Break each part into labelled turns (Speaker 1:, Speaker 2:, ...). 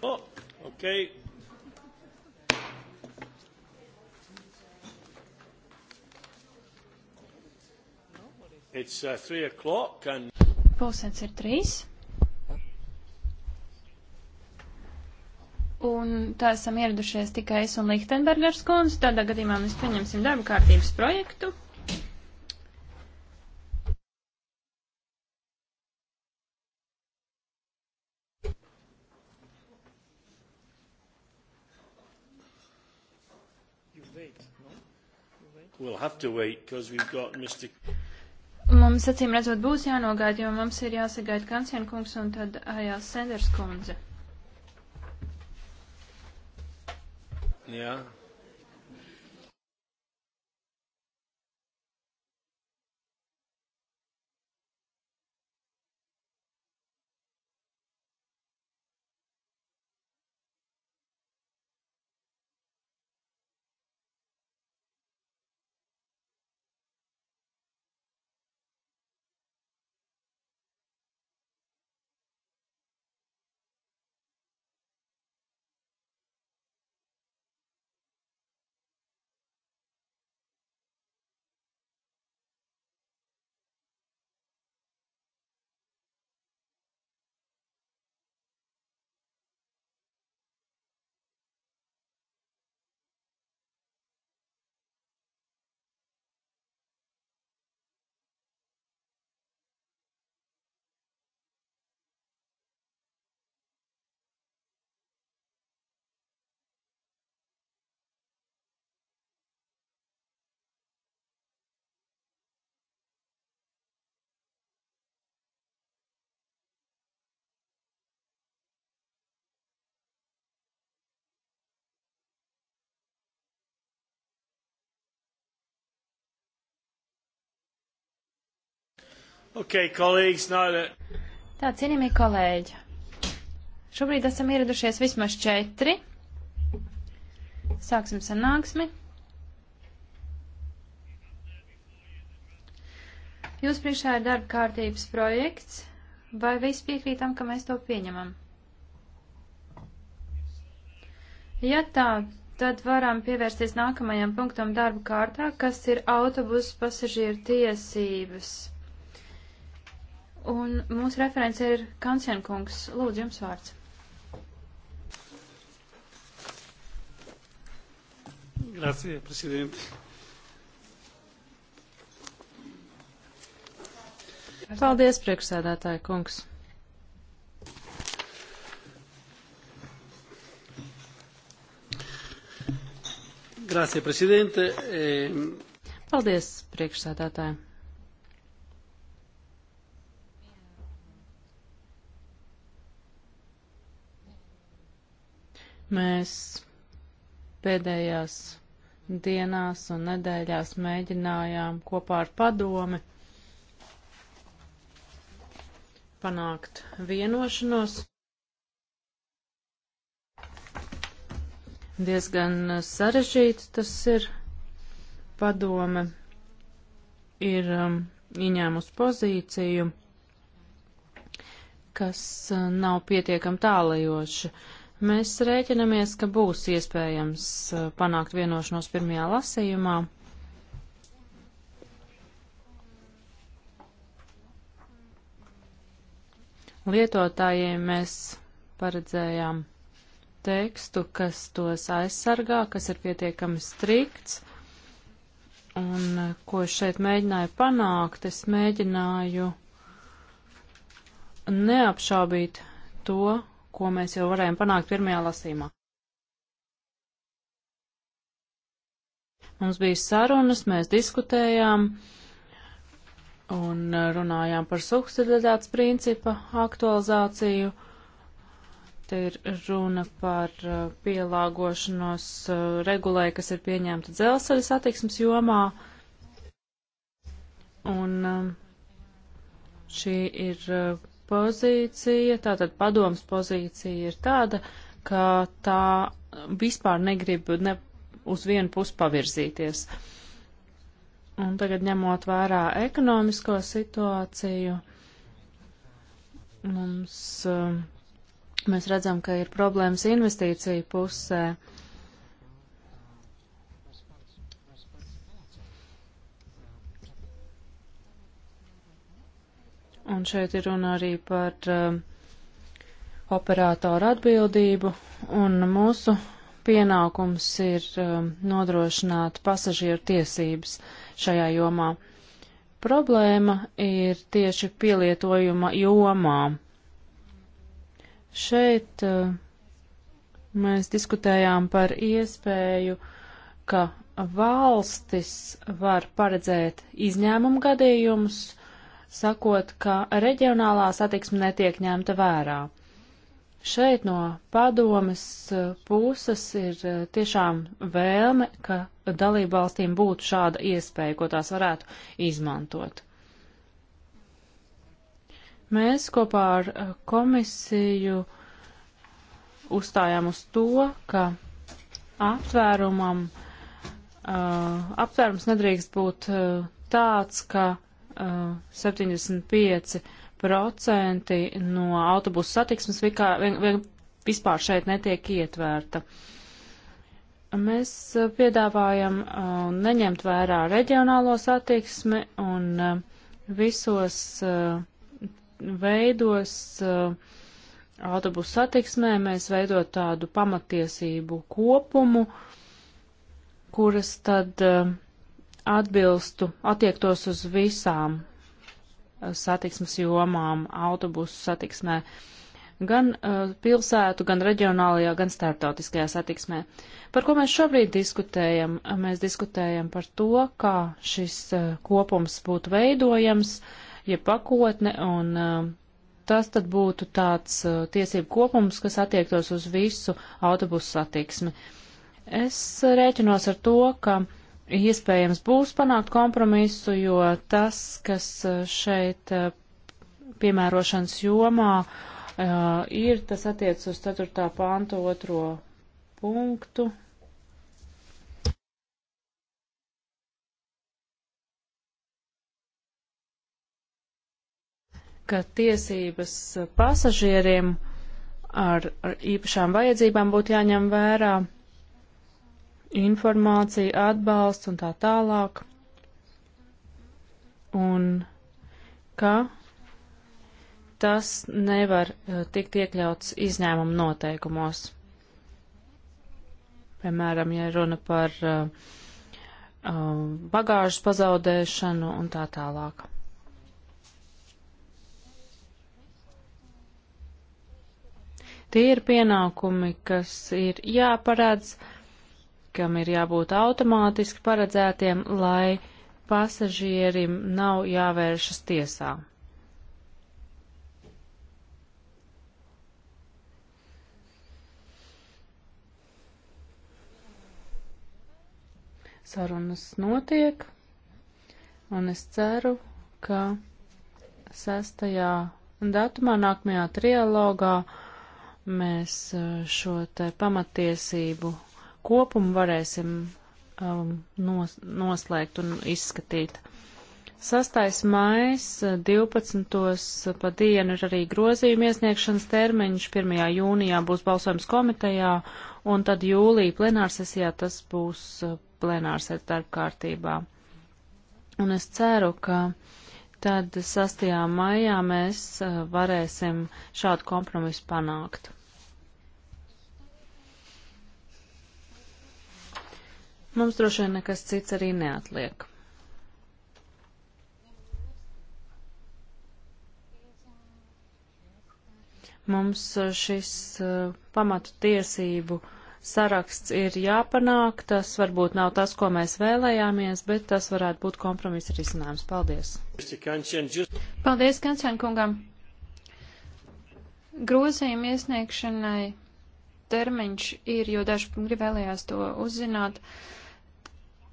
Speaker 1: Oh, okay.
Speaker 2: It's uh, three o'clock and. Pūsens ir trīs. Un tā esam ieradušies tikai es un Lichtenbergers kundze. Tādā gadījumā mēs pieņemsim darba kārtības projektu. have to wait because we've got Mr. Mums acīm redzot būs jānogaida, jo mums ir jāsagaida Kanciena kungs un tad Ajās Senders kundze. Jā. Yeah. Okay, kolēģis, nāda. Tā, cienījamie kolēģi, šobrīd esam ieradušies vismaz četri. Sāksim sanāksmi. Jūs priekšā ir darba kārtības projekts. Vai visi piekrītam, ka mēs to pieņemam? Ja tā, tad varam pievērsties nākamajam punktam darba kārtā, kas ir autobusu pasažieru tiesības. Un mūsu referents ir Kansienkungs. Lūdzu, jums vārds. Grazie, prezidente.
Speaker 3: Paldies, priekšsēdētāji kungs.
Speaker 2: Grazie, prezidente. Ehm,
Speaker 3: Paldies, priekšsēdētāji. Mēs pēdējās dienās un nedēļās mēģinājām kopā ar padomi panākt vienošanos. Diezgan sarežģīts tas ir. Padome ir um, ieņēmusi pozīciju, kas uh, nav pietiekam tālajoša. Uh, Mēs rēķinamies, ka būs iespējams uh, panākt vienošanos pirmajā lasījumā. Lietotājiem mēs paredzējām tekstu, kas tos aizsargā, kas ir pietiekami strikts. Un uh, ko es šeit mēģināju panākt, es mēģināju neapšaubīt to, ko mēs jau varējām panākt pirmajā lasīmā. Mums bija sarunas, mēs diskutējām un runājām par subsidiatātes principa aktualizāciju. Te ir runa par uh, pielāgošanos uh, regulē, kas ir pieņemta dzelzceļa satiksmes jomā. Un um, šī ir uh, pozīcija, tātad padomas pozīcija ir tāda, ka tā vispār negrib ne uz vienu pusi pavirzīties. Un tagad ņemot vērā ekonomisko situāciju, mums, eh, mēs redzam, ka ir problēmas investīciju pusē. Uh, un šeit ir runa arī par uh, operātoru atbildību, un mūsu pienākums ir uh, nodrošināt pasažieru tiesības šajā jomā. Problēma ir tieši pielietojuma jomā. Šeit uh, mēs diskutējām par iespēju, ka valstis var paredzēt izņēmumu gadījumus, sakot, ka reģionālā satiksme netiek ņemta vērā. Šeit no padomes uh, puses ir uh, tiešām vēlme, ka dalību valstīm būtu šāda iespēja, ko tās varētu izmantot. Mēs kopā ar uh, komisiju uzstājām uz to, ka aptvērumam, aptvērums nedrīkst būt tāds, ka 75% no autobusu satiksmes vikā, vien, vien, vispār šeit netiek ietvērta. Mēs uh, piedāvājam uh, neņemt vērā reģionālo satiksmi un uh, visos veidos autobusu satiksmē mēs veidot tādu pamatiesību kopumu, kuras tad uh, atbilstu, attiektos uz visām eh, satiksmes jomām autobusu satiksmē, gan uh, pilsētu, gan reģionālajā, gan starptautiskajā satiksmē. Par ko mēs šobrīd diskutējam? Mēs diskutējam par to, kā šis uh, kopums būtu veidojams, ja pakotne, un uh, tas tad būtu tāds uh, tiesību kopums, kas attiektos uz visu autobusu satiksmi. Es rēķinos ar to, ka uh, iespējams būs panākt kompromisu, jo tas, kas uh, šeit uh, piemērošanas jomā uh, ir, tas attiec uz 4. pānta otro punktu. ka tiesības pasažieriem ar, ar īpašām vajadzībām būtu jāņem vērā informācija, atbalsts un tā tālāk. Un ka tas nevar eh, tikt iekļauts izņēmuma noteikumos. Piemēram, ja runa par uh, bagāžas pazaudēšanu un tā tālāk. Tie ir pienākumi, kas ir jāparādz kam ir jābūt automātiski paredzētiem, lai pasažierim nav jāvēršas tiesā. Sarunas notiek, un es ceru, ka sestajā datumā nākamajā trialogā mēs eh, šo te pamatiesību kopumu varēsim um, nos, noslēgt un izskatīt. 6. mājas 12. pa dienu ir arī grozījuma iesniegšanas termiņš, 1. jūnijā būs balsojums komitejā, un tad jūlija plenārsesijā tas būs uh, plenārsēta darba kārtībā. Un es ceru, ka tad 6. maijā mēs uh, varēsim šādu kompromisu panākt. Mums droši vien nekas cits arī neatliek. Mums eh, šis uh, pamatu tiesību saraksts ir jāpanāk. Tas varbūt nav tas, ko mēs vēlējāmies,
Speaker 2: bet tas varētu būt kompromisa risinājums. Paldies! Paldies, Kančēn kungam! Grozījuma iesniegšanai termiņš ir, jo daži punkti vēlējās to uzzināt.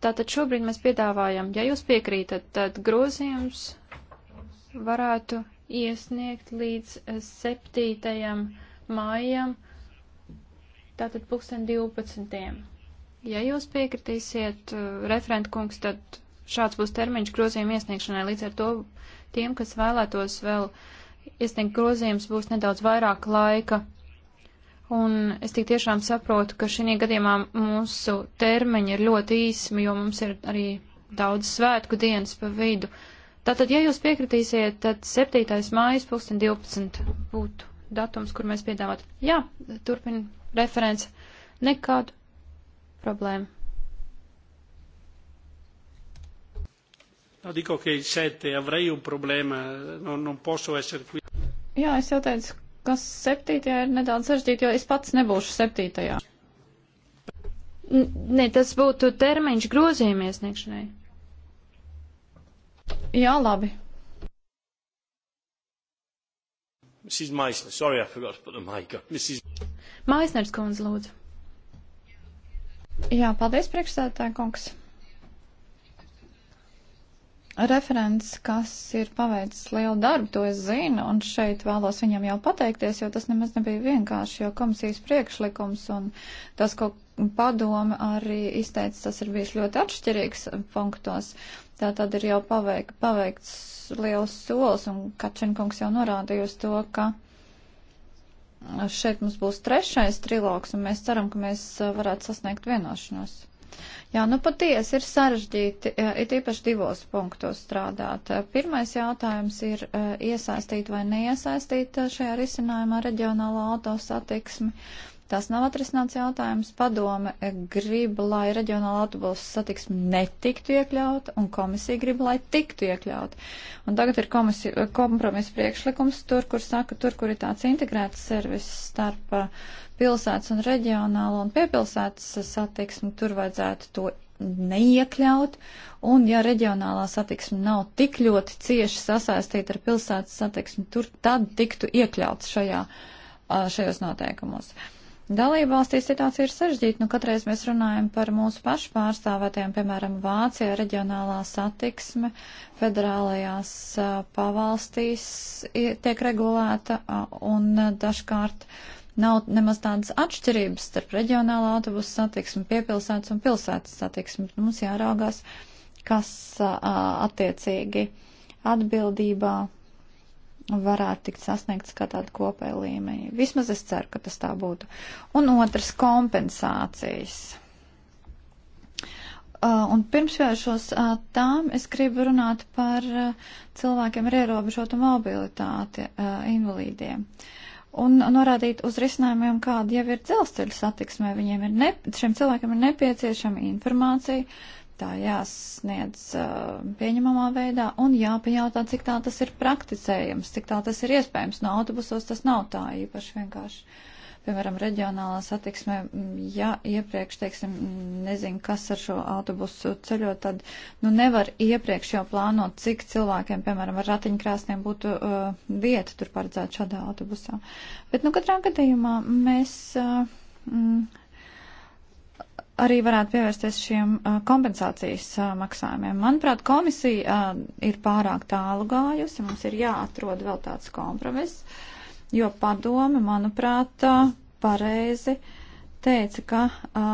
Speaker 2: Tātad šobrīd mēs piedāvājam, ja jūs piekrītat, tad grozījums varētu iesniegt līdz 7. maijam, tātad 2012. Ja jūs piekritīsiet, eh, referent kungs, tad šāds būs termiņš grozījuma iesniegšanai. Līdz ar to tiem, kas vēlētos vēl iesniegt grozījums, būs nedaudz vairāk laika. Un es tik tiešām saprotu, ka šī gadījumā mūsu termiņi ir ļoti īsmi, jo mums ir arī daudz svētku dienas pa vidu. Tātad, ja jūs piekritīsiet, tad 7. mājas 2012 būtu datums, kur mēs piedāvātu. Jā, turpina referents. Nekādu problēmu.
Speaker 1: No, dico che sette avrei un problema, non, non
Speaker 2: posso essere qui.
Speaker 1: Jā, es jau teicu, kas septītajā ir nedaudz sarežģīti, jo es pats nebūšu
Speaker 2: septītajā. Nē, tas būtu termiņš grozījuma iesniegšanai. Jā, labi. Mrs. Meisner, sorry, I forgot to put the mic on. Mrs.
Speaker 1: Meisners kundze, lūdzu. Jā, paldies, priekšsēdētāja kungs referents, kas ir paveicis lielu darbu, to es zinu, un šeit vēlos viņam jau pateikties, jo tas nemaz nebija vienkārši, jo komisijas priekšlikums un tas, ko padome arī izteica, tas ir bijis ļoti atšķirīgs punktos. Tā tad ir jau paveik, paveikts liels solis, un Kačenkungs jau norādīja uz to, ka šeit mums būs trešais triloks, un mēs ceram, ka mēs varētu sasniegt vienošanos. Jā, nu patiesi ir sarežģīti, eh, it īpaši divos punktos strādāt. Eh, pirmais jautājums ir eh, iesaistīt vai neiesaistīt šajā risinājumā reģionālo autosatiksmi. Tas nav atrisināts jautājums. Padome grib, lai reģionāla autobusu satiksme netiktu iekļauta, un komisija grib, lai tiktu iekļauta. Un tagad ir kompromisa priekšlikums tur, kur saka, tur, kur ir tāds integrēts servis starp uh, pilsētas un reģionālo un piepilsētas satiksmi, tur vajadzētu to neiekļaut, un ja reģionālā satiksme nav tik ļoti cieši sasaistīta ar pilsētas satiksmi, tur tad tiktu iekļauts šajā, uh, šajos noteikumos. Uh, Dalība valstīs situācija ir sarežģīta, nu katreiz mēs runājam par mūsu pašu pārstāvētiem, piemēram, Vācijā reģionālā satiksme federālajās pavalstīs tiek regulēta un dažkārt nav nemaz tādas atšķirības starp reģionālo autobusu satiksmi, piepilsētas un pilsētas satiksmi. Mums jāraugās, kas attiecīgi atbildībā varētu tikt sasniegts kā tāda kopēja līmeņa. Vismaz es ceru, ka tas tā būtu. Un otrs - kompensācijas. Uh, un pirms vēršos uh, tām, es gribu runāt par uh, cilvēkiem ar ierobežotu mobilitāti, uh, invalīdiem. Un norādīt uz risinājumiem, kāda jau ir dzelzceļa satiksmē. Viņiem ir, ne, šiem cilvēkiem ir nepieciešama informācija, tā jāsniedz uh, pieņemamā veidā un jāpajautā, cik tā tas ir prakticējams, cik tā tas ir iespējams. No autobusos tas nav tā īpaši vienkārši. Piemēram, reģionālā satiksmē, mm, ja iepriekš, teiksim, mm, nezinu, kas ar šo autobusu ceļo, tad, nu, nevar iepriekš jau plānot, cik cilvēkiem, piemēram, ar ratiņkrāsniem būtu uh, vieta tur paredzēta šādā autobusā. Bet, nu, katrā gadījumā mēs. Uh, mm, arī varētu pievērsties šiem kompensācijas maksājumiem. Manuprāt, komisija ir pārāk tālu gājusi, mums ir jāatrod vēl tāds kompromiss, jo padome, manuprāt, pareizi teica, ka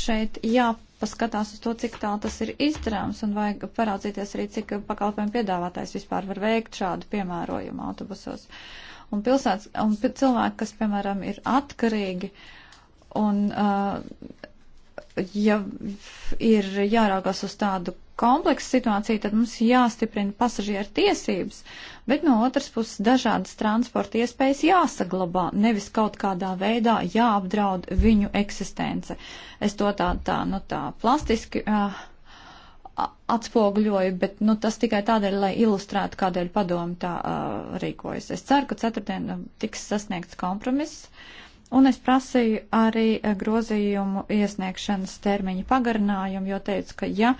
Speaker 1: šeit jāpaskatās uz to, cik tālu tas ir izdarāms un vajag paraudzīties arī, cik pakalpojumu piedāvātājs vispār var veikt šādu piemērojumu autobusos. Un, pilsētas, un cilvēki, kas, piemēram, ir atkarīgi un uh, ja ir jārākās uz tādu kompleksu situāciju, tad mums jāstiprina pasažieru tiesības, bet no otras puses dažādas transporta iespējas jāsaglabā, nevis kaut kādā veidā jāapdraud viņu eksistence. Es to tā, tā, nu tā, plastiski uh, atspoguļoju, bet, nu, tas tikai tādēļ, lai ilustrētu, kādēļ padomu tā uh, rīkojas. Es ceru, ka ceturtdien tiks sasniegts kompromiss. Uh, Un es prasīju arī eh, grozījumu iesniegšanas termiņu pagarinājumu, jo teicu, ka ja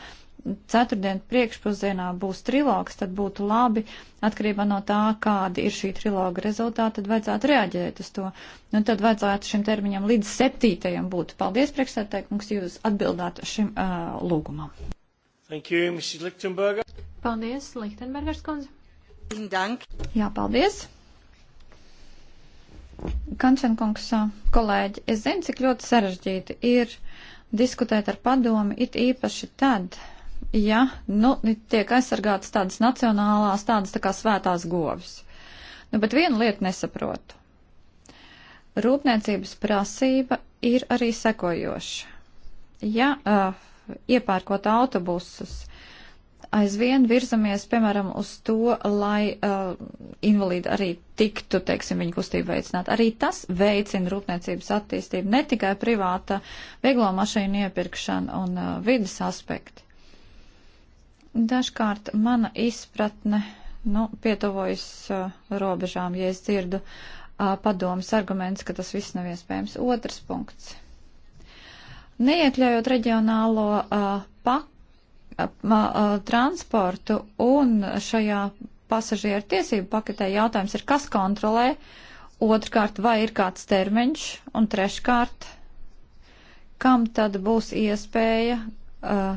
Speaker 1: ceturtdien priekšpusdienā būs trilogs, tad būtu labi, atkarībā no tā, kādi ir šī triloga rezultāti, tad vajadzētu reaģēt uz to. Nu, tad vajadzētu šim termiņam līdz septītajam būt. Paldies, priekšsētē, kungs, jūs atbildāt šim uh, lūgumam. Thank you, Mrs. Lichtenberger. Paldies, Lichtenbergers kundze. Jā, paldies. Kančenkungs, kolēģi, es zinu, cik ļoti sarežģīti ir diskutēt ar padomi, it īpaši tad, ja nu, tiek aizsargātas tādas nacionālās, tādas tā kā svētās govis. Nu, bet vienu lietu nesaprotu. Rūpniecības prasība ir arī sekojoša. Ja uh, iepērkot autobusus, aizvien virzamies, piemēram, uz to, lai uh, invalīdi arī tiktu, teiksim, viņu kustību veicināt. Arī tas veicina rūpniecības attīstību, ne tikai privāta vieglo mašīnu iepirkšana un uh, vidas aspekti. Dažkārt mana izpratne, nu, pietuvojas uh, robežām, ja es dzirdu uh, padomas arguments, ka tas viss nav iespējams. Otrs punkts. Neiekļaujot reģionālo uh, paku, transportu un šajā pasažieru tiesību paketē jautājums ir, kas kontrolē, otrkārt, vai ir kāds termiņš, un treškārt, kam tad būs iespēja uh,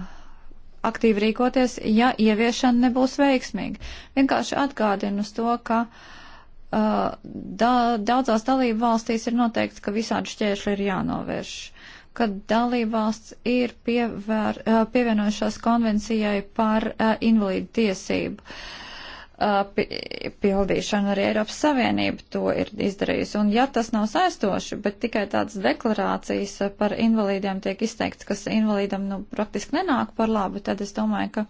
Speaker 1: aktīvi rīkoties, ja ieviešana nebūs veiksmīga. Vienkārši atgādinu uz to, ka uh, da, daudzās dalību valstīs ir noteikts, ka visādi šķēršļi ir jānovērš ka dalībvalsts ir pievēr, pievienojušās konvencijai par invalīdu tiesību pildīšanu arī Eiropas Savienība to ir izdarījusi. Un ja tas nav saistoši, bet tikai tādas deklarācijas par invalīdiem tiek izteikts, kas invalīdam nu, praktiski nenāk par labu, tad es domāju, ka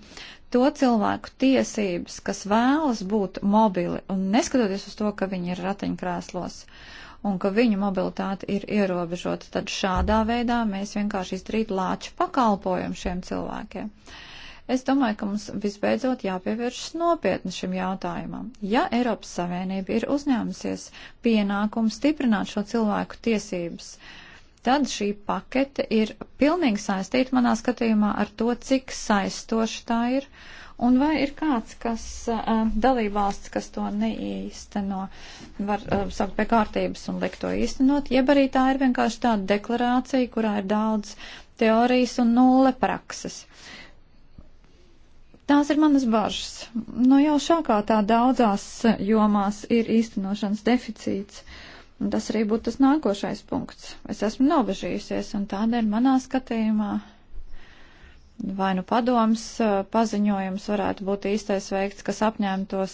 Speaker 1: to cilvēku tiesības, kas vēlas būt mobili un neskatoties uz to, ka viņi ir ratiņkrēslos, uh, un ka viņu mobilitāte ir ierobežota, tad šādā veidā mēs vienkārši izdarītu lāču pakalpojumu šiem cilvēkiem. Es domāju, ka mums visbeidzot jāpievēršas nopietni šim jautājumam. Ja Eiropas Savienība ir uzņēmusies pienākumu stiprināt šo cilvēku tiesības, tad šī pakete ir pilnīgi saistīta manā skatījumā ar to, cik saistoša tā ir. Uh, Un vai ir kāds, kas uh, dalībvalsts, kas to neīsteno, var uh, saukt pie kārtības un likt to īstenot, jeb arī tā ir vienkārši tāda deklarācija, kurā ir daudz teorijas un nulle prakses. Tās ir manas bažas. No nu, jau šākā tā daudzās jomās ir īstenošanas deficīts. Un tas arī būtu tas nākošais punkts. Es esmu nobežījusies, un tādēļ manā skatījumā vai nu padoms paziņojums varētu būt īstais veikts, kas apņēmtos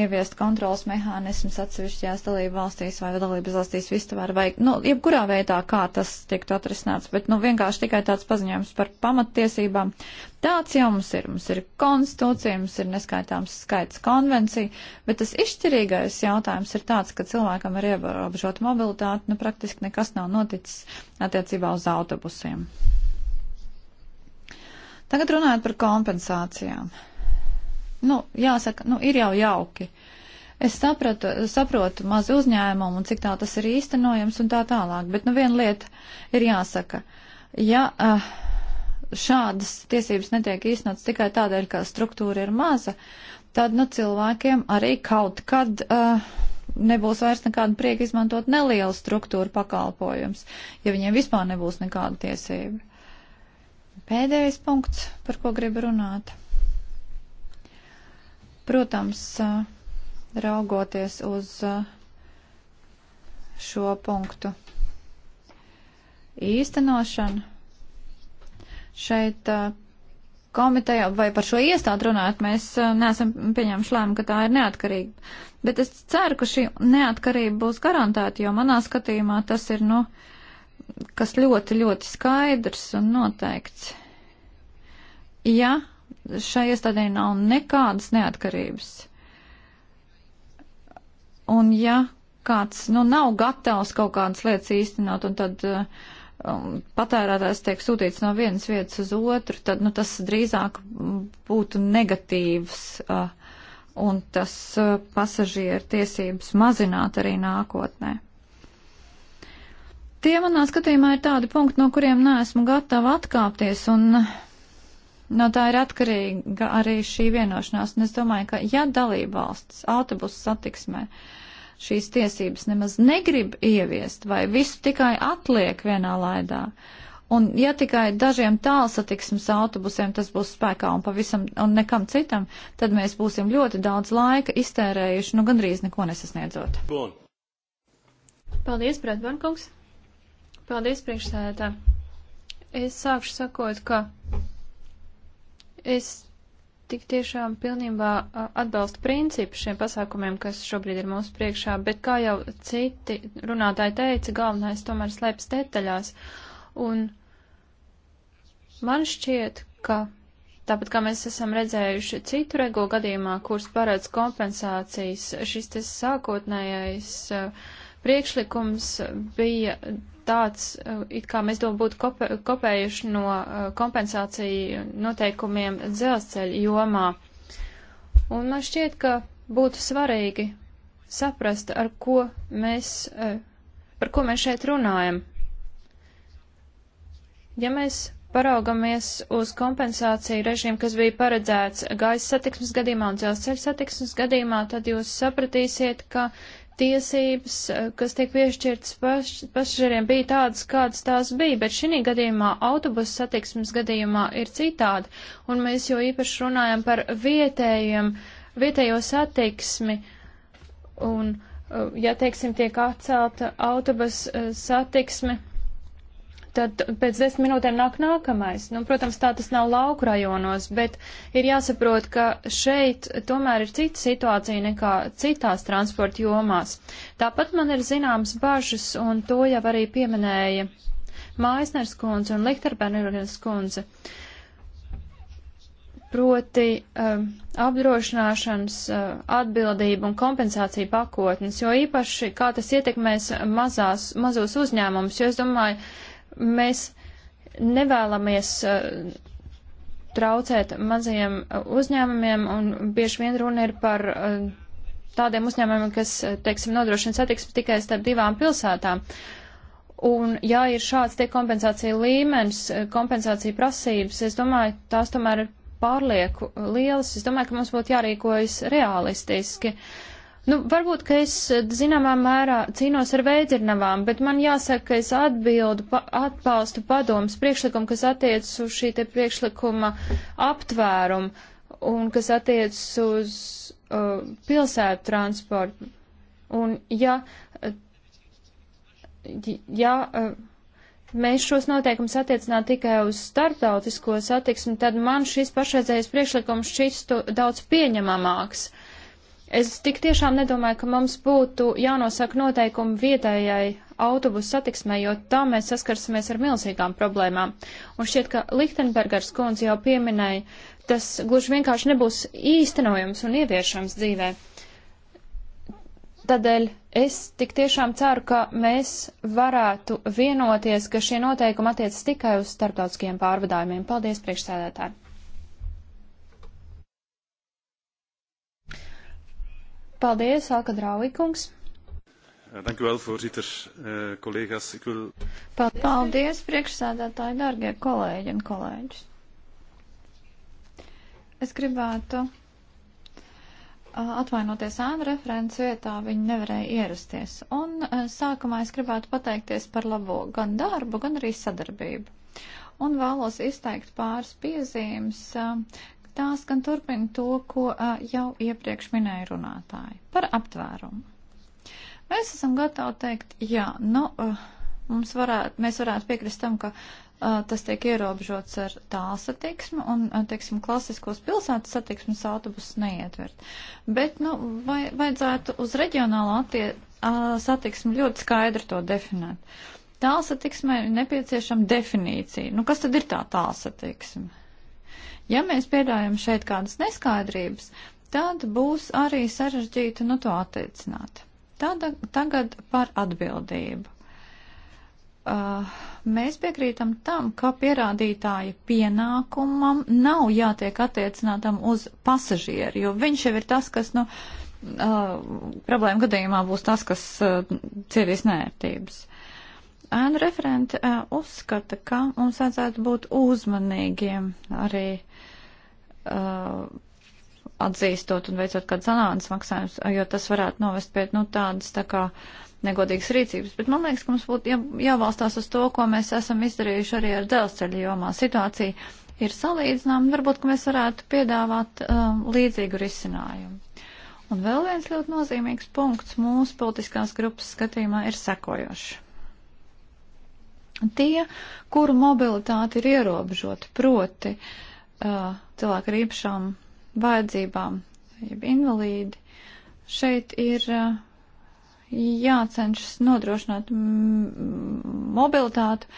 Speaker 1: ieviest kontrols mehānismus atsevišķajās dalību valstīs vai dalības valstīs vispār, vai, nu, jebkurā veidā, kā tas tiktu atrisināts, bet, nu, vienkārši tikai tāds paziņojums par pamattiesībām. Tāds jau mums ir. Mums ir konstitūcija, mums ir neskaitāms skaits konvencija, bet tas izšķirīgais jautājums ir tāds, ka cilvēkam ir ierobežota mobilitāte, nu, praktiski nekas nav noticis attiecībā uz autobusiem. Tagad runājot par kompensācijām. Nu, jāsaka, nu, ir jau jauki. Es sapratu, saprotu mazu uzņēmumu un cik tā tas ir īstenojams un tā tālāk, bet nu viena lieta ir jāsaka. Ja uh, šādas tiesības netiek īstenotas tikai tādēļ, ka struktūra ir maza, tad nu cilvēkiem arī kaut kad uh, nebūs vairs nekāda prieka izmantot nelielu struktūru pakalpojums, ja viņiem vispār nebūs nekāda tiesība. Pēdējais punkts, par ko gribu runāt. Protams, raugoties uz šo punktu īstenošanu, šeit komiteja vai par šo iestādi runājot, mēs neesam pieņēmuši lēmumu, ka tā ir neatkarīga. Bet es ceru, ka šī neatkarība būs garantēta, jo manā skatījumā tas ir, nu, no kas ļoti, ļoti skaidrs un noteikts. Ja šai iestādē nav nekādas neatkarības, un ja kāds, nu, nav gatavs kaut kādas lietas īstenot, un tad um, patērētājs tiek sūtīts no vienas vietas uz otru, tad, nu, tas drīzāk būtu negatīvs, uh, un tas uh, pasažieru tiesības mazināt arī nākotnē. Tie manā skatījumā ir tādi punkti, no kuriem neesmu gatava atkāpties, un no tā ir atkarīga arī šī vienošanās. Un es domāju, ka ja dalība valsts autobusu satiksmē šīs tiesības nemaz negrib ieviest vai visu tikai atliek vienā laidā, Un ja tikai dažiem tālsatiksmes autobusiem tas būs spēkā un pavisam un nekam citam, tad mēs būsim ļoti daudz laika iztērējuši, nu gandrīz neko nesasniedzot.
Speaker 2: Bon. Paldies, Bradbankungs! Paldies, priekšsēdētā. Es sākšu sakot, ka es tik tiešām pilnībā atbalstu principu šiem pasākumiem, kas šobrīd ir mūsu priekšā, bet kā jau citi runātāji teica, galvenais tomēr slēpjas detaļās. Un man šķiet, ka tāpat kā mēs esam redzējuši citu regulu gadījumā, kuras paredz kompensācijas, šis tas sākotnējais uh, priekšlikums bija tāds, eh, it kā mēs to būtu kopē, kopējuši no eh, kompensāciju noteikumiem dzelzceļa jomā. Un man šķiet, ka būtu svarīgi saprast, ar ko mēs, eh, par ko mēs šeit runājam. Ja mēs paraugamies uz kompensāciju režīmu, kas bija paredzēts gaisa satiksmes gadījumā un dzelzceļa satiksmes gadījumā, tad jūs sapratīsiet, ka tiesības, eh, kas tiek piešķirtas paš, pasažieriem, bija tādas, kādas tās bija, bet šī gadījumā autobusu satiksmes gadījumā ir citādi, un mēs jau īpaši runājam par vietējiem, vietējo satiksmi, un, eh, ja, teiksim, tiek atcelta autobusu eh, satiksme tad pēc desmit minūtēm nāk nākamais. Nu, protams, tā tas nav lauku rajonos, bet ir jāsaprot, ka šeit tomēr ir cita situācija nekā citās transporta jomās. Tāpat man ir zināmas bažas, un to jau arī pieminēja Maisners kundze un Lichterbernes kundze. Proti um, apdrošināšanas uh, atbildību un kompensāciju pakotnes, jo īpaši kā tas ietekmēs mazās, mazos uzņēmumus, jo es domāju, uh, Mēs nevēlamies uh, traucēt mazajiem uh, uzņēmumiem, un bieži vien runa ir par uh, tādiem uzņēmumiem, kas, teiksim, nodrošina satiksmi tikai starp divām pilsētām. Un, ja ir šāds tie kompensācija līmenis, kompensācija prasības, es domāju, tās tomēr ir pārlieku lielas. Es domāju, ka mums būtu jārīkojas realistiski. Uh, Nu, varbūt, ka es eh, zināmā mērā cīnos ar veidzinavām, bet man jāsaka, ka es atbildu, pa, atbalstu padomus priekšlikumu, kas attiec uz šī te priekšlikuma aptvērumu un kas attiec uz uh, pilsētu transportu. Un ja, eh, ja uh, mēs šos noteikumus attiecinātu tikai uz starptautisko satiksmi, tad man šis pašreizējais priekšlikums šķistu daudz pieņemamāks. Uh, Es tik tiešām nedomāju, ka mums būtu jānosaka noteikumi vietējai autobusu satiksmē, jo tā mēs saskarsimies ar milzīgām problēmām. Un šķiet, ka Lichtenbergers kundze jau pieminēja, tas gluži vienkārši nebūs īstenojams un ieviešams dzīvē. Tādēļ es tik tiešām ceru, ka mēs varētu vienoties, ka šie noteikumi attiec tikai uz starptautiskiem pārvadājumiem. Paldies, priekšsēdētāji! Paldies, Alka
Speaker 1: Drauikungs.
Speaker 3: Dank u wel, voorzitter, eh, collega's. Ik wil...
Speaker 1: Paldies, Paldies priekšsēdētāji, dārgie kolēģi un kolēģis. Es gribētu eh, atvainoties ēnu referents vietā, viņi nevarēja ierasties. Un eh, sākumā es gribētu pateikties par labo gan darbu, gan arī sadarbību. Un vēlos izteikt pāris piezīmes, Tās gan turpina to, ko jau iepriekš minēja runātāji par aptvērumu. Mēs esam gatavi teikt, jā, nu, mums varētu, mēs varētu piekrist tam, ka tas tiek ierobežots ar tālu satiksmi un, teiksim, klasiskos pilsētas satiksmes autobusus neietvert. Bet, nu, vai, vajadzētu uz reģionālo attie, satiksmi ļoti skaidri to definēt. Tālu satiksmē ir nepieciešama definīcija. Nu, kas tad ir tā tālu satiksme? Ja mēs piedājam šeit kādas neskaidrības, tad būs arī sarežģīti nu to attiecināt. Tāda, tagad par atbildību. Uh, mēs piekrītam tam, ka pierādītāja pienākumam nav jātiek attiecinātam uz pasažieru, jo viņš jau ir tas, kas, nu, uh, problēma gadījumā būs tas, kas uh, cietīs nērtības. Ēnu referenti uh, uzskata, ka mums vajadzētu būt uzmanīgiem arī uh, atzīstot un veicot kādas anānas maksājumus, uh, jo tas varētu novest pie nu, tādas tā kā negodīgas rīcības. Bet man liekas, ka mums būtu jā, jābalstās uz to, ko mēs esam izdarījuši arī ar dzelzceļa jomā. Situācija ir salīdzināma, varbūt, ka mēs varētu piedāvāt um, līdzīgu risinājumu. Un vēl viens ļoti nozīmīgs punkts mūsu politiskās grupas skatījumā ir sekojošs. Tie, kuru mobilitāte ir ierobežota, proti, uh, uh, cilvēku ar īpašām vajadzībām, jeb invalīdi, šeit ir uh, jācenšas nodrošināt mobilitātu,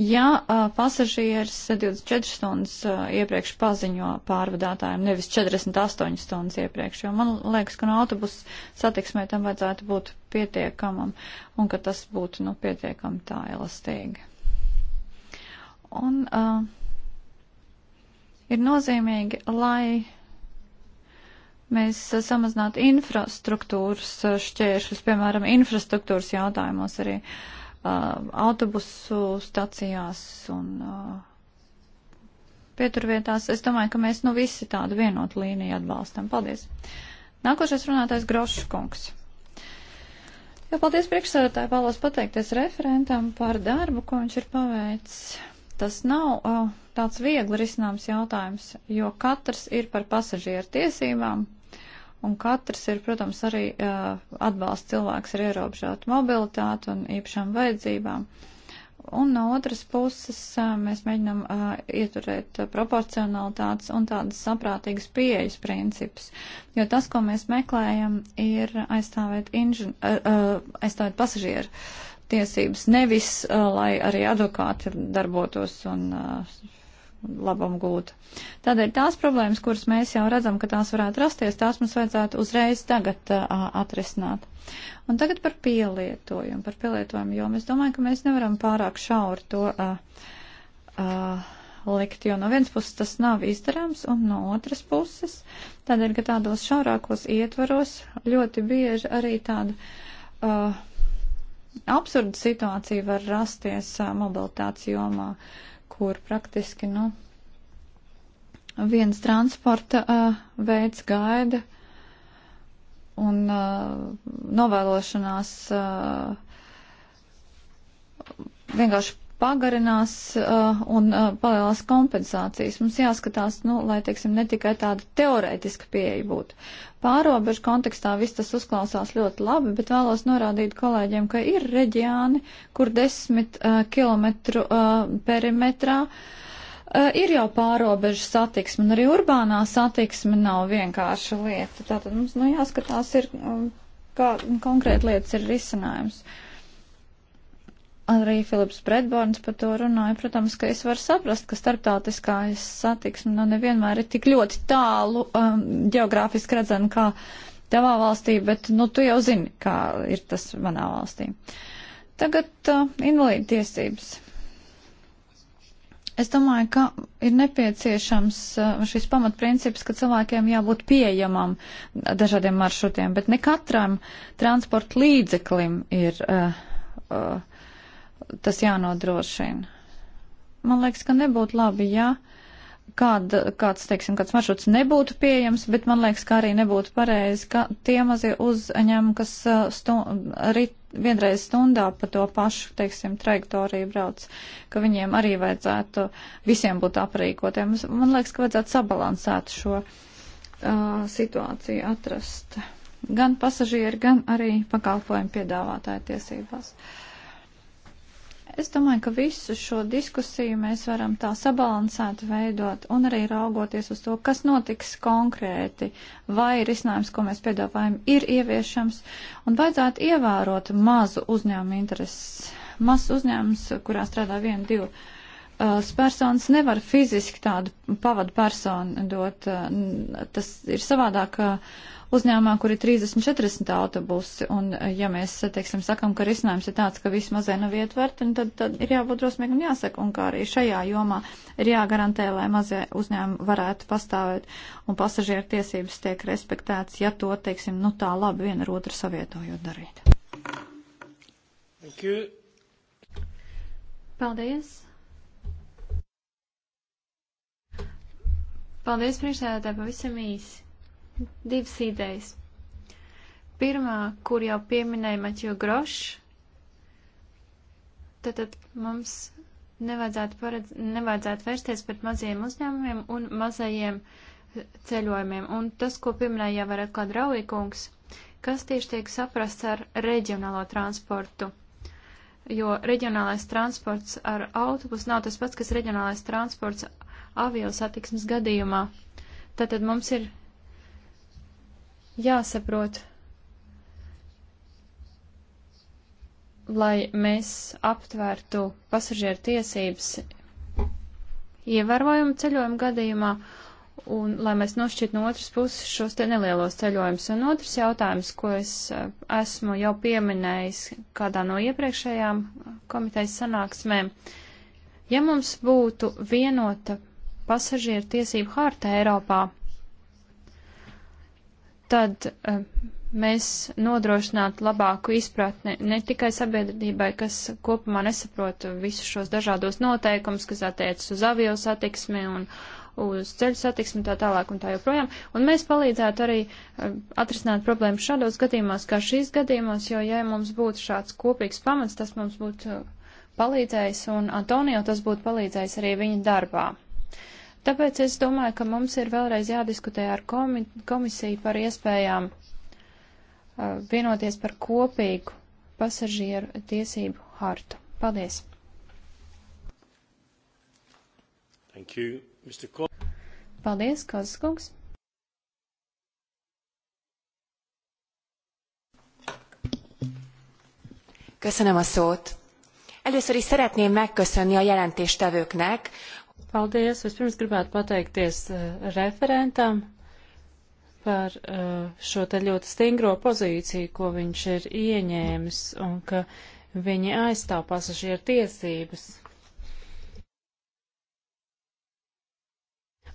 Speaker 1: ja uh, pasažieris 24 stundas uh, iepriekš paziņo pārvadātājiem, nevis 48 stundas iepriekš, jo man liekas, ka no autobusu satiksmē tam vajadzētu būt pietiekamam un ka tas būtu, nu, pietiekami tā elastīgi. Un uh, Ir nozīmīgi, lai mēs samazinātu infrastruktūras šķēršļus, piemēram, infrastruktūras jautājumos arī uh, autobusu stacijās un uh, pieturvietās. Es domāju, ka mēs nu visi tādu vienotu līniju atbalstam. Paldies! Nākošais runātais Grošs kungs. Jā, paldies priekšsēdētāji, vēlos pateikties referentam par darbu, ko viņš ir paveicis. Tas nav uh, tāds viegli risināms jautājums, jo katrs ir par pasažieru tiesībām, un katrs ir, protams, arī uh, atbalsts cilvēks ar ierobežotu mobilitāti un īpašām vajadzībām. Un no otras puses uh, mēs mēģinam uh, ieturēt uh, proporcionalitātes un tādas saprātīgas pieejas principus, jo tas, ko mēs meklējam, ir aizstāvēt, uh, uh, aizstāvēt pasažieru uh, tiesības, nevis uh, lai arī advokāti darbotos un uh, labumu gūtu. Tādēļ tās problēmas, kuras mēs jau redzam, ka tās varētu rasties, tās mums vajadzētu uzreiz tagad uh, atrisināt. Un tagad par pielietojumu, par pielietojumu, jo mēs domāju, ka mēs nevaram pārāk šauri to uh, uh, likt, jo no vienas puses tas nav izdarāms, un no otras puses, tādēļ, ka tādos šaurākos ietvaros ļoti bieži arī tāda. Uh, absurda situācija var rasties mobilitātes jomā, kur praktiski, nu, viens transporta uh, veids gaida un uh, novēlošanās uh, vienkārši pagarinās uh, un uh, palielinās kompensācijas. Mums jāskatās, nu, lai, teiksim, ne tikai tāda teorētiska pieeja būtu. Pārobežu kontekstā viss tas uzklausās ļoti labi, bet vēlos norādīt kolēģiem, ka ir reģiāni, kur desmit uh, kilometru uh, perimetrā uh, ir jau pārobežu satiksme, un arī urbānā satiksme nav vienkārša lieta. Tātad mums, nu, jāskatās, ir, um, kā konkrēti lietas ir risinājums. Uh, arī Filips Bredborns par to runāja. Protams, ka es varu saprast, ka starptautiskā satiksme nu nevienmēr ir tik ļoti tālu um, geogrāfiski redzama kā tavā valstī, bet nu, tu jau zini, kā ir tas manā valstī. Tagad uh, invalīdu tiesības. Es domāju, ka ir nepieciešams uh, šis pamatprincips, ka cilvēkiem jābūt pieejamam dažādiem maršrutiem, bet ne katram transporta līdzeklim ir uh, uh, tas jānodrošina. Man liekas, ka nebūtu labi, ja kāda, kāds, teiksim, kāds maršruts nebūtu pieejams, bet man liekas, ka arī nebūtu pareizi, ka tie mazie uzņēmumi, kas uh, stund, arī vienreiz stundā pa to pašu, teiksim, trajektoriju brauc, ka viņiem arī vajadzētu visiem būt aprīkotiem. Man liekas, ka vajadzētu sabalansēt šo uh, situāciju atrast gan pasažieri, gan arī pakalpojumu piedāvātāju tiesībās. Uh, Es domāju, ka visu šo diskusiju mēs varam tā sabalansēt veidot un arī raugoties uz to, kas notiks konkrēti, vai risinājums, ko mēs piedāvājam, ir ieviešams, un vajadzētu ievērot mazu uzņēmumu intereses. Mazs uzņēmums, kurā strādā viena, divi personas nevar fiziski tādu pavadu personu dot. Tas ir savādāk uzņēmumā, kur ir 30-40 autobusi, un ja mēs, teiksim, sakam, ka risinājums ir tāds, ka visi mazie nav ietverti, tad, tad ir jābūt drosmīgam un jāsaka, un kā arī šajā jomā ir jāgarantē, lai mazie uzņēmumi varētu pastāvēt, un pasažieru tiesības tiek respektētas, ja to, teiksim, nu tā labi viena ar otru savietojot darīt.
Speaker 2: Thank you. Paldies! Paldies, priekšsēdētāji, pavisam īsi. Divas idejas. Pirmā, kur jau pieminēja Maķio Grošs, tad, tad mums nevajadzētu, paredz, nevajadzētu vērsties pret mazajiem uzņēmumiem un mazajiem ceļojumiem. Un tas, ko pieminēja jau var atklāt Rauīkungs, kas tieši tiek saprasts ar reģionālo transportu jo reģionālais transports ar autobusu nav tas pats, kas reģionālais transports avio satiksmes gadījumā. Tātad mums ir jāsaprot, lai mēs aptvērtu pasažieru tiesības ievērojumu ceļojumu gadījumā un lai mēs nošķirt no otras puses šos te nelielos ceļojumus. Un otrs jautājums, ko es eh, esmu jau pieminējis kādā no iepriekšējām komitejas sanāksmēm, ja mums būtu vienota pasažieru tiesību hārta Eiropā, tad uh, mēs nodrošinātu labāku izpratni ne tikai sabiedrībai, kas kopumā nesaprot visus šos dažādos noteikumus, kas attiecas uz avio satiksmi un uz ceļu satiksmi tā tālāk un tā joprojām. Un mēs palīdzētu arī uh, atrisināt problēmas šādos gadījumos, kā šīs gadījumos, jo ja mums būtu šāds kopīgs pamats, tas mums būtu eh, palīdzējis un Antonio tas būtu palīdzējis arī viņa darbā. Tāpēc es domāju, ka mums ir vēlreiz jādiskutē ar komi komisiju par iespējām uh, vienoties par kopīgu pasažieru tiesību hartu. Paldies! Thank you, Mr. Ko Paldies, Kozskungs!
Speaker 3: Köszönöm a szót. Először is szeretném megköszönni a jelentéstevőknek, Paldies! Vispirms gribētu pateikties eh, referentam par eh, šo te ļoti stingro pozīciju, ko viņš ir ieņēmis un ka viņi aizstāv pasažieru tiesības.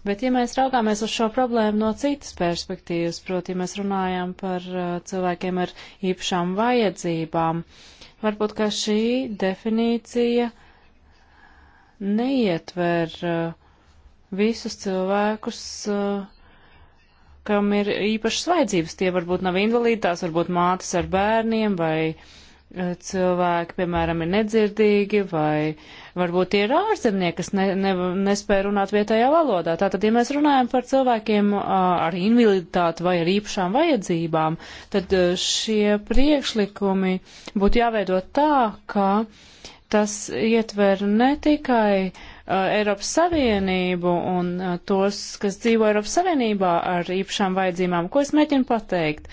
Speaker 3: Bet, ja mēs raugāmies uz šo problēmu no citas perspektīvas, proti, ja mēs runājam par eh, cilvēkiem ar īpašām vajadzībām, varbūt, ka šī definīcija uh, neietver uh, visus cilvēkus, uh, kam ir īpašas vajadzības. Tie varbūt nav invalīdi, tās varbūt mātes ar bērniem vai uh, cilvēki, piemēram, ir nedzirdīgi vai varbūt tie ir ārzemnieki, kas ne, ne, nespēja runāt vietējā valodā. Tātad, ja mēs runājam par cilvēkiem ar invaliditāti vai ar īpašām vajadzībām, tad šie priekšlikumi būtu jāveido tā, ka uh, Tas ietver ne tikai uh, Eiropas Savienību un uh, tos, kas dzīvo Eiropas Savienībā ar īpašām vajadzībām. Ko es mēģinu pateikt?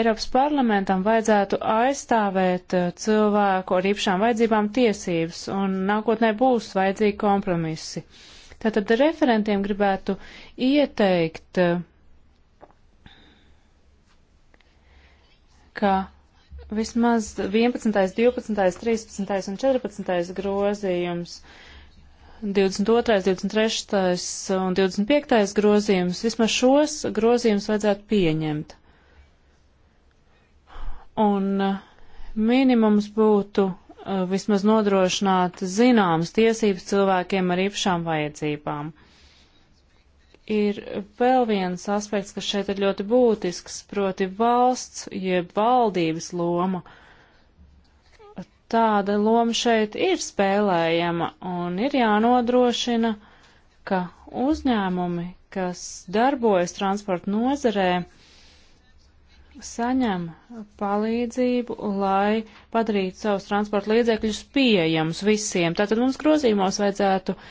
Speaker 3: Eiropas parlamentam vajadzētu aizstāvēt uh, cilvēku ar īpašām vajadzībām tiesības, un nākotnē būs vajadzīgi kompromisi. Tātad referentiem gribētu ieteikt, uh, ka Vismaz 11., 12., 13. un 14. grozījums. 22., 23. un 25. grozījums, vismaz šos grozījumus vajadzētu pieņemt. Un uh, minimums būtu uh, vismaz nodrošināt zināmas tiesības cilvēkiem ar īpašām vajadzībām ir vēl viens aspekts, kas šeit ir ļoti būtisks, proti valsts jeb valdības loma. Tāda loma šeit ir spēlējama un ir jānodrošina, ka uzņēmumi, kas darbojas transporta nozarē, saņem palīdzību, lai padarītu savus transporta līdzekļus pieejamus visiem. Tātad mums grozījumos vajadzētu uh,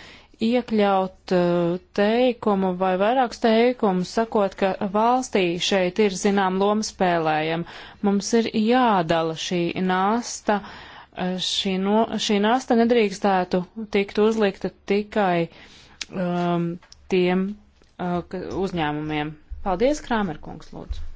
Speaker 3: iekļaut uh, teikumu vai vairākus teikumus, sakot, ka valstī šeit ir zinām loma spēlējama. Mums ir jādala šī nasta, uh, šī, no, šī nasta nedrīkstētu tikt uzlikta tikai um, tiem uh, uzņēmumiem. Paldies, Krāmerkungs, lūdzu.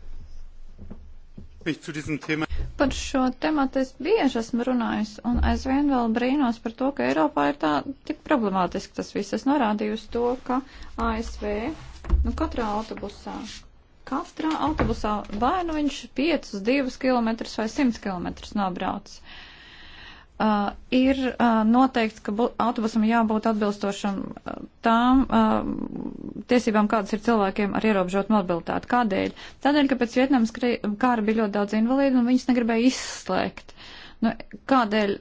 Speaker 1: Par šo tematu es bieži esmu runājis, un aizvien vēl brīnos par to, ka Eiropā ir tā tik problemātiski tas viss. Es norādīju uz to, ka ASV, nu katrā autobusā, katrā autobusā vai nu viņš 5, 2 km vai 100 km nobrauc. Uh, Uh, ir uh, noteikts, ka autobusam jābūt atbilstošam uh, tām uh, tiesībām, kādas ir cilvēkiem ar ierobežotu mobilitāti. Kādēļ? Tādēļ, ka pēc Vietnamas kāra bija ļoti daudz invalīdu un viņas negribēja izslēgt. Nu, kādēļ?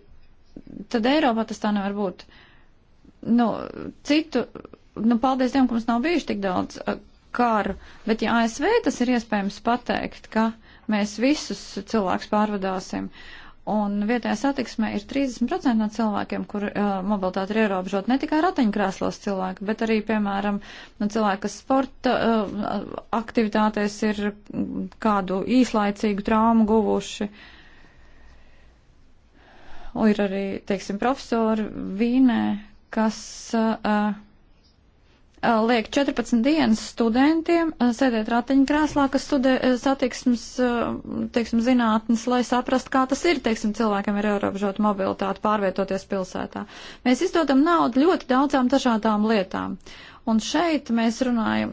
Speaker 1: Tad Eiropā tas tā nevar būt. Nu, citu, nu, paldies Dievam, ka mums nav bijuši tik daudz uh, karu, bet ja ASV tas ir iespējams pateikt, ka mēs visus cilvēkus pārvadāsim. Uh, Un vietējā satiksmē ir 30% no cilvēkiem, kur uh, mobilitāte ir ierobežota ne tikai ratiņkrēslos cilvēki, bet arī, piemēram, nu, cilvēki, kas sporta uh, aktivitātēs ir mm, kādu īslaicīgu traumu guvuši. Un ir arī, teiksim, profesori Vīnē, kas. Uh, liek 14 dienas studentiem sēdēt ratiņkrēslā, kas studē satiksmes, teiksim, zinātnes, lai saprastu, kā tas ir, teiksim, cilvēkam ir ierobežota mobilitāte pārvietoties pilsētā. Mēs izdodam naudu ļoti daudzām dažādām lietām. Un šeit mēs runājam,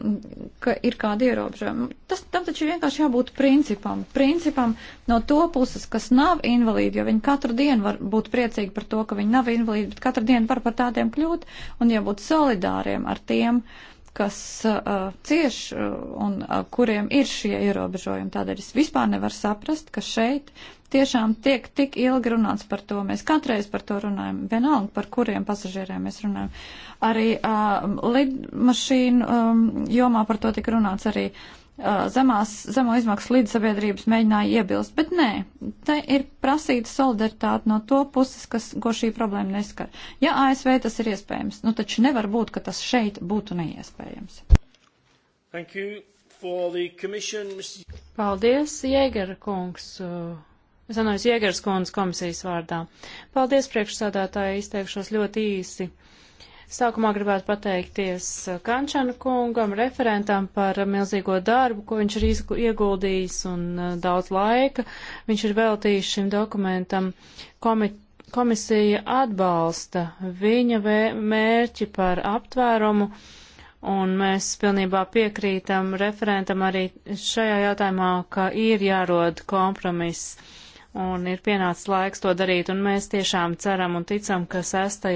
Speaker 1: ka ir kāda ierobežojuma. Tas, tam taču ir vienkārši jābūt principam. Principam no to puses, kas nav invalīdi, jo viņi katru dienu var būt priecīgi par to, ka viņi nav invalīdi, bet katru dienu var par tādiem kļūt un jābūt solidāriem ar tiem, kas uh, cieš uh, un uh, kuriem ir šie ierobežojumi. Tādēļ es vispār nevaru saprast, ka šeit tiešām tiek tik ilgi runāts par to. Mēs katreiz par to runājam, vienalga par kuriem pasažieriem mēs runājam. Arī uh, lidmašīnu um, jomā par to tika runāts arī uh, zemās, zemo izmaksu lidsabiedrības mēģināja iebilst, bet nē, te ir prasīta solidaritāte no to puses, kas, ko šī problēma neskar. Ja ASV tas ir iespējams, nu taču nevar būt, ka tas šeit būtu neiespējams.
Speaker 3: Thank
Speaker 2: you for the commission, Mr.
Speaker 1: Paldies,
Speaker 3: Jēgera kungs. Uh Zanojas Jēgers kundze komisijas vārdā. Paldies priekšsādātāji, izteikšos ļoti īsi. Sākumā gribētu pateikties Kančana kungam, referentam par milzīgo darbu, ko viņš ir ieguldījis un e, daudz laika. Viņš ir veltījis šim dokumentam. Komit komisija atbalsta viņa mērķi par aptvērumu, un mēs pilnībā piekrītam referentam arī šajā jautājumā, ka ir jārod kompromiss un ir pienācis laiks to darīt, un mēs tiešām ceram un ticam, ka 6.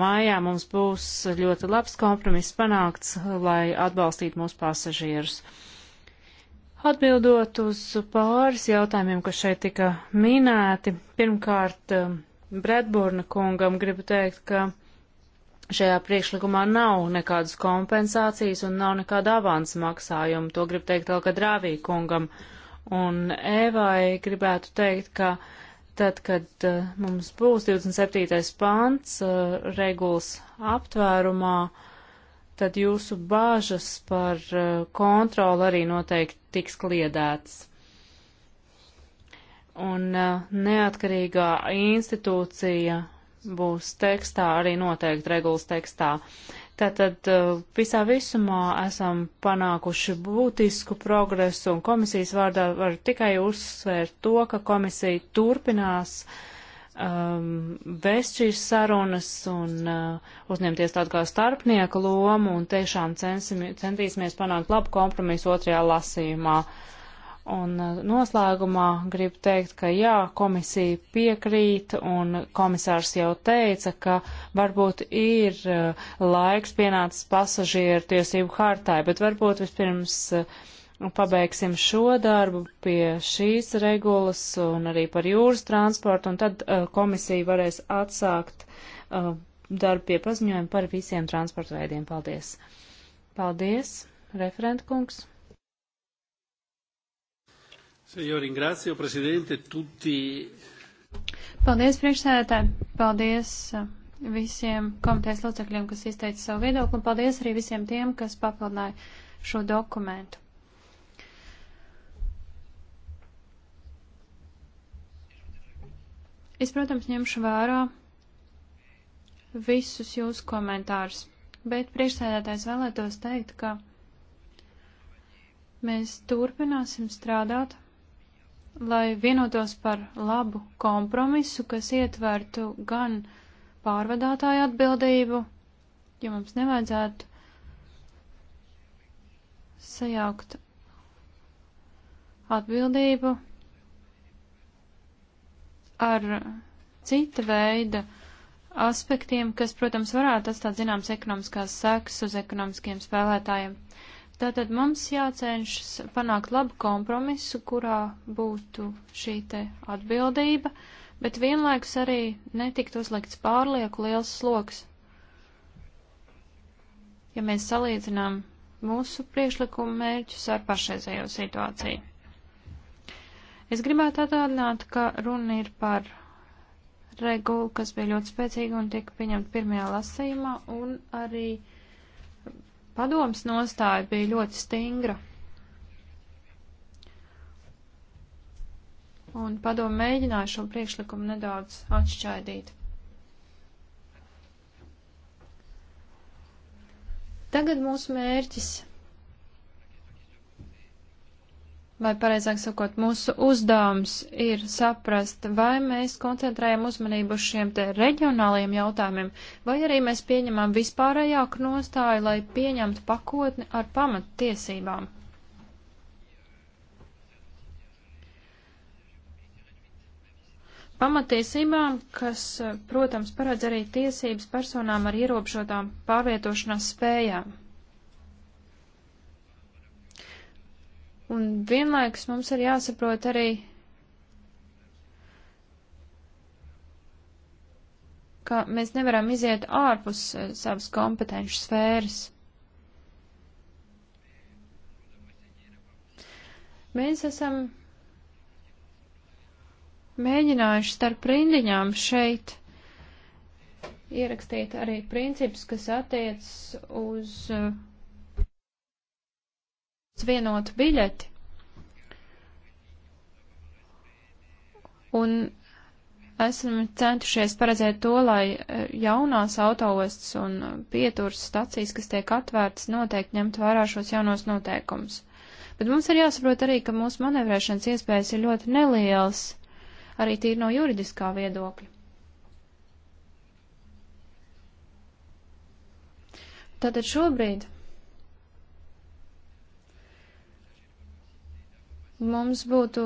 Speaker 3: maijā mums būs ļoti labs kompromiss panākts, lai atbalstītu mūsu pasažierus. Atbildot uz pāris jautājumiem, kas šeit tika minēti, pirmkārt, Bredburna kungam gribu teikt, ka šajā priekšlikumā nav nekādas kompensācijas un nav nekāda avansa maksājuma. To gribu teikt vēl, ka Drāvī kungam uh, Un Evai gribētu teikt, ka tad, kad uh, mums būs 27. pants uh, regulas aptvērumā, tad jūsu bāžas par uh, kontroli arī noteikti tiks kliedētas. Un uh, neatkarīgā institūcija būs tekstā, arī noteikti regulas tekstā. Uh, Tātad eh, visā visumā esam panākuši būtisku progresu un komisijas vārdā var tikai uzsvērt to, ka komisija turpinās um, ehm, vēst šīs sarunas un uh, uzņemties tādu kā starpnieku lomu un tiešām censim, centīsimies panākt labu kompromisu otrajā lasījumā. Uh, Un uh, noslēgumā gribu teikt, ka jā, komisija piekrīt, un komisārs jau teica, ka varbūt ir uh, laiks pienācis pasažieru tiesību hartai, bet varbūt vispirms uh, pabeigsim šo darbu pie šīs regulas un arī par jūras transportu, un tad komisija varēs atsākt darbu pie paziņojuma par visiem transporta veidiem. Paldies! Paldies,
Speaker 2: referentkungs! Io ringrazio, Presidente, tutti. Paldies, priekšsēdētāji. Paldies uh, visiem komitejas locekļiem, kas izteica savu viedokli, un paldies arī visiem tiem, kas papildināja šo dokumentu. Es, protams, ņemšu vērā visus jūsu komentārus, bet priekšsēdētājs vēlētos teikt, ka mēs turpināsim strādāt lai vienotos par labu kompromisu, kas ietvertu gan pārvadātāju atbildību, jo mums nevajadzētu sajaukt atbildību ar cita veida aspektiem, kas, protams, varētu atstāt zināmas ekonomiskās sekas uz ekonomiskiem spēlētājiem. Uh, Tātad mums jācenšas panākt labu kompromisu, kurā būtu šī te atbildība, bet vienlaikus arī netikt uzlikts pārlieku liels sloks. Ja mēs salīdzinām mūsu priekšlikumu mērķus ar pašreizējo situāciju. Es gribētu atādināt, ka runa ir par regulu, kas bija ļoti spēcīga un tika pieņemta pirmajā lasījumā, un arī uh, Padomas nostāja bija ļoti stingra. Un padomu mēģināja šo priekšlikumu nedaudz atšķaidīt. Tagad mūsu mērķis vai pareizāk sakot, mūsu uzdevums ir saprast, vai mēs koncentrējam uzmanību uz šiem te reģionālajiem jautājumiem, vai arī mēs pieņemam vispārējāku nostāju, lai pieņemtu pakotni ar pamattiesībām. Pamatiesībām, kas, protams, paredz arī tiesības personām ar ierobežotām pārvietošanās spējām. Un vienlaikus mums ir jāsaprot arī, ka mēs nevaram iziet ārpus eh, savas kompetenci sfēras. Mēs esam mēģinājuši starp rindiņām šeit ierakstīt arī principus, kas attiec uz uh, uz vienotu biļeti. Un esam centušies paredzēt to, lai e, jaunās autoostas un pieturas stacijas, kas tiek atvērtas, noteikti ņemt vērā šos jaunos noteikumus. Bet mums ir jāsaprot arī, ka mūsu manevrēšanas iespējas ir ļoti nelielas, arī tīri no juridiskā viedokļa. Tātad šobrīd Mums būtu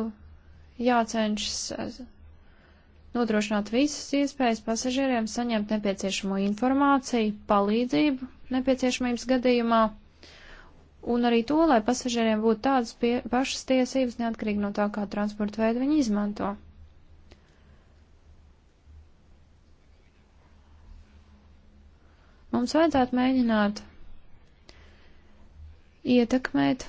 Speaker 2: jācenšas eh, nodrošināt visas iespējas pasažieriem saņemt nepieciešamo informāciju, palīdzību nepieciešamības gadījumā, un arī to, lai pasažieriem būtu tādas pie, pašas tiesības neatkarīgi no tā, kā transporta veidu viņi izmanto. Mums vajadzētu mēģināt ietekmēt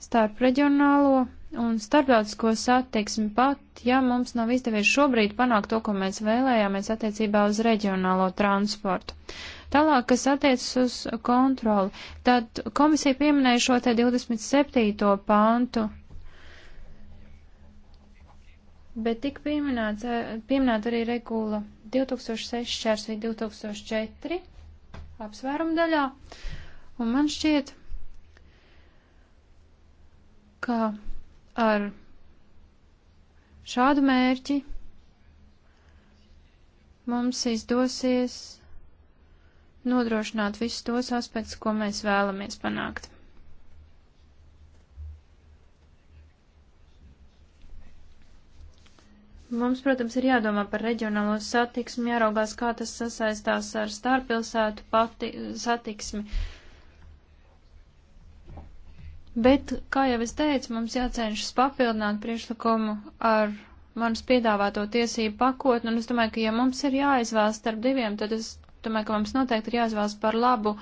Speaker 2: starp reģionālo un starptautisko satiksmi pat, ja mums nav izdevies šobrīd panākt to, ko mēs vēlējāmies attiecībā uz reģionālo transportu. Tālāk, kas attiecas uz kontroli, tad komisija pieminēja šo te 27. pāntu, bet tik pieminēts, pieminēta arī regula 2006 šķērsvī 2004 apsvērumu daļā, un man šķiet, ka ar šādu mērķi mums izdosies nodrošināt visus tos aspektus, ko mēs vēlamies panākt. Mums, protams, ir jādomā par reģionālo satiksmi, jāraugās, kā tas sasaistās ar starppilsētu satiksmi. Bet, kā jau es teicu, mums jācenšas papildināt priekšlikumu ar manas piedāvāto tiesību pakotni, un es domāju, ka ja mums ir jāizvēlas starp diviem, tad es domāju, ka mums noteikti ir jāizvēlas par labu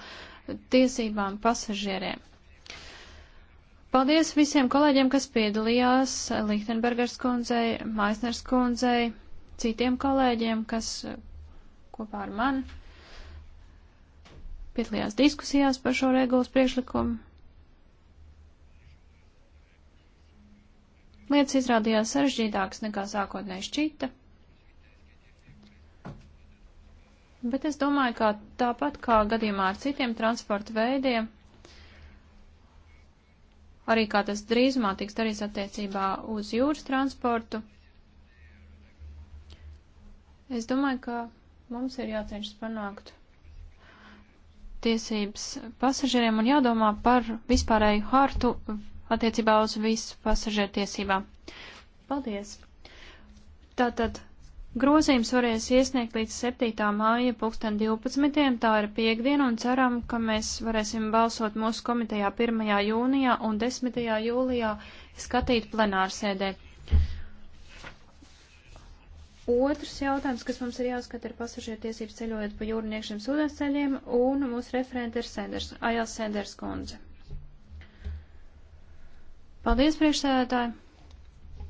Speaker 2: tiesībām pasažieriem. Paldies visiem kolēģiem, kas piedalījās, Lichtenbergers kundzei, Maisners kundzei, citiem kolēģiem, kas kopā ar mani piedalījās diskusijās par šo regulas priekšlikumu. Lietas izrādījās sarežģītākas nekā sākotnēji šķita. Bet es domāju, ka tāpat kā gadījumā ar citiem transporta veidiem, arī kā tas drīzumā tiks darīts attiecībā uz jūras transportu. Es domāju, ka mums ir jācenšas panākt tiesības pasažieriem un jādomā par vispārēju hartu attiecībā uz visu pasažieru tiesībām. Paldies! Tātad grozījums varēs iesniegt līdz 7. māja 2012. Tā ir piekdiena un ceram, ka mēs varēsim balsot mūsu komitejā 1. jūnijā un 10. jūlijā skatīt plenārsēdē. Otrs jautājums, kas mums ir jāskata, ir pasažieru tiesības ceļojot pa jūrniekšiem sūdens ceļiem, un mūsu referenta ir Sēders, Ajās Sēders kundze. Paldies, priekšsēdētāji!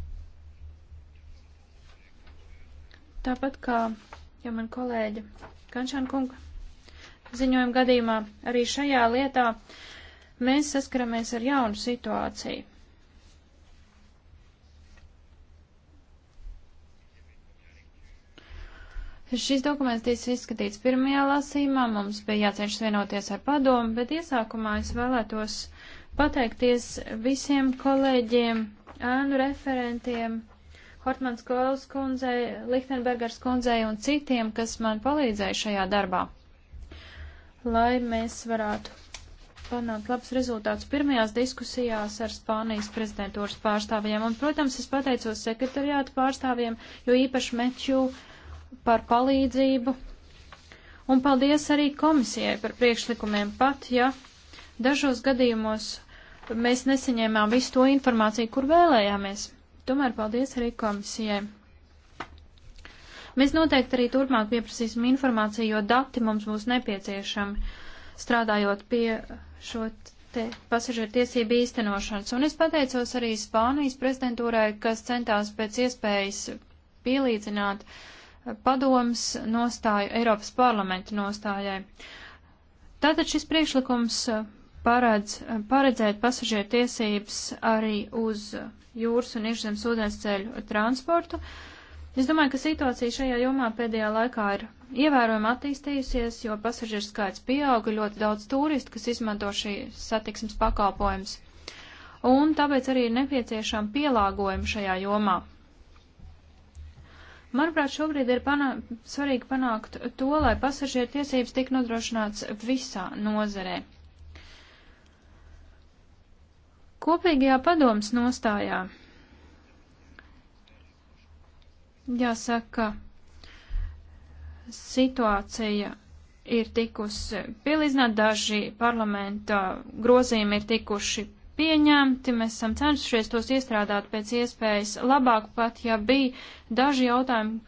Speaker 2: Tāpat kā jau man kolēģi Kančāna kunga ziņojuma gadījumā, arī šajā lietā mēs saskaramies ar jaunu situāciju. Šis dokuments tiks izskatīts pirmajā lasīmā, mums bija jācenšas vienoties ar padomu, bet iesākumā es vēlētos uh, pateikties visiem kolēģiem, ēnu referentiem, Hortmans Kols kundzei, Lichtenbergers kundzei un citiem, kas man palīdzēja šajā darbā, lai mēs varētu panākt labs rezultāts pirmajās diskusijās ar Spānijas prezidentūras pārstāvjiem. Un, protams, es pateicos sekretariātu pārstāvjiem, jo īpaši Meķu par palīdzību. Un paldies arī komisijai par priekšlikumiem pat, ja dažos gadījumos mēs nesaņēmām visu to informāciju, kur vēlējāmies. Tomēr paldies arī komisijai. Mēs noteikti arī turpmāk pieprasīsim informāciju, jo dati mums būs nepieciešami strādājot pie šo te pasažieru tiesību īstenošanas. Un es pateicos arī Spānijas prezidentūrai, kas centās pēc iespējas pielīdzināt padoms nostāju Eiropas parlamenta nostājai. Tātad šis priekšlikums paredz, paredzēt pasažieru tiesības arī uz jūras un iekšzemes ūdens ceļu transportu. Es domāju, ka situācija šajā jomā pēdējā laikā ir ievērojami attīstījusies, jo pasažieru skaits pieauga ļoti daudz turistu, kas izmanto šī satiksmes pakalpojums. Un tāpēc arī ir nepieciešama pielāgojuma šajā jomā. Manuprāt, šobrīd ir panā svarīgi panākt to, lai pasažieru tiesības tik nodrošināts visā nozarē. Kopīgajā padomas nostājā jāsaka, situācija ir tikusi pielīdzināta, daži parlamenta grozījumi ir tikuši pieņemti, mēs esam cenšies tos iestrādāt pēc iespējas labāk, pat ja bija daži jautājumi,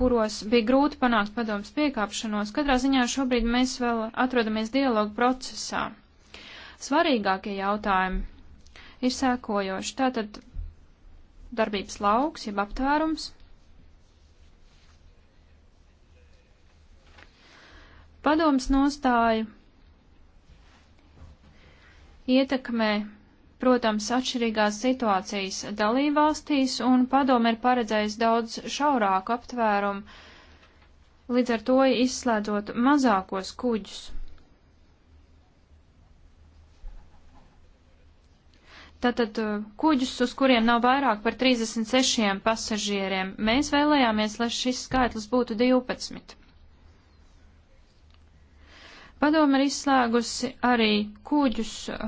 Speaker 2: kuros bija grūti panākt padomus piekāpšanos. Katrā ziņā šobrīd mēs vēl atrodamies dialogu procesā. Svarīgākie jautājumi ir sēkojoši. Tātad darbības lauks, jeb aptvērums. Padoms nostāju ietekmē, protams, atšķirīgās situācijas dalībvalstīs, un padome ir paredzējis daudz šaurāku aptvērumu, līdz ar to izslēdzot mazākos kuģus. Tātad eh, kuģus, uz kuriem nav vairāk par 36 pasažieriem, mēs vēlējāmies, lai šis skaitlis būtu 12. Padoma ir izslēgusi arī kuģus, eh,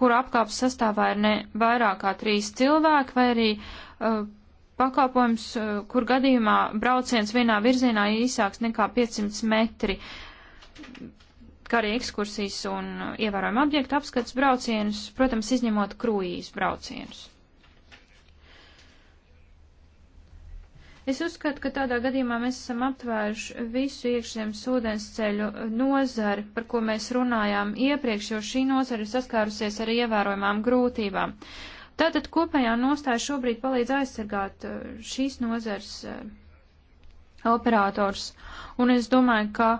Speaker 2: kuru apkāpes sastāvā ir ne vairāk kā trīs cilvēki, vai arī uh, pakalpojums, uh, kur gadījumā brauciens vienā virzienā ir īsāks nekā 500 metri kā arī ekskursijas un uh, ievērojama objekta apskats braucienus, protams, izņemot krūjīs braucienus. Es uzskatu, ka tādā gadījumā mēs esam aptvēruši visu iekšzemes ūdens ceļu uh, nozari, par ko mēs runājām iepriekš, jo šī nozara ir saskārusies ar ievērojamām grūtībām. Tātad kopējā nostāja šobrīd palīdz aizsargāt uh, šīs nozars operators, un es domāju, ka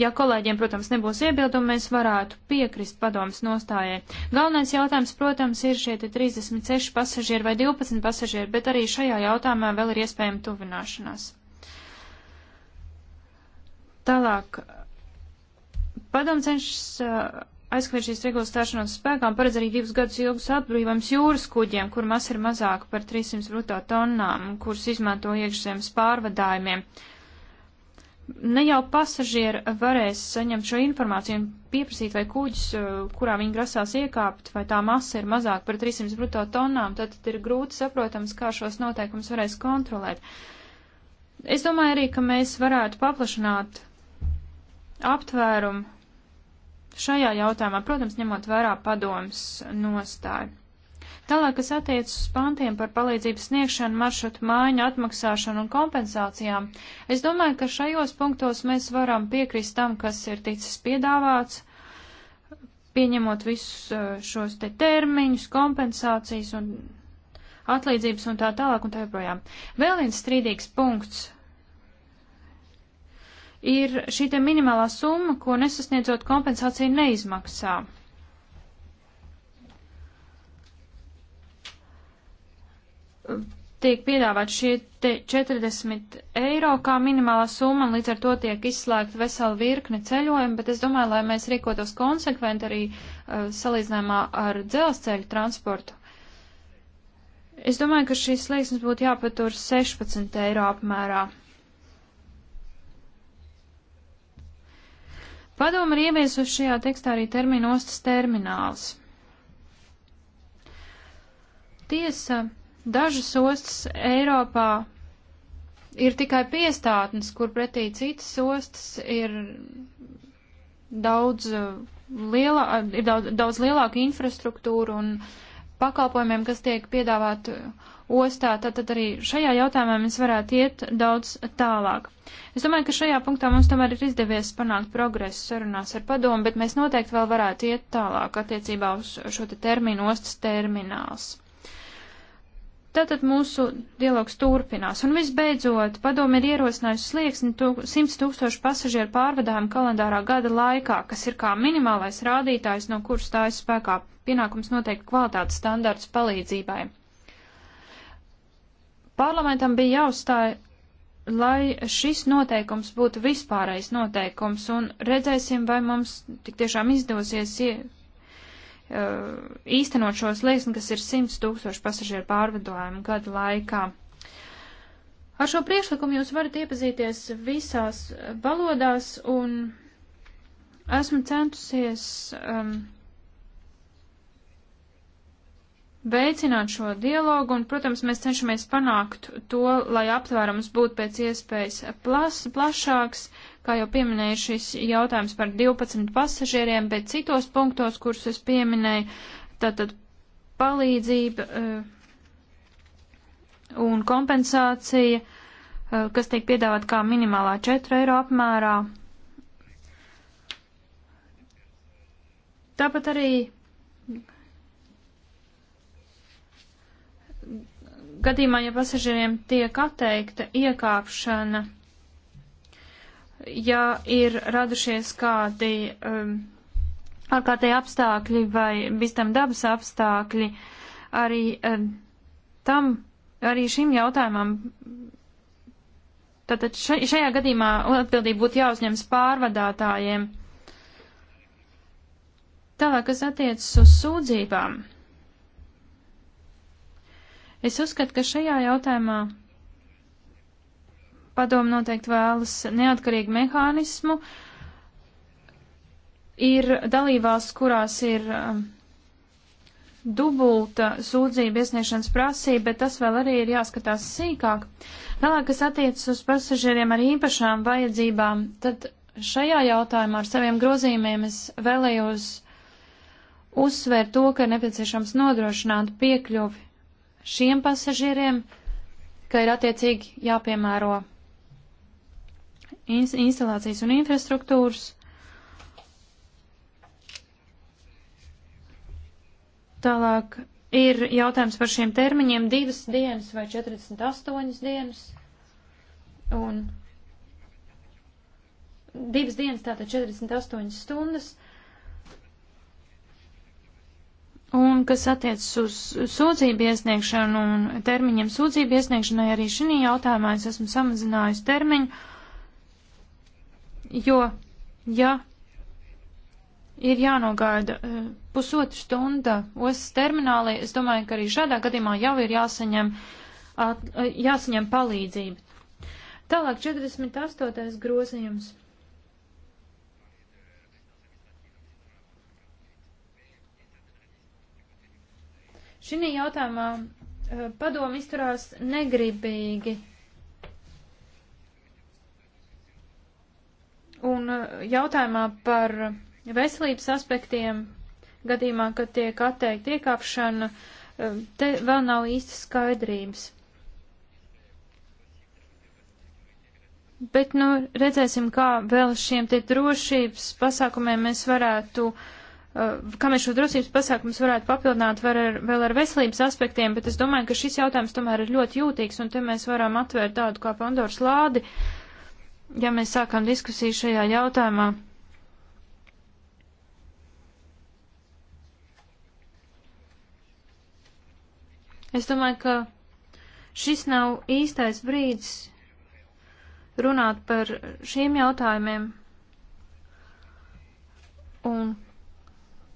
Speaker 2: Ja kolēģiem, protams, nebūs iebildumi, mēs varētu piekrist padomas nostājai. Galvenais jautājums, protams, ir šie 36 pasažieri vai 12 pasažieri, bet arī šajā jautājumā vēl ir iespējama tuvināšanās. Tālāk. Padom cenšas uh, aizskriet šīs regulas stāšanos spēkā un paredz arī divus gadus ilgus atbrīvojums jūras kuģiem, kur masa ir mazāka par 300 bruto tonnām, kurus izmanto iekšzemes pārvadājumiem. Uh, ne jau pasažieri varēs saņemt šo informāciju un pieprasīt, vai kuģis, eh, kurā viņi grasās iekāpt, vai tā masa ir mazāk par 300 bruto tonnām, tad ir grūti saprotams, kā šos noteikumus varēs kontrolēt. Es domāju arī, ka mēs varētu paplašināt aptvērumu šajā jautājumā, protams, ņemot vērā padomas nostāju. Tālāk, kas attiecas uz pantiem par palīdzības sniegšanu, maršrutu mājiņu, atmaksāšanu un kompensācijām, es domāju, ka šajos punktos mēs varam piekrist tam, kas ir ticis piedāvāts, pieņemot visus eh, šos te termiņus, kompensācijas un atlīdzības un tā tālāk un tā joprojām. Vēl viens strīdīgs punkts ir šī te minimālā summa, ko nesasniedzot kompensācija neizmaksā. tiek piedāvāt šie 40 eiro kā minimālā summa, un līdz ar to tiek izslēgta vesela virkne ceļojumi, bet es domāju, lai mēs rīkotos konsekventi arī uh, salīdzinājumā ar dzelzceļu transportu. Es domāju, ka šīs slieksnes būtu jāpatur 16 eiro apmērā. Padoma ir ieviesuši šajā tekstā arī terminu ostas termināls. Tiesa, Dažas ostas Eiropā ir tikai piestātnes, kur pretī citas ostas ir daudz, eh, lielā, eh, ir daudz, daudz lielāka infrastruktūra un pakalpojumiem, kas tiek piedāvāti eh, ostā, tad, tad arī šajā jautājumā mēs varētu iet daudz tālāk. Es domāju, ka šajā punktā mums tomēr ir izdevies panākt progresu sarunās ar padomu, bet mēs noteikti vēl varētu iet tālāk attiecībā uz šo te terminu ostas termināls. Tātad mūsu dialogs turpinās. Un visbeidzot, padomi ir ierosinājusi slieksni 100 tūkstošu pasažieru pārvadājumu kalendārā gada laikā, kas ir kā minimālais rādītājs, no kuras stājas spēkā pienākums noteikt kvalitātes standārts palīdzībai. Parlamentam bija jāuzstāja, lai šis noteikums būtu vispārējais noteikums, un redzēsim, vai mums tik tiešām izdosies Uh, īstenot šos lieksni, kas ir 100 tūkstoši pasažieru pārvadojumu gadu laikā. Ar šo priekšlikumu jūs varat iepazīties visās valodās un esmu centusies um, veicināt šo dialogu, un, protams, mēs cenšamies panākt to, lai aptvērums būtu pēc iespējas plas, plašāks, Kā jau pieminēju, šis jautājums par 12 pasažieriem, bet citos punktos, kurus es pieminēju, tātad palīdzība eh, un kompensācija, eh, kas tiek piedāvāt kā minimālā 4 eiro apmērā. Tāpat arī gadījumā, ja pasažieriem tiek atteikta iekāpšana ja ir radušies kādi um, ārkārtēji apstākļi vai vistam dabas apstākļi, arī um, tam, arī šim jautājumam Tātad šajā gadījumā atbildība būtu jāuzņemas pārvadātājiem. Tālāk, kas attiecas uz sūdzībām. Es uzskatu, ka šajā jautājumā padomu noteikti vēlas neatkarīgu mehānismu. Ir dalībās, kurās ir um, dubulta sūdzība iesniegšanas prasība, bet tas vēl arī ir jāskatās sīkāk. Vēlāk, kas attiecas uz pasažieriem ar īpašām vajadzībām, tad šajā jautājumā ar saviem grozījumiem es vēlējos uzsvērt to, ka ir nepieciešams nodrošināt piekļuvi šiem pasažieriem, ka ir attiecīgi jāpiemēro instalācijas un infrastruktūras. Tālāk ir jautājums par šiem termiņiem - divas dienas vai 48 dienas. Un divas dienas, tātad 48 stundas. Un kas attiecas uz sūdzību iesniegšanu un termiņiem sūdzību iesniegšanai, arī šī jautājumā es esmu samazinājusi termiņu jo, ja ir jānogaida eh, pusotra stunda ostas terminālī, es domāju, ka arī šādā gadījumā jau ir jāsaņem, at, eh, jāsaņem palīdzība. Tālāk 48. grozījums. Šī jautājumā eh, padomu izturās negribīgi. Un uh, jautājumā par veselības aspektiem, gadījumā, kad tiek atteikta iekāpšana, uh, te vēl nav īsti skaidrības. Bet, nu, redzēsim, kā vēl šiem te drošības pasākumiem mēs varētu, uh, kā mēs šo drošības pasākumus varētu papildināt var ar, vēl ar veselības aspektiem, bet es domāju, ka šis jautājums tomēr ir ļoti jūtīgs, un te mēs varam atvērt tādu kā Pandoras lādi. Uh, ja mēs sākam diskusiju šajā jautājumā. Es domāju, ka šis nav īstais brīdis runāt par šiem jautājumiem. Un,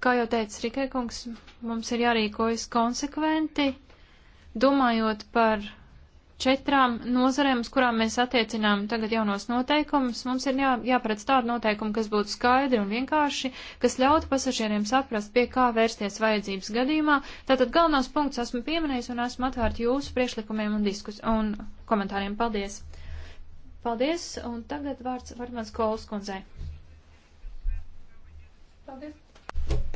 Speaker 2: kā jau teica Rikai kungs, mums ir jārīkojas konsekventi, domājot par četrām nozarēm, uz kurām mēs attiecinām tagad jaunos noteikumus, mums ir jā, jāparedz tādu noteikumu, kas būtu skaidri un vienkārši, kas ļautu pasažieriem saprast, pie kā vērsties vajadzības gadījumā. Tātad galvenos punkts esmu pieminējis un esmu atvērti jūsu priekšlikumiem un, diskus, un komentāriem. Paldies! Paldies! Un tagad vārds Varmans Kols kundzei. Paldies!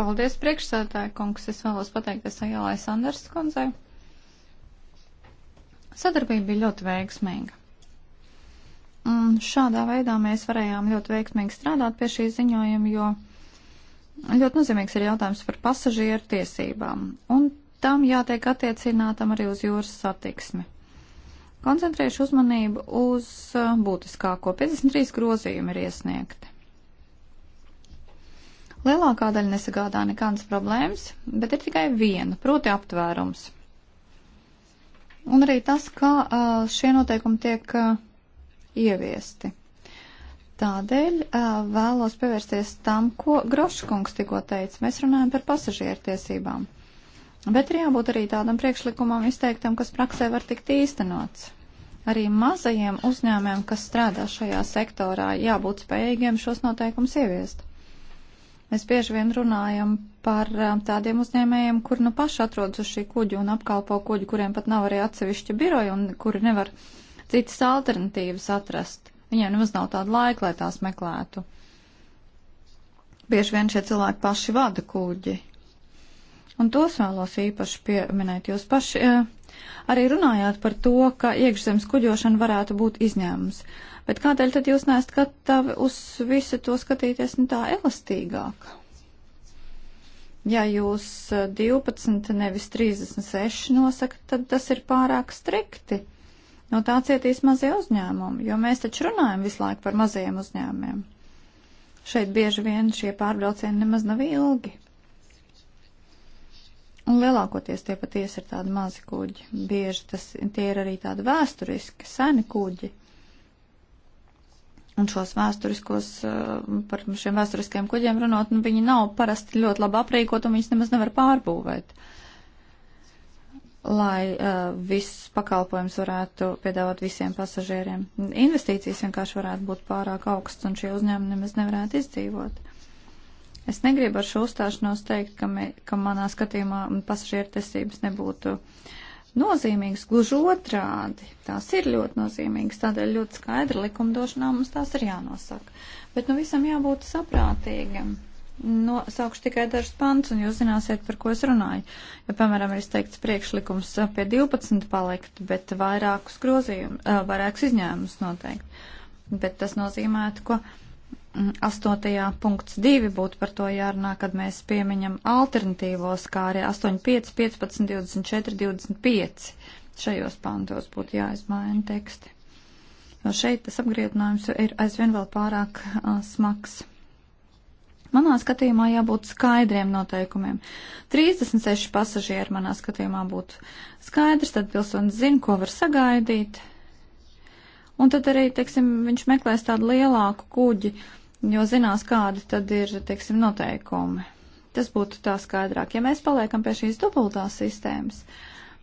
Speaker 1: Paldies, priekšsētāja kungs! Es vēlos pateikties Ajālai Sanders kundzei. Sadarbība bija ļoti veiksmīga. Un šādā veidā mēs varējām ļoti veiksmīgi strādāt pie šī ziņojuma, jo ļoti nozīmīgs ir jautājums par pasažieru tiesībām, un tam jātiek attiecinātam arī uz jūras satiksmi. Koncentrēšu uzmanību uz uh, būtiskāko. 53 grozījumi ir iesniegti. Lielākā daļa nesagādā nekādas problēmas, bet ir tikai viena, proti aptvērums un arī tas, kā šie noteikumi tiek ieviesti. Tādēļ vēlos pievērsties tam, ko Groškungs tikko teica. Mēs runājam par pasažieru tiesībām. Bet ir jābūt arī tādam priekšlikumam izteiktam, kas praksē var tikt īstenots. Arī mazajiem uzņēmiem, kas strādā šajā sektorā, jābūt spējīgiem šos noteikumus ieviest. Mēs bieži vien runājam par um, tādiem uzņēmējiem, kur nu paši atrodas uz šī kuģa un apkalpo kuģi, kuriem pat nav arī atsevišķa biroja un kuri nevar citas alternatīvas atrast. Viņiem nemaz nav tāda laika, lai tās meklētu. Bieži vien šie cilvēki paši vada kuģi. Un tos vēlos īpaši pieminēt. Jūs paši uh, Arī runājāt par to, ka iekšzemes kuģošana varētu būt izņēmums. Bet kādēļ tad jūs neesat gatavi uz visu to skatīties nu, tā elastīgāk? Ja jūs 12, eh, nevis 36 nosakat, tad tas ir pārāk strikti. No tā cietīs mazie uzņēmumi, jo mēs taču runājam visu laiku par mazajiem uzņēmumiem. Šeit bieži vien šie pārbraucieni nemaz nav ilgi. Un lielākoties tie patiesi ir tādi mazi kuģi. Bieži tas, tie ir arī tādi vēsturiski, seni kuģi. Un šos vēsturiskos, eh, par šiem vēsturiskajiem kuģiem runot, nu, viņi nav parasti ļoti labi aprīkot un viņus nemaz nevar pārbūvēt. Lai uh, viss pakalpojums varētu piedāvāt visiem pasažieriem. Investīcijas vienkārši varētu būt pārāk augstas un šie uzņēmumi nemaz nevarētu izdzīvot. Es negribu ar šo uzstāšanos teikt, ka, me, ka manā skatījumā pasažieru tiesības nebūtu nozīmīgas. Gluži otrādi, tās ir ļoti nozīmīgas, tādēļ ļoti skaidri likumdošanā mums tās ir jānosaka. Bet nu visam jābūt saprātīgam. No, nu, saukšu tikai dažus pants, un jūs zināsiet, par ko es runāju. Ja, piemēram, ir izteikts priekšlikums pie 12 palikt, bet vairākus grozījumus, vairākus izņēmumus noteikti. Bet tas nozīmētu, ka 8. punkts 2 būtu par to jārunā, kad mēs piemiņam alternatīvos, kā arī 8, 5, 15, 24, 25. Šajos pantos būtu jāizmaina teksti. Jo šeit tas apgrietinājums ir aizvien vēl pārāk uh, smags. Manā skatījumā jābūt skaidriem noteikumiem. 36 pasažieri manā skatījumā būtu skaidrs, tad pilsonis zina, ko var sagaidīt. Un tad arī, teiksim, viņš meklēs tādu lielāku kuģi, uh, jo zinās, kādi tad ir, teiksim, noteikumi. Tas būtu tā skaidrāk. Ja mēs paliekam pie šīs dubultās sistēmas,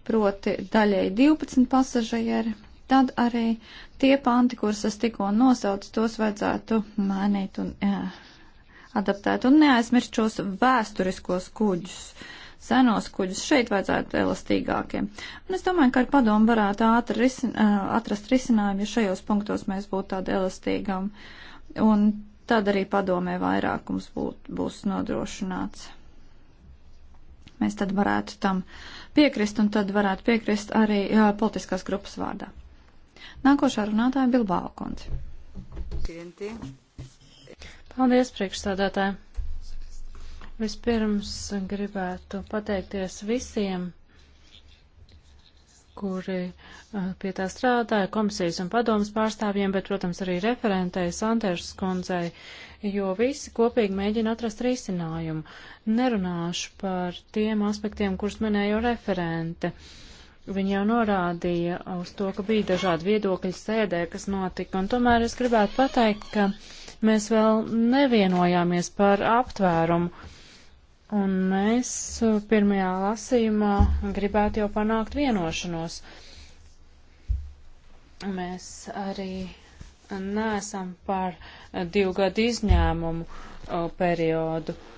Speaker 1: proti daļai 12 pasažieri, tad arī tie panti, kurus es tikko nosaucu, tos vajadzētu mainīt un jā, adaptēt. Un neaizmirst šos vēsturiskos kuģus, senos kuģus. Šeit vajadzētu elastīgākiem. Un es domāju, ka ar padomu varētu ātri risin, atrast risinājumu, ja šajos punktos mēs būtu tādi elastīgam. Un tad arī padomē vairākums būt, būs nodrošināts. Mēs tad varētu tam piekrist, un tad varētu piekrist arī jā, politiskās grupas vārdā. Nākošā runātāja Bilbao kundze. Paldies,
Speaker 3: priekšstādātāji! Vispirms
Speaker 1: gribētu
Speaker 3: pateikties visiem kuri eh, pie tā strādāja, komisijas un padomas pārstāvjiem, bet, protams, arī referentei Sanders kundzei, jo visi kopīgi mēģina atrast risinājumu. Nerunāšu par tiem aspektiem, kurus minēja referente. Viņa jau norādīja uz to, ka bija dažādi viedokļi sēdē, kas notika, un tomēr es gribētu pateikt, ka mēs vēl nevienojāmies par aptvērumu Un mēs uh, pirmajā lasījumā gribētu jau panākt vienošanos. Mēs arī neesam par uh, divu gadu izņēmumu uh, periodu. Uh,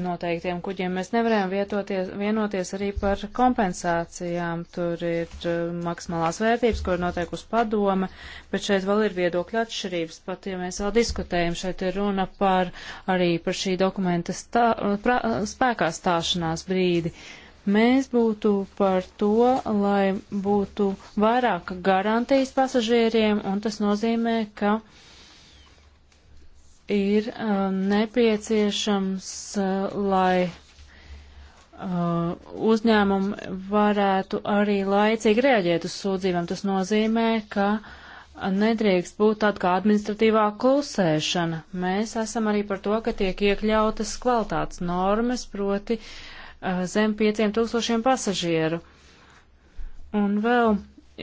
Speaker 3: noteiktiem kuģiem. Mēs nevarējām vienoties arī par kompensācijām. Tur ir uh, maksimālās vērtības, ko ir noteikusi padome, bet šeit vēl ir viedokļa atšķirības. Pat, ja mēs vēl diskutējam, šeit ir runa par arī par šī dokumenta stā, pra, spēkā stāšanās brīdi. Mēs būtu par to, lai būtu vairāk garantijas pasažieriem, un tas nozīmē, ka uh, ir uh, nepieciešams, uh, lai uh, uzņēmumi varētu arī laicīgi reaģēt uz sūdzībām. Tas nozīmē, ka nedrīkst būt tāda kā administratīvā klusēšana. Mēs esam arī par to, ka tiek iekļautas kvalitātes normas, proti uh, zem 5000 pasažieru. Un vēl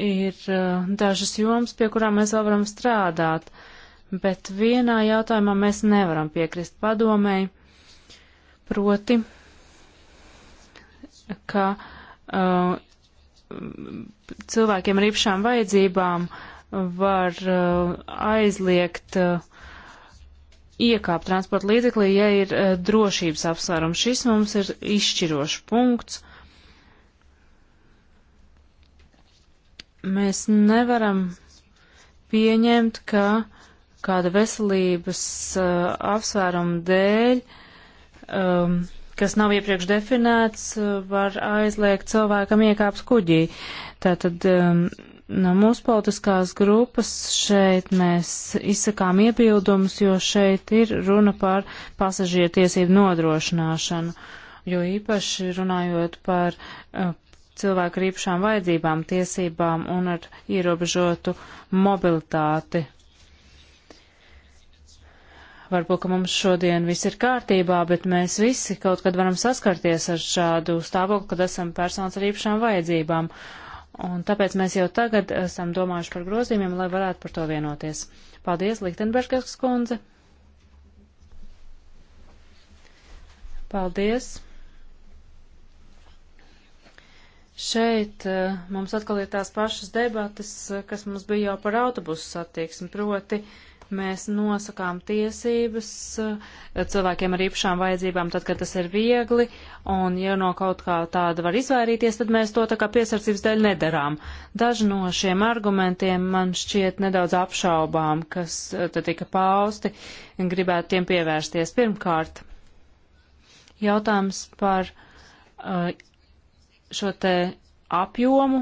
Speaker 3: ir uh, dažas jomas, pie kurām mēs vēl varam strādāt. Uh, bet vienā jautājumā mēs nevaram piekrist padomēji, proti, ka uh, cilvēkiem ar īpašām vajadzībām var uh, aizliegt uh, iekāpt transporta līdzeklī, ja ir uh, drošības apsvērums. Šis mums ir izšķirošs punkts. Mēs nevaram pieņemt, ka uh, kāda veselības uh, apsvēruma dēļ, um, kas nav iepriekš definēts, uh, var aizliegt cilvēkam iekāpt kuģī. Tātad um, no mūsu politiskās grupas šeit mēs izsakām iebildumus, jo šeit ir runa par pasažieru tiesību nodrošināšanu, jo īpaši runājot par uh, cilvēku ar īpašām vajadzībām, tiesībām un ar ierobežotu mobilitāti Varbūt, ka mums šodien viss ir kārtībā, bet mēs visi kaut kad varam saskarties ar šādu stāvokli, kad esam personas ar īpašām vajadzībām. Un tāpēc mēs jau tagad esam domājuši par grozījumiem, lai varētu par to vienoties. Paldies, Liktenbergas kundze! Paldies! Šeit eh, mums atkal ir tās pašas debatas, eh, kas mums bija jau par autobusu satiksmi, proti uh, Mēs nosakām tiesības eh, cilvēkiem ar īpašām vajadzībām, tad, kad tas ir viegli, un ja no kaut kā tāda var izvairīties, tad mēs to tā kā piesardzības dēļ nedarām. Daži no šiem argumentiem man šķiet nedaudz apšaubām, kas eh, te tika pausti, gribētu tiem pievērsties. Pirmkārt, jautājums par eh, šo te apjomu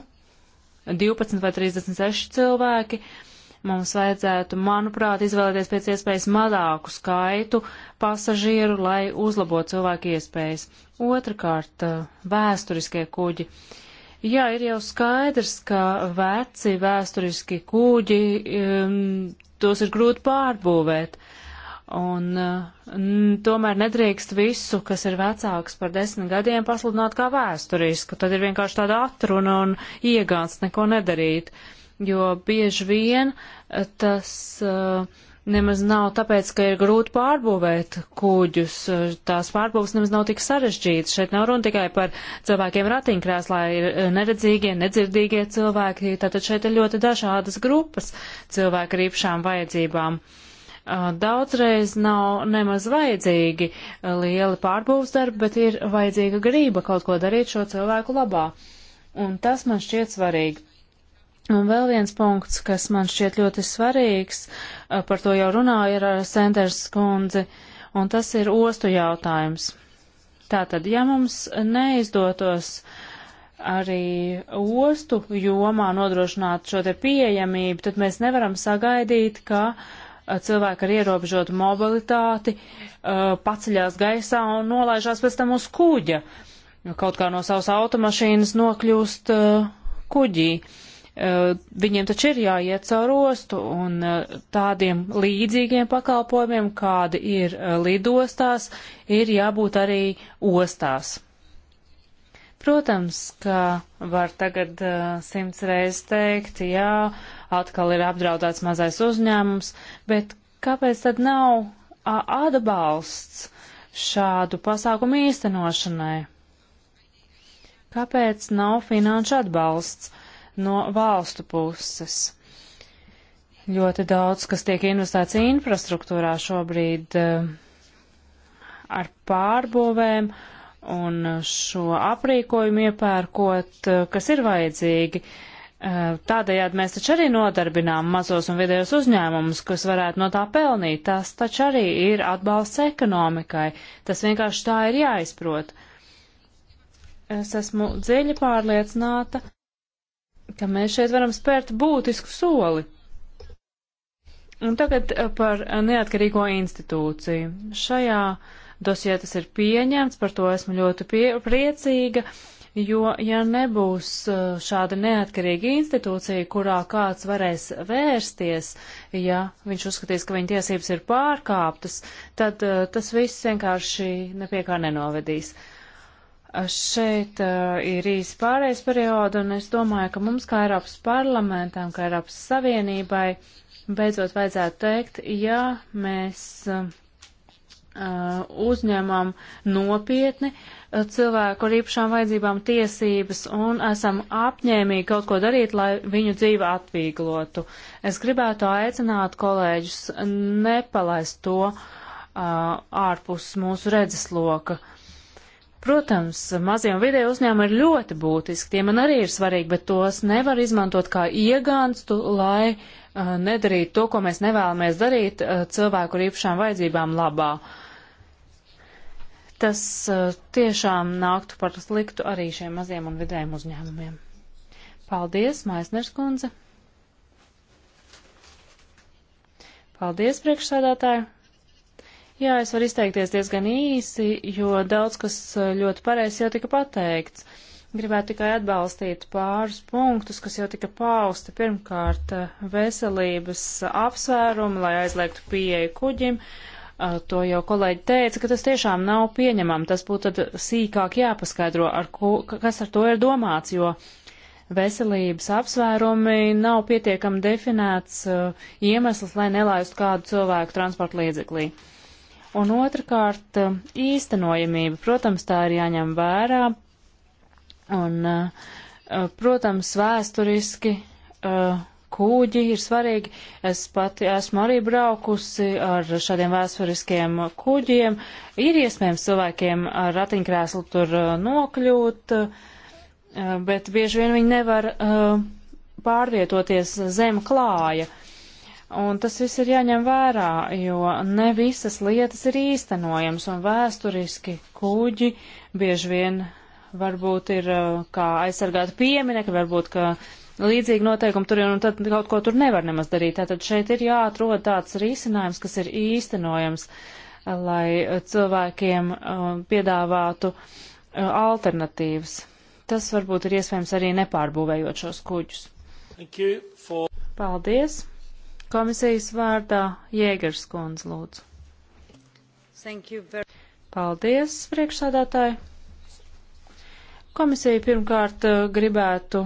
Speaker 3: 12 vai 36 cilvēki. Uh, Mums vajadzētu, manuprāt, izvēlēties pēc iespējas mazāku skaitu pasažieru, lai uzlabotu cilvēku iespējas. Otrakārt, eh, vēsturiskie kuģi. Jā, ir jau skaidrs, ka veci vēsturiski kuģi, tos ir grūti pārbūvēt. Un eh, n, tomēr nedrīkst visu, kas ir vecāks par desmit gadiem, pasludināt kā vēsturisku. Tad ir vienkārši tāda atruna un iegāns neko nedarīt. Jo bieži vien tas uh, nemaz nav tāpēc, ka ir grūti pārbūvēt kuģus. Uh, tās pārbūves nemaz nav tik sarežģītas. Šeit nav runa tikai par cilvēkiem ratiņkrēslā, ir uh, neredzīgie, nedzirdīgie cilvēki. Tātad šeit ir ļoti dažādas grupas cilvēku ar īpašām vajadzībām daudzreiz nav nemaz vajadzīgi lieli pārbūves darbi, bet ir vajadzīga grība kaut ko darīt šo cilvēku labā. Un tas man šķiet svarīgi. Un vēl viens punkts, kas man šķiet ļoti svarīgs, par to jau runāja ar Sanders kundzi, un tas ir ostu jautājums. Tātad, ja mums neizdotos arī ostu jomā nodrošināt šo te pieejamību, tad mēs nevaram sagaidīt, ka uh, cilvēki ar ierobežotu mobilitāti uh, paceļās gaisā un nolaižās pēc tam uz kuģa. Kaut kā no savas automašīnas nokļūst uh, kuģī. Eh, viņiem taču ir jāiet caur ostu un eh, tādiem līdzīgiem pakalpojumiem, kādi ir eh, lidostās, ir jābūt arī ostās. Protams, ka var tagad simts reizes teikt, jā, atkal ir apdraudēts mazais uzņēmums, bet kāpēc tad nav atbalsts šādu pasākumu īstenošanai? Kāpēc nav finanšu atbalsts? Uh, no valstu puses. Ļoti daudz, kas tiek investēts infrastruktūrā šobrīd eh, ar pārbūvēm un šo aprīkojumu iepērkot, eh, kas ir vajadzīgi. Eh, tādējādi mēs taču arī nodarbinām mazos un vidējos uzņēmumus, kas varētu no tā pelnīt. Tas taču arī ir atbalsts ekonomikai. Tas vienkārši tā ir jāizprot. Es esmu dziļi pārliecināta, ka mēs šeit varam spērt būtisku soli. Un tagad eh, par eh, neatkarīgo institūciju. Šajā dosijā tas ir pieņemts, par to esmu ļoti pie, priecīga, jo ja nebūs eh, šāda neatkarīga institūcija, kurā kāds varēs vērsties, ja viņš uzskatīs, ka viņa tiesības ir pārkāptas, tad tas viss vienkārši nepiekā nenovedīs. Uh, Šeit uh, ir īsi pārējais perioda, un es domāju, ka mums kā Eiropas parlamentam, kā Eiropas Savienībai, beidzot vajadzētu teikt, ja mēs uh, uzņemam nopietni eh, cilvēku ar īpašām vajadzībām tiesības un esam apņēmīgi kaut ko darīt, lai viņu dzīvi atvieglotu. Es gribētu aicināt kolēģus nepalaist to uh, ārpus mūsu redzesloka. Uh, Protams, mazie un vidēji uzņēmumi ir ļoti būtiski, tie man arī ir svarīgi, bet tos nevar izmantot kā iegānstu, lai uh, nedarītu to, ko mēs nevēlamies darīt uh, cilvēku ar īpašām vajadzībām labā. Tas uh, tiešām nāktu par sliktu arī šiem maziem un vidējiem uzņēmumiem. Paldies, Maisners kundze! Paldies, priekšsādātāji! Jā, es varu izteikties diezgan īsi, jo daudz kas ļoti pareizi jau tika pateikts. Gribētu tikai atbalstīt pāris punktus, kas jau tika pausti. Pirmkārt, veselības apsvērumi, lai aizliegtu pieeju kuģim. To jau kolēģi teica, ka tas tiešām nav pieņemam. Tas būtu tad sīkāk jāpaskaidro, ar ko, kas ar to ir domāts, jo veselības apsvērumi nav pietiekam definēts iemesls, lai nelaistu kādu cilvēku transporta līdzeklī. Uh, Un otrkārt, eh, īstenojamība, protams, tā ir jāņem vērā. Un, eh, eh, protams, vēsturiski kūģi ir svarīgi. Es pati esmu arī braukusi ar šādiem vēsturiskiem kuģiem. Ir iespējams cilvēkiem ar ratiņkrēslu tur nokļūt, bet bieži vien viņi nevar pārvietoties zem klāja. Uh, Un tas viss ir jāņem vērā, jo ne visas lietas ir īstenojams, un vēsturiski kuģi bieži vien varbūt ir uh, kā aizsargāti pieminekļi, varbūt, ka līdzīgi noteikumi tur ir, un tad kaut ko tur nevar nemaz darīt. Tātad šeit ir jāatrod tāds risinājums, kas ir īstenojams, uh, lai cilvēkiem uh, piedāvātu alternatīvas. Tas varbūt ir iespējams arī nepārbūvējot šos kuģus. For... Paldies! Komisijas vārdā Jēgers Kundz, lūdzu. Very... Paldies, priekšsādātāji. Komisija pirmkārt eh, gribētu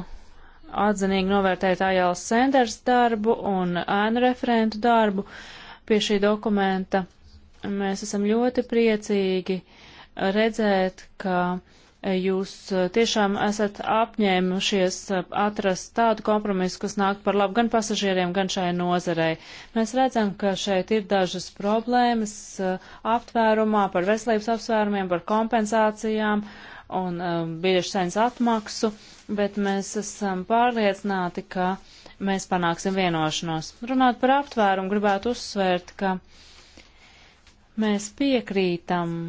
Speaker 3: atzinīgi novērtēt Ajāls Sanders darbu un ēnu referentu darbu pie šī dokumenta. Mēs esam ļoti priecīgi redzēt, ka uh, jūs e, tiešām esat apņēmušies e, atrast tādu kompromisu, kas nāk par labu gan pasažieriem, gan šai nozarei. Mēs redzam, ka šeit ir dažas problēmas e, aptvērumā par veselības apsvērumiem, par kompensācijām un bieži saņas atmaksu, bet mēs esam pārliecināti, ka mēs panāksim vienošanos. Runāt par aptvērumu gribētu uzsvērt, ka mēs piekrītam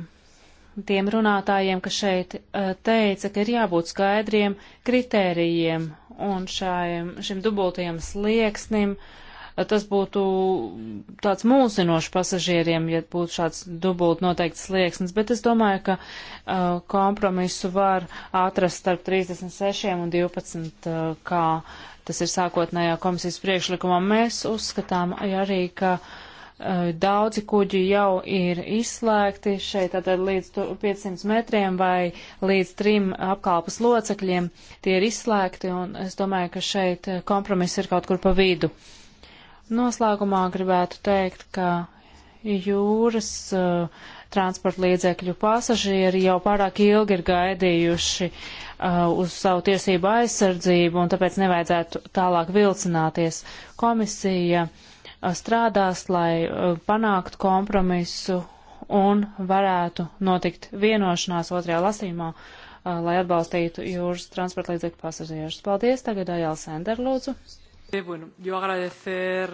Speaker 3: tiem runātājiem, kas šeit eh, teica, ka ir jābūt skaidriem kritērijiem un šajam, šim dubultajam slieksnim. Eh, tas būtu tāds mūsinošs pasažieriem, ja būtu šāds dubult noteikts slieksnis, bet es domāju, ka uh, kompromisu var atrast starp 36 un 12, uh, kā tas ir sākotnējā komisijas priekšlikumā. Mēs uzskatām arī, ka uh, Eh, daudzi kuģi jau ir izslēgti šeit, tātad līdz 500 metriem vai līdz trim apkalpas locekļiem tie ir izslēgti, un es domāju, ka šeit eh, kompromiss ir kaut kur pa vidu. Noslēgumā gribētu teikt, ka jūras uh, transporta līdzekļu pasažieri jau pārāk ilgi ir gaidījuši uh, uz savu tiesību aizsardzību, un tāpēc nevajadzētu tālāk vilcināties. Komisija uh, strādās, lai uh, panāktu kompromisu un varētu notikt vienošanās otrajā lasīmā, uh, lai atbalstītu jūras transporta līdzekļu pasažierus. Paldies, tagad Ajāla Sender, lūdzu. Eh,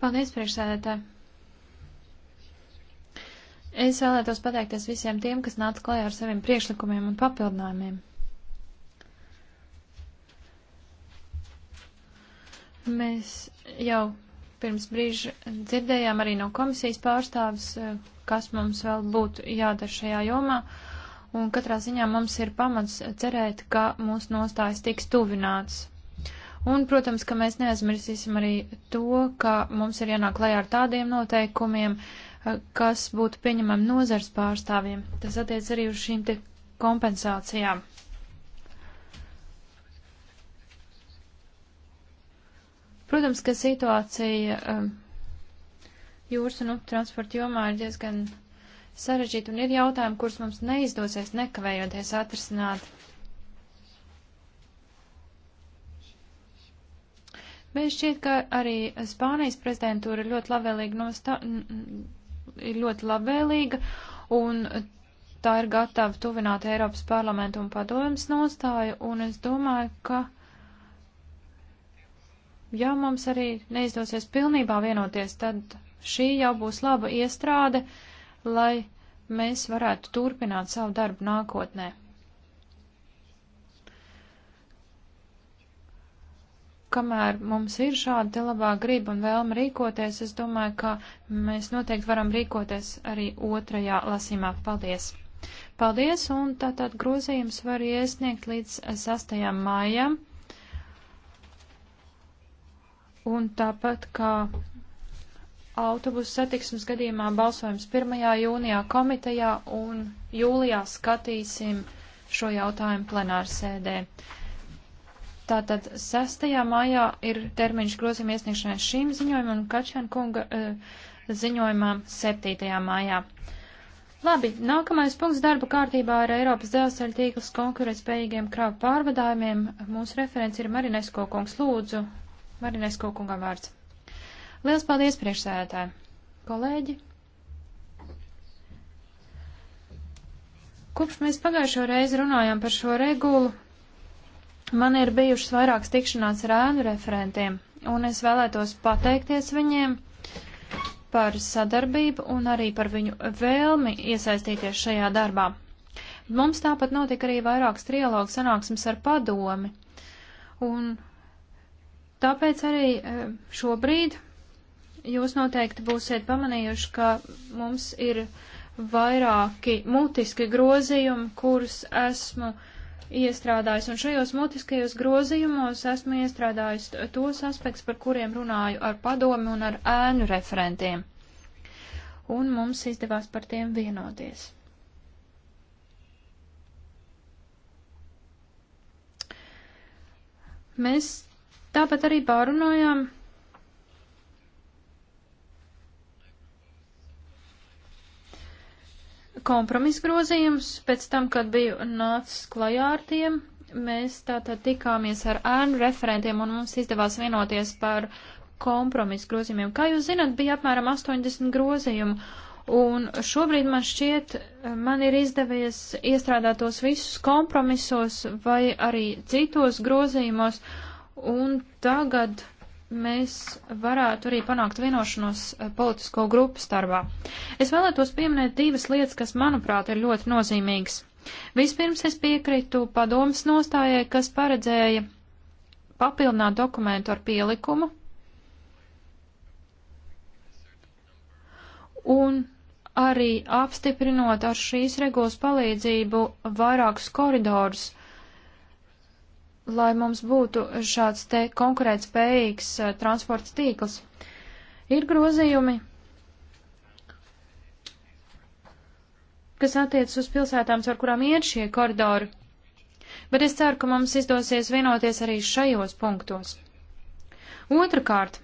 Speaker 2: Paldies, priekšsēdētāji. Es vēlētos pateikties visiem tiem, kas nāca klajā ar saviem priekšlikumiem un papildinājumiem. Mēs jau pirms brīža dzirdējām arī no komisijas pārstāvis, eh, kas mums vēl būtu jādara šajā jomā. Un katrā ziņā mums ir pamats cerēt, ka mūsu nostājas tiks tuvināts. Un, protams, ka mēs neaizmirsīsim arī to, ka mums ir jānāk lejā ar tādiem noteikumiem, eh, kas būtu pieņemami nozars pārstāvjiem. Tas attiec arī uz šīm te kompensācijām. Protams, ka situācija um, jūras un upe transporta jomā ir diezgan sarežģīta un ir jautājumi, kurus mums neizdosies nekavējoties atrisināt. Bet šķiet, ka arī Spānijas prezidentūra ir ļoti labvēlīga, nostā, ir ļoti labvēlīga un tā ir gatava tuvināt Eiropas parlamentu un padomas nostāju, un es domāju, ka Ja mums arī neizdosies pilnībā vienoties, tad šī jau būs laba iestrāde, lai mēs varētu turpināt savu darbu nākotnē. kamēr mums ir šāda te labā griba un vēlma rīkoties, es domāju, ka mēs noteikti varam rīkoties arī otrajā lasīmā. Paldies! Paldies, un tātad grozījums var iesniegt līdz 6. maijam. Un tāpat kā autobusu satiksmes gadījumā balsojums 1. jūnijā komitejā un jūlijā skatīsim šo jautājumu plenārsēdē. Tātad 6. maijā ir termiņš grozījuma iesniegšanai šīm ziņojumam un Kačēna kunga uh, eh, ziņojumam 7. maijā. Labi, nākamais punkts darba kārtībā ir Eiropas dzelzceļa tīkls konkurētspējīgiem kravu pārvadājumiem. Mūsu referents ir Marinesko kungs lūdzu. Marinesko kungam vārds. Liels paldies, priekšsēdētāji! Kolēģi! Kopš mēs pagājušo reizi runājām par šo regulu, man ir bijušas vairākas tikšanās ar ēnu referentiem, un es vēlētos pateikties viņiem par sadarbību un arī par viņu vēlmi iesaistīties šajā darbā. Mums tāpat notika arī vairākas trialogu sanāksmes ar padomi, un Tāpēc arī e, šobrīd jūs noteikti būsiet pamanījuši, ka mums ir vairāki mutiski grozījumi, kurus esmu iestrādājis. Un šajos mutiskajos grozījumos esmu iestrādājis tos aspektus, par kuriem runāju ar padomi un ar ēnu referentiem. Un mums izdevās par tiem vienoties. Mēs Tāpat arī pārunājām kompromisu grozījumus pēc tam, kad biju nācis klajā ar tiem. Mēs tātad tikāmies ar ēnu referentiem un mums izdevās vienoties par kompromisu grozījumiem. Kā jūs zinat, bija apmēram 80 grozījumu. Un šobrīd man šķiet, man ir izdevies iestrādāt tos visus kompromisos vai arī citos grozījumos, Un tagad mēs varētu arī panākt vienošanos eh, politisko grupu starpā. Es vēlētos pieminēt divas lietas, kas, manuprāt, ir ļoti nozīmīgas. Vispirms es piekrītu padomas nostājai, kas paredzēja papildināt dokumentu ar pielikumu un arī apstiprinot ar šīs regulas palīdzību vairākus koridorus, lai mums būtu šāds te konkurētspējīgs eh, transports tīkls. Ir grozījumi, kas attiecas uz pilsētām, ar kurām iet šie koridori, bet es ceru, ka mums izdosies vienoties arī šajos punktos. Otrakārt,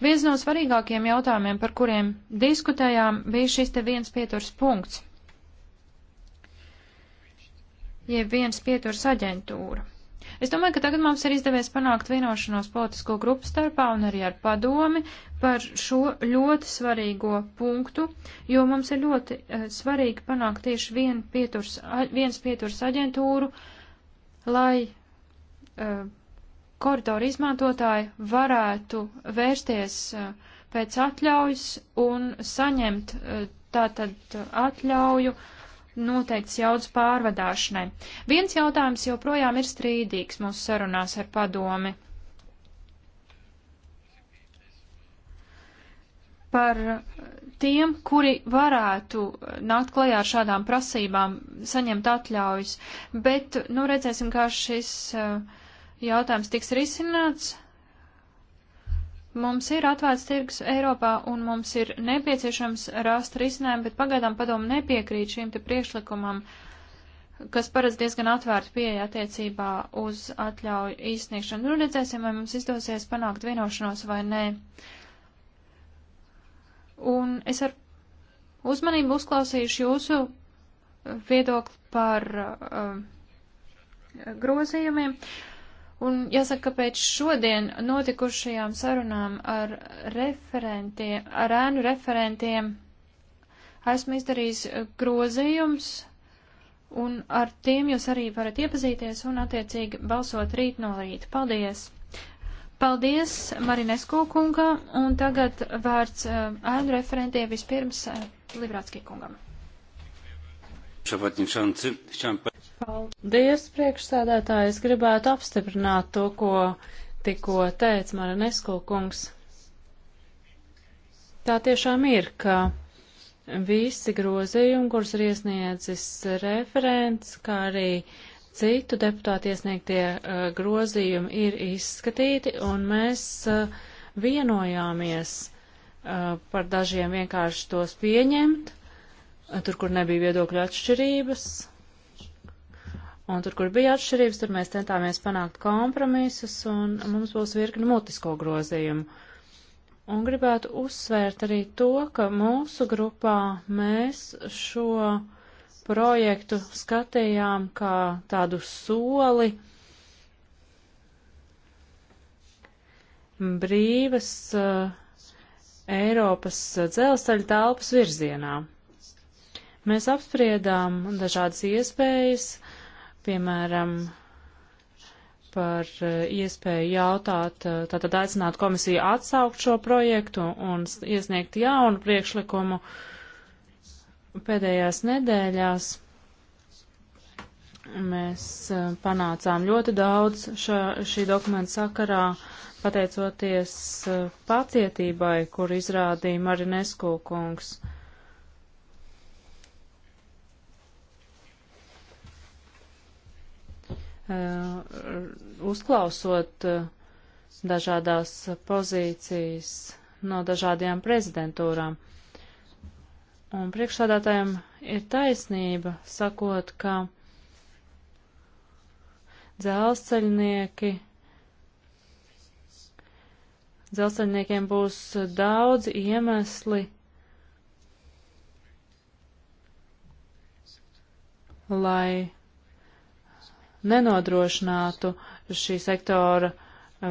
Speaker 2: viens no svarīgākajiem jautājumiem, par kuriem diskutējām, bija šis te viens pieturs punkts, jeb viens pieturs aģentūra. Es domāju, ka tagad mums ir izdevies panākt vienošanos politisko grupu starpā un arī ar padomi par šo ļoti svarīgo punktu, jo mums ir ļoti uh, svarīgi panākt tieši vien pieturs, a, viens pieturs aģentūru, lai uh, koridoru izmantotāji varētu vērsties eh, pēc atļaujas un saņemt tātad atļauju noteikts jaudas pārvadāšanai. Viens jautājums joprojām ir strīdīgs mūsu sarunās ar padomi. Par tiem, kuri varētu nākt klajā ar šādām prasībām, saņemt atļaujas, bet, nu, redzēsim, kā šis uh, jautājums tiks risināts. Mums ir atvērts tirgus Eiropā un mums ir nepieciešams rast risinājumu, bet pagaidām padomu nepiekrīt šīm te priekšlikumam, kas paredz diezgan atvērtu pieeja attiecībā uz atļauju izsniegšanu. Nu, redzēsim, vai mums izdosies panākt vienošanos vai nē. Un es ar uzmanību uzklausīšu jūsu viedokli par uh, grozījumiem. Uh, Un jāsaka, ka pēc šodien notikušajām sarunām ar referentiem, ar ēnu referentiem, esmu izdarījis grozījums, un ar tiem jūs arī varat iepazīties un attiecīgi balsot rīt no rīta. Paldies! Paldies Marinesko kungam, un tagad vārds eh, ēnu referentiem vispirms eh, Livrātskī kungam.
Speaker 3: Paldies, priekšsēdētāji. Es gribētu apstiprināt to, ko tikko teica Maranesko kungs. Tā tiešām ir, ka visi grozījumi, kurus ir iesniedzis referents, kā arī citu deputātu iesniegtie uh, grozījumi, ir izskatīti, un mēs uh, vienojāmies uh, par dažiem vienkārši tos pieņemt Tur, kur nebija viedokļu atšķirības, un tur, kur bija atšķirības, tur mēs centāmies panākt kompromisus, un mums būs virkni mutisko grozījumu. Un gribētu uzsvērt arī to, ka mūsu grupā mēs šo projektu skatījām kā tādu soli brīvas uh, Eiropas dzelzceļa telpas virzienā. Mēs apspriedām dažādas iespējas, piemēram, par eh, iespēju jautāt, eh, tātad aicināt komisiju atsaukt šo projektu un iesniegt jaunu priekšlikumu pēdējās nedēļās. Mēs eh, panācām ļoti daudz šā, šī dokumenta sakarā, pateicoties pacietībai, kur izrādīja Marinesku kungs. Uh, uzklausot uh, dažādās pozīcijas no dažādajām prezidentūrām. Un priekšsādātājiem ir taisnība sakot, ka dzelzceļnieki, dzelzceļniekiem būs daudz iemesli, lai nenodrošinātu šī sektora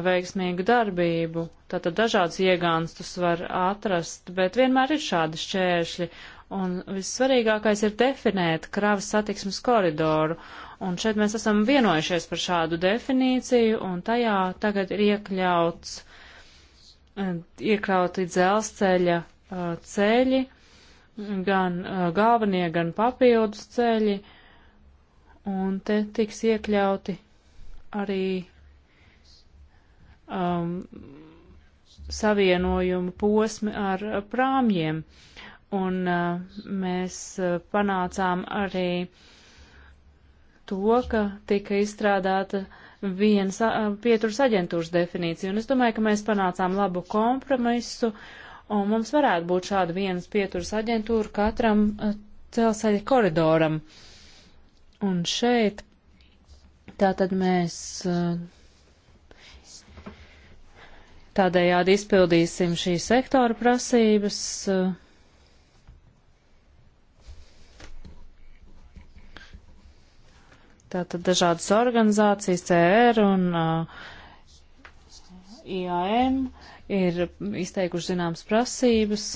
Speaker 3: veiksmīgu darbību. Tātad dažādas iegānstus var atrast, bet vienmēr ir šādi šķēršļi. Un vissvarīgākais ir definēt kravas satiksmes koridoru. Un šeit mēs esam vienojušies par šādu definīciju, un tajā tagad ir iekļauts, eh, iekļauti dzelzceļa eh, ceļi, gan eh, galvenie, gan papildus ceļi. Uh, Un te tiks iekļauti arī um, savienojumu posmi ar prāmjiem. Un uh, mēs uh, panācām arī to, ka tika izstrādāta viens uh, pieturas aģentūras definīcija. Un es domāju, ka mēs panācām labu kompromisu, un mums varētu būt šāda vienas pieturas aģentūra katram uh, celsaļa koridoram. Uh, Un šeit tātad mēs uh, tādējādi izpildīsim šī sektora prasības. Uh, tātad dažādas organizācijas, CR un uh, IAM ir izteikuši zināmas prasības.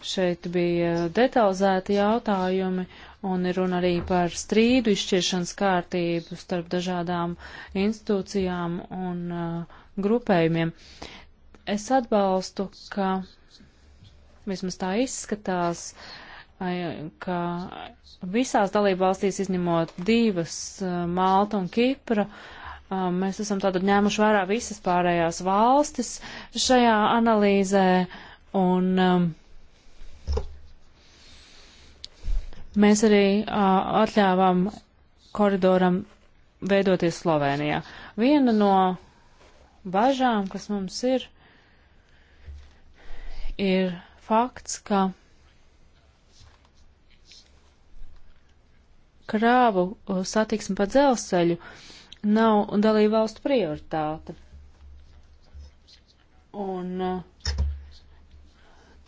Speaker 3: Šeit bija detalizēti jautājumi un ir runa arī par strīdu izšķiršanas kārtību starp dažādām institūcijām un uh, grupējumiem. Es atbalstu, ka vismaz tā izskatās, ka visās dalībvalstīs izņemot divas, uh, Malta un Kipra, uh, mēs esam tātad ņēmuši vērā visas pārējās valstis šajā analīzē un um, Mēs arī uh, atļāvām koridoram veidoties Slovenijā. Viena no bažām, kas mums ir, ir fakts, ka krāvu satiksme pa dzelzceļu nav dalībvalstu prioritāte. Un uh,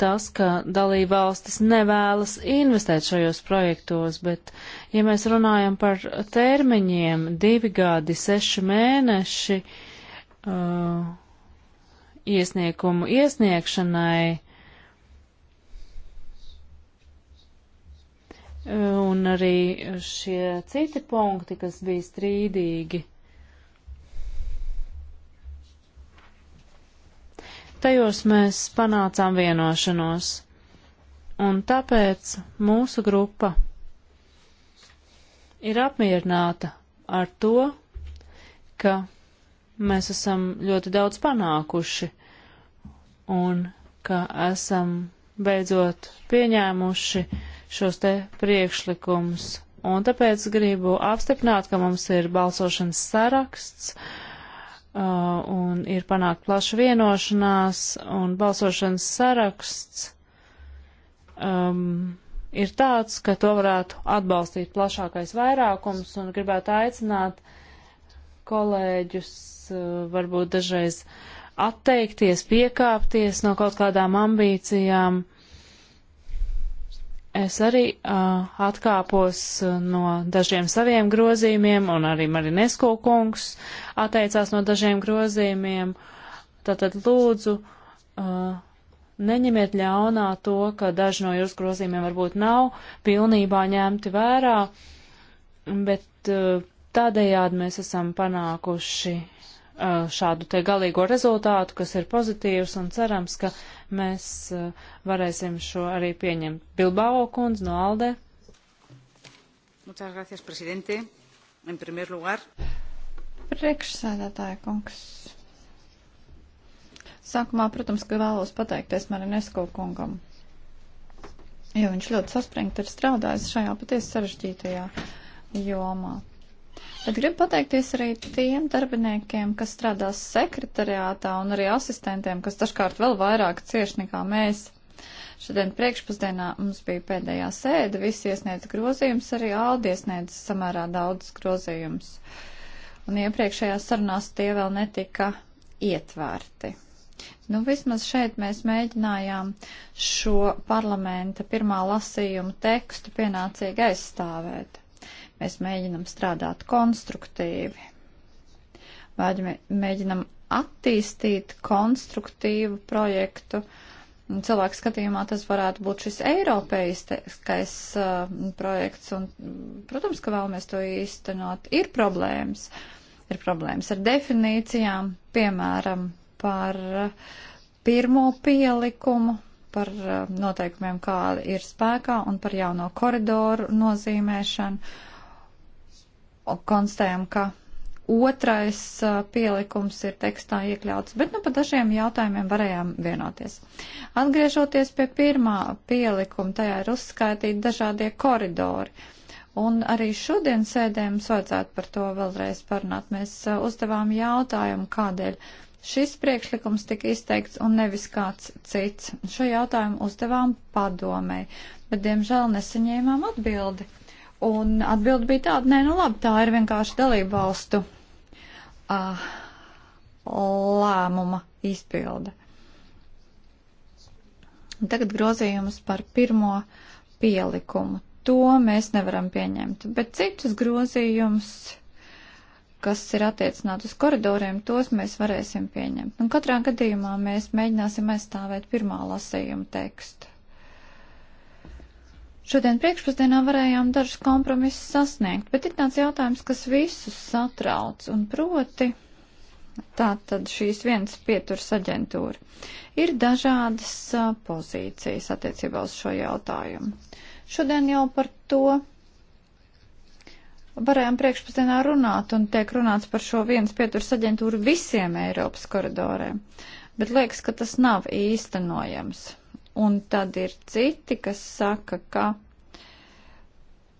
Speaker 3: tas, ka dalībvalstis nevēlas investēt šajos projektos, bet, ja mēs runājam par termiņiem, divi gadi, seši mēneši uh, iesniegumu iesniegšanai, un arī šie citi punkti, kas bija strīdīgi. tajos mēs panācām vienošanos. Un tāpēc mūsu grupa ir apmierināta ar to, ka mēs esam ļoti daudz panākuši un ka esam beidzot pieņēmuši šos te priekšlikumus. Un tāpēc gribu apstiprināt, ka mums ir balsošanas saraksts, uh, Uh, un ir panākt plaša vienošanās, un balsošanas saraksts um, ir tāds, ka to varētu atbalstīt plašākais vairākums, un gribētu aicināt kolēģus uh, varbūt dažreiz atteikties, piekāpties no kaut kādām ambīcijām Es arī uh, atkāpos no dažiem saviem grozījumiem, un arī Marinesko kungs atteicās no dažiem grozījumiem. Tātad lūdzu, uh, neņemiet ļaunā to, ka daži no jūsu grozījumiem varbūt nav pilnībā ņemti vērā, bet uh, tādējādi mēs esam panākuši šādu te galīgo rezultātu, kas ir pozitīvs un cerams, ka mēs varēsim šo arī pieņemt. Bilbao kundz no Alde.
Speaker 1: Muchas gracias, presidente. En primer lugar. Priekšsēdētāja kungs. Sākumā, protams, ka vēlos pateikties Marinesko kungam, jo viņš ļoti saspringti ir strādājis šajā patiesi sarežģītajā jomā. Bet gribu pateikties arī tiem darbiniekiem, kas strādā sekretariātā un arī asistentiem, kas dažkārt vēl vairāk cieši nekā mēs. Šodien priekšpusdienā mums bija pēdējā sēde, visi iesniedz grozījums, arī Aldi iesniedz samērā daudz grozījums. Un iepriekšējās sarunās tie vēl netika ietvērti. Nu, vismaz šeit mēs mēģinājām šo parlamenta pirmā lasījuma tekstu pienācīgi aizstāvēt. Mēs mēģinam strādāt konstruktīvi. Mēģinam attīstīt konstruktīvu projektu. Cilvēku skatījumā tas varētu būt šis eiropeiskais uh, projekts, un, protams, ka vēlamies to īstenot. Ir problēmas. Ir problēmas ar definīcijām, piemēram, par uh, pirmo pielikumu, par uh, noteikumiem, kāda ir spēkā, un par jauno koridoru nozīmēšanu. Uh, konstatējam, ka otrais pielikums ir tekstā iekļauts, bet nu par dažiem jautājumiem varējām vienoties. Atgriežoties pie pirmā pielikuma, tajā ir uzskaitīti dažādie koridori. Un arī šodien sēdē mums vajadzētu par to vēlreiz parunāt. Mēs uzdevām jautājumu, kādēļ šis priekšlikums tika izteikts un nevis kāds cits. Šo jautājumu uzdevām padomē, bet diemžēl nesaņēmām atbildi. Un atbildi bija tāda, nē, nu labi, tā ir vienkārši dalību valstu uh, lēmuma izpilde. Tagad grozījums par pirmo pielikumu. To mēs nevaram pieņemt, bet citus grozījumus, kas ir attiecināti uz koridoriem, tos mēs varēsim pieņemt. Un katrā gadījumā mēs mēģināsim aizstāvēt pirmā lasījuma tekstu. Šodien priekšpusdienā varējām dažus kompromisus sasniegt, bet ir tāds jautājums, kas visus satrauc un proti. Tā tad šīs vienas pieturas aģentūra. Ir dažādas pozīcijas attiecībā uz šo jautājumu. Šodien jau par to varējām priekšpusdienā runāt un tiek runāts par šo vienas pieturas aģentūru visiem Eiropas koridoriem, bet liekas, ka tas nav īstenojams. Un tad ir citi, kas saka, ka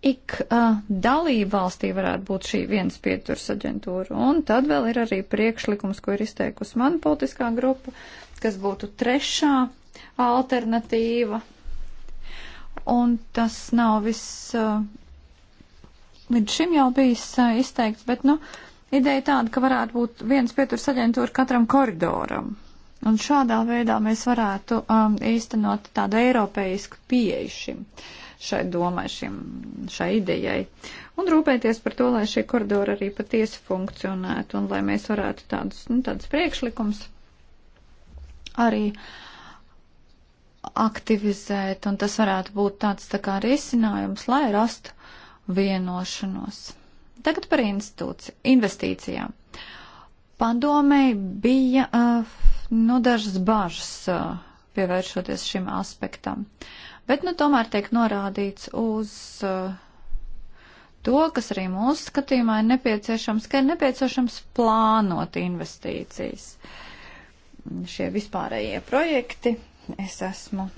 Speaker 1: ik uh, dalība valstī varētu būt šī viens pieturs aģentūra. Un tad vēl ir arī priekšlikums, ko ir izteikusi man politiskā grupa, kas būtu trešā alternatīva. Un tas nav viss uh, līdz šim jau bijis uh, izteikts, bet, nu, ideja tāda, ka varētu būt viens pieturs aģentūra katram koridoram. Un šādā veidā mēs varētu um, īstenot tādu eiropeisku pieeju šim, šai domai, šim, šai idejai. Un rūpēties par to, lai šie koridori arī patiesi funkcionētu un lai mēs varētu tādus, nu, tādus priekšlikums arī aktivizēt. Un tas varētu būt tāds tā kā risinājums, lai rastu vienošanos. Tagad par institūciju, investīcijām. Padomēji bija. Uh, nu, dažas bažas pievēršoties šim aspektam. Bet, nu, tomēr tiek norādīts uz to, kas arī mūsu skatījumā ir nepieciešams, ka ir nepieciešams plānot investīcijas. Šie vispārējie projekti, es esmu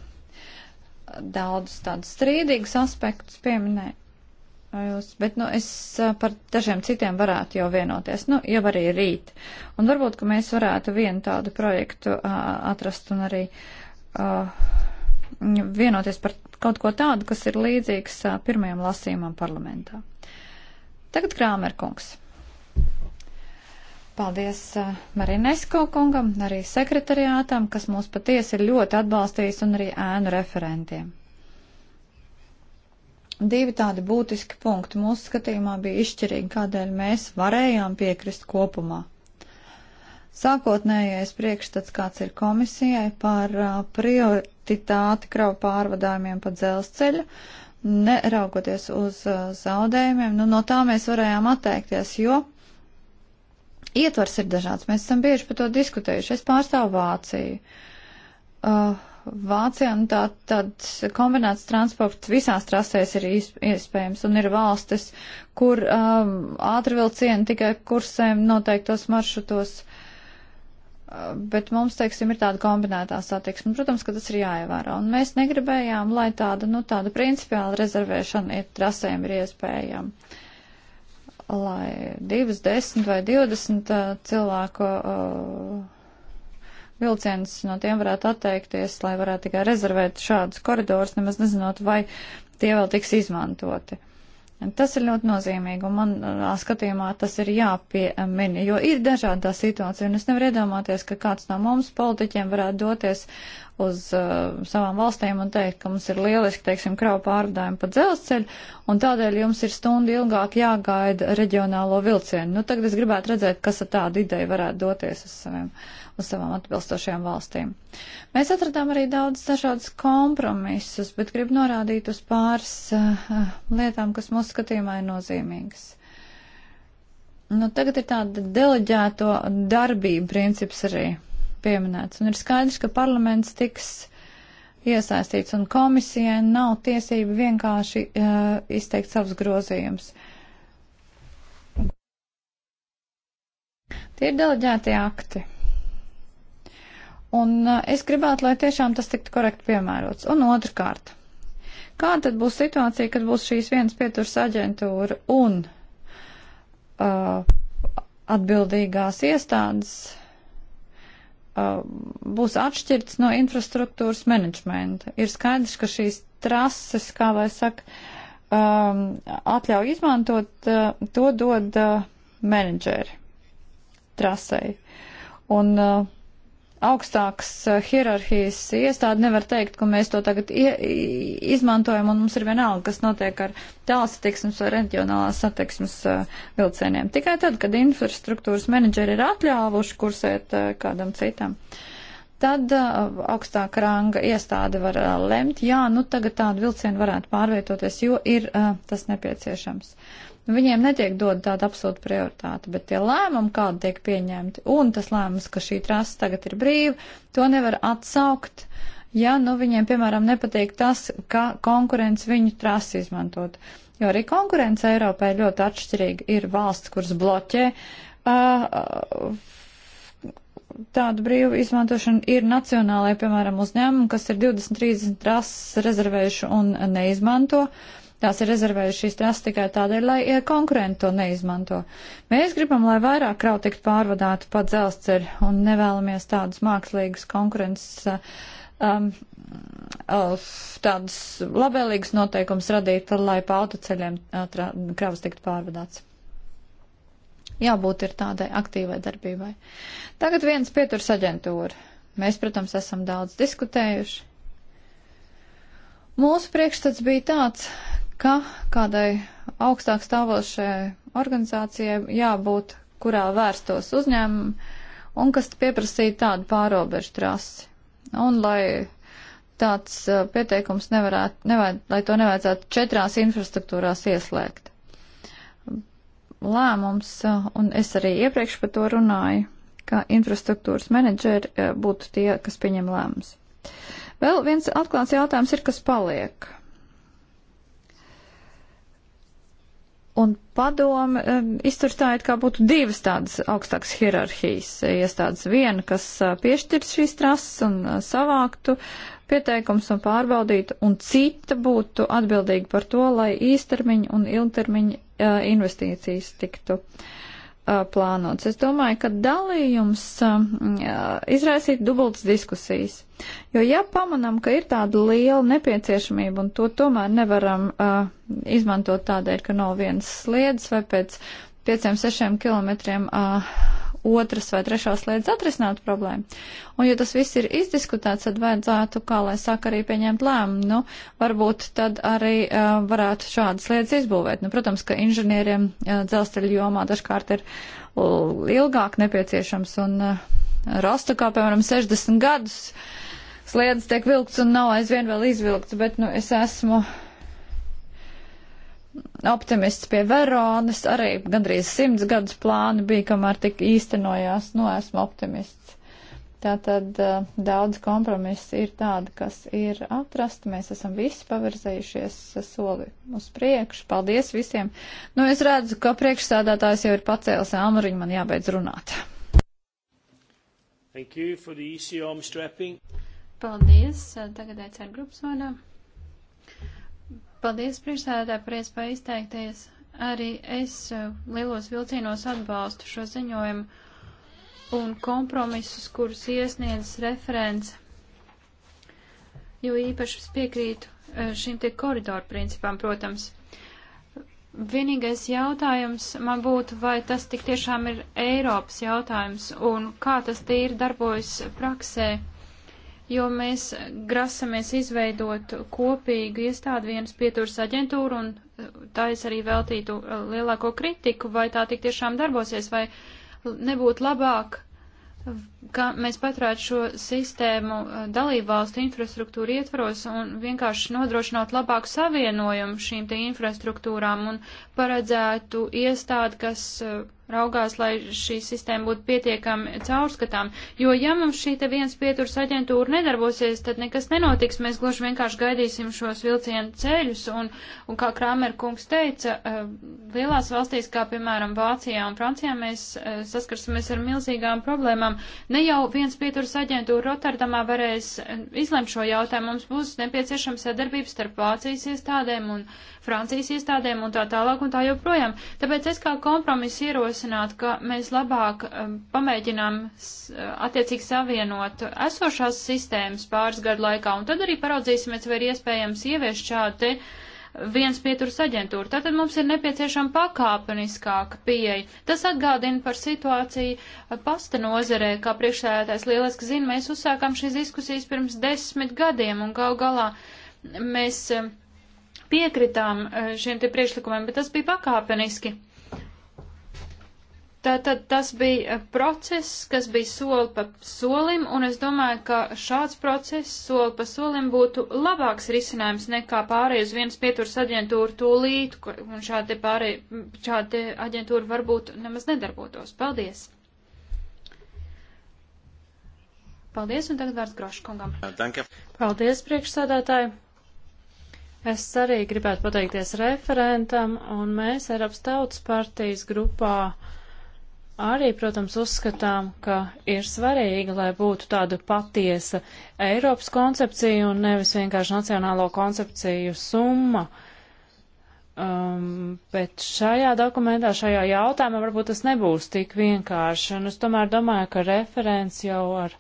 Speaker 1: daudz tādus strīdīgus aspektus pieminēt, jūs, bet nu, es par dažiem citiem varētu jau vienoties, nu, jau arī rīt. Un varbūt, ka mēs varētu vienu tādu projektu uh, atrast un arī uh, vienoties par kaut ko tādu, kas ir līdzīgs uh, pirmajam lasījumam parlamentā. Tagad Krāmerkungs. Paldies uh, Marinesko kungam, arī sekretariātam, kas mūs patiesi ir ļoti atbalstījis un arī ēnu referentiem. Divi tādi būtiski punkti mūsu skatījumā bija izšķirīgi, kādēļ mēs varējām piekrist kopumā. Sākotnējais priekšstats, kāds ir komisijai par prioritāti kravu pārvadājumiem pa dzelzceļu, neraugoties uz zaudējumiem, nu, no tā mēs varējām atteikties, jo ietvars ir dažāds. Mēs esam bieži par to diskutējuši. Es pārstāvu Vāciju. Uh, Vācijā, un nu tā tad kombinēts transports visās trasēs ir iespējams, un ir valstis, kur um, ātri vilcieni tikai kursēm noteiktos maršrutos, uh, bet mums, teiksim, ir tāda kombinētā satiksme. Nu, protams, ka tas ir jāievēro, un mēs negribējām, lai tāda, nu, tāda principiāla rezervēšana ir trasēm ir iespējama lai divas, desmit vai divdesmit uh, cilvēku uh, vilciens no tiem varētu atteikties, lai varētu tikai rezervēt šādus koridors, nemaz nezinot, vai tie vēl tiks izmantoti. Tas ir ļoti nozīmīgi, un manā skatījumā tas ir jāpiemina, jo ir dažādā situācija, un es nevaru iedomāties, ka kāds no mums politiķiem varētu doties uz uh, savām valstīm un teikt, ka mums ir lieliski, teiksim, kravu pārvadājumi pa dzelzceļu, un tādēļ jums ir stundu ilgāk jāgaida reģionālo vilcienu. Nu, tagad es gribētu redzēt, kas ar tādu ideju varētu doties uz saviem uh, uz savām atbilstošajām valstīm. Mēs atradām arī daudz dažādas kompromisus, bet gribu norādīt uz pāris uh, lietām, kas mūsu skatījumā ir nozīmīgas. Nu, tagad ir tāda deleģēto darbību princips arī pieminēts, un ir skaidrs, ka parlaments tiks iesaistīts, un komisijai nav tiesība vienkārši uh, izteikt savus grozījumus. Tie ir deleģēti akti. Un uh, es gribētu, lai tiešām tas tiktu korekti piemērots. Un otrkārt, kāda tad būs situācija, kad būs šīs vienas pieturas aģentūra un uh, atbildīgās iestādes uh, būs atšķirts no infrastruktūras menedžmenta? Ir skaidrs, ka šīs trases, kā lai saka, um, atļauj izmantot, uh, to dod uh, menedžeri trasei. Un uh, augstākas eh, hierarhijas iestāde nevar teikt, ka mēs to tagad izmantojam un mums ir vienalga, kas notiek ar tālsatiksmes vai reģionālās satiksmes eh, vilcieniem. Tikai tad, kad infrastruktūras menedžeri ir atļāvuši kursēt eh, kādam citam. Tad augstāka ranga iestāde var lemt, jā, nu tagad tādu vilcienu varētu pārvietoties, jo ir tas nepieciešams. Uh, Nu, viņiem netiek dod tāda absolūta prioritāte, bet tie lēmumi, kādi tiek pieņemti, un tas lēmums, ka šī trasa tagad ir brīva, to nevar atsaukt, ja, nu, viņiem, piemēram, nepatīk tas, ka konkurence viņu trasi izmantot. Jo arī konkurence Eiropā ir ļoti atšķirīga. Ir valsts, kuras bloķē uh, uh tādu brīvu izmantošanu, ir nacionālajie, piemēram, uzņēmumi, kas ir 20-30 trases rezervējuši un neizmanto. Uh, Tās ir rezervējušas šīs trases tikai tādēļ, lai eh, konkurenti to neizmanto. Mēs gribam, lai vairāk krau tikt pārvadātu pa dzelzceļu un nevēlamies tādus mākslīgus konkurences. Eh, um, eh, tādus labvēlīgus noteikumus radīt, lai pa autoceļiem kravas tiktu pārvadāts jābūt ir tādai aktīvai darbībai. Tagad viens pieturs aģentūra. Mēs, protams, esam daudz diskutējuši. Mūsu priekšstats bija tāds, ka kādai augstāk stāvošai organizācijai jābūt, kurā vērstos uzņēmumi un kas pieprasīja tādu pārobežu trasi. Un lai tāds uh, pieteikums nevarētu, nevajad, lai to nevajadzētu četrās infrastruktūrās ieslēgt. Lēmums, uh, un es arī iepriekš par to runāju, ka infrastruktūras menedžeri uh, būtu tie, kas pieņem lēmums. Vēl viens atklāts jautājums ir, kas paliek. Un padomi izturst tā, it kā būtu divas tādas augstākas hierarhijas iestādes. Viena, kas piešķirs šīs trases un savāktu pieteikums un pārbaudītu, un cita būtu atbildīga par to, lai īstermiņa un ilgtermiņa investīcijas tiktu uh, Uh, plānots. Es domāju, ka dalījums um, uh, izraisītu dubultas diskusijas. Jo ja pamanām, ka ir tāda liela nepieciešamība un to tomēr nevaram uh, izmantot tādēļ, ka nav vienas sliedas vai pēc 5-6 kilometriem uh, otras vai trešās lietas atrisināt problēmu. Un, ja tas viss ir izdiskutēts, tad vajadzētu, kā lai saka, arī pieņemt lēmumu. Nu, varbūt tad arī uh, varētu šādas lietas izbūvēt. Nu, protams, ka inženieriem uh, dzelzceļa jomā dažkārt ir uh, ilgāk nepieciešams un uh, eh, rasta, kā piemēram, 60 gadus. Sliedas tiek vilkts un nav aizvien vēl izvilkts, bet nu, es esmu uh, optimists pie Veronas, arī gandrīz simts gadus plāni bija, kamēr tik īstenojās, nu esmu optimists. Tātad uh, daudz kompromisu ir tāda, kas ir atrasta, mēs esam visi pavirzējušies eh, soli uz priekšu, paldies visiem. Nu, es redzu, ka priekšsādātājs jau ir pacēlis āmuriņu, man jābeidz runāt. Thank you for the ECO, Mr. Epping.
Speaker 2: Paldies, tagad aicinu e grupas vadā. Paldies priekšsēdētāji par iespēju izteikties. Arī es eh, lielos vilcienos atbalstu šo ziņojumu un kompromisus, kurus iesniedzis referents. Jo īpaši es piekrītu eh, šim te koridoru principam, protams. Vienīgais jautājums man būtu, vai tas tik tiešām ir Eiropas jautājums un kā tas tīri darbojas praksē jo mēs grasamies izveidot kopīgu iestādi vienas pieturas aģentūru, un eh, tā es arī veltītu eh, lielāko kritiku, vai tā tik tiešām darbosies, vai nebūtu labāk, ka mēs paturētu šo sistēmu eh, dalību valstu infrastruktūru ietvaros un vienkārši nodrošinātu labāku savienojumu šīm te infrastruktūrām un paredzētu iestādi, kas raugās, lai šī sistēma būtu pietiekami caurskatām. Jo ja mums šī te viens pieturs aģentūra nedarbosies, tad nekas nenotiks. Mēs gluži vienkārši gaidīsim šos vilcienu ceļus. Un, un kā Krāmer kungs teica, eh, lielās valstīs, kā piemēram Vācijā un Francijā, mēs eh, saskarsimies ar milzīgām problēmām. Ne jau viens pieturs aģentūra Rotterdamā varēs eh, izlemt šo jautājumu. Mums būs nepieciešama sadarbība starp Vācijas iestādēm un Francijas iestādēm un tā tālāk un tā joprojām. Tāpēc es kā kompromiss ieros ierosināt, ka mēs labāk um, pamēģinām uh, attiecīgi savienot esošās sistēmas pāris gadu laikā, un tad arī paraudzīsimies, vai ir iespējams ieviest šādu te viens pieturs aģentūru. Tātad mums ir nepieciešama pakāpeniskāka pieeja. Tas atgādina par situāciju uh, pasta nozarē, kā priekšsēdētājs lieliski zina, mēs uzsākām šīs diskusijas pirms desmit gadiem, un gal galā mēs um, piekritām uh, šiem te priekšlikumiem, bet tas bija pakāpeniski. Tātad tas bija process, kas bija soli pa solim, un es domāju, ka šāds process soli pa solim būtu labāks risinājums nekā pārējais viens pieturs aģentūra tūlīt, un šādi pārēj, šādi aģentūra varbūt nemaz nedarbotos. Paldies! Paldies, un tagad vārds Groškungam. Paldies,
Speaker 3: priekšsādātāji! Es arī gribētu pateikties referentam, un mēs Eiropas tautas partijas grupā arī, protams, uzskatām, ka ir svarīgi, lai būtu tāda patiesa Eiropas koncepcija un nevis vienkārši nacionālo koncepciju summa. Um, bet šajā dokumentā, šajā jautājumā varbūt tas nebūs tik vienkārši. Un es tomēr domāju, ka referents jau ar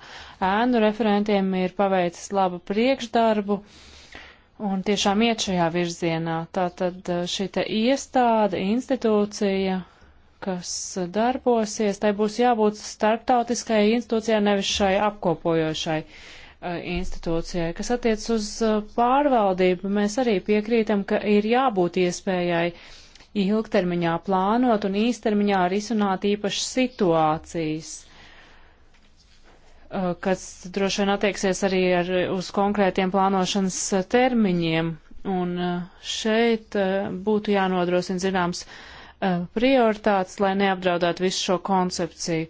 Speaker 3: ēnu referentiem ir paveicis labu priekšdarbu un tiešām iet šajā virzienā. Tātad uh, šī te iestāde, institūcija, kas darbosies, tai būs jābūt starptautiskai institūcijai, nevis šai apkopojošai eh, institūcijai. Kas attiec uz eh, pārvaldību, mēs arī piekrītam, ka ir jābūt iespējai ilgtermiņā plānot un īstermiņā risināt īpašas situācijas eh, kas droši vien attieksies arī ar, uz konkrētiem plānošanas termiņiem. Un šeit būtu jānodrošina zināms Uh, prioritātes, lai neapdraudētu visu šo koncepciju.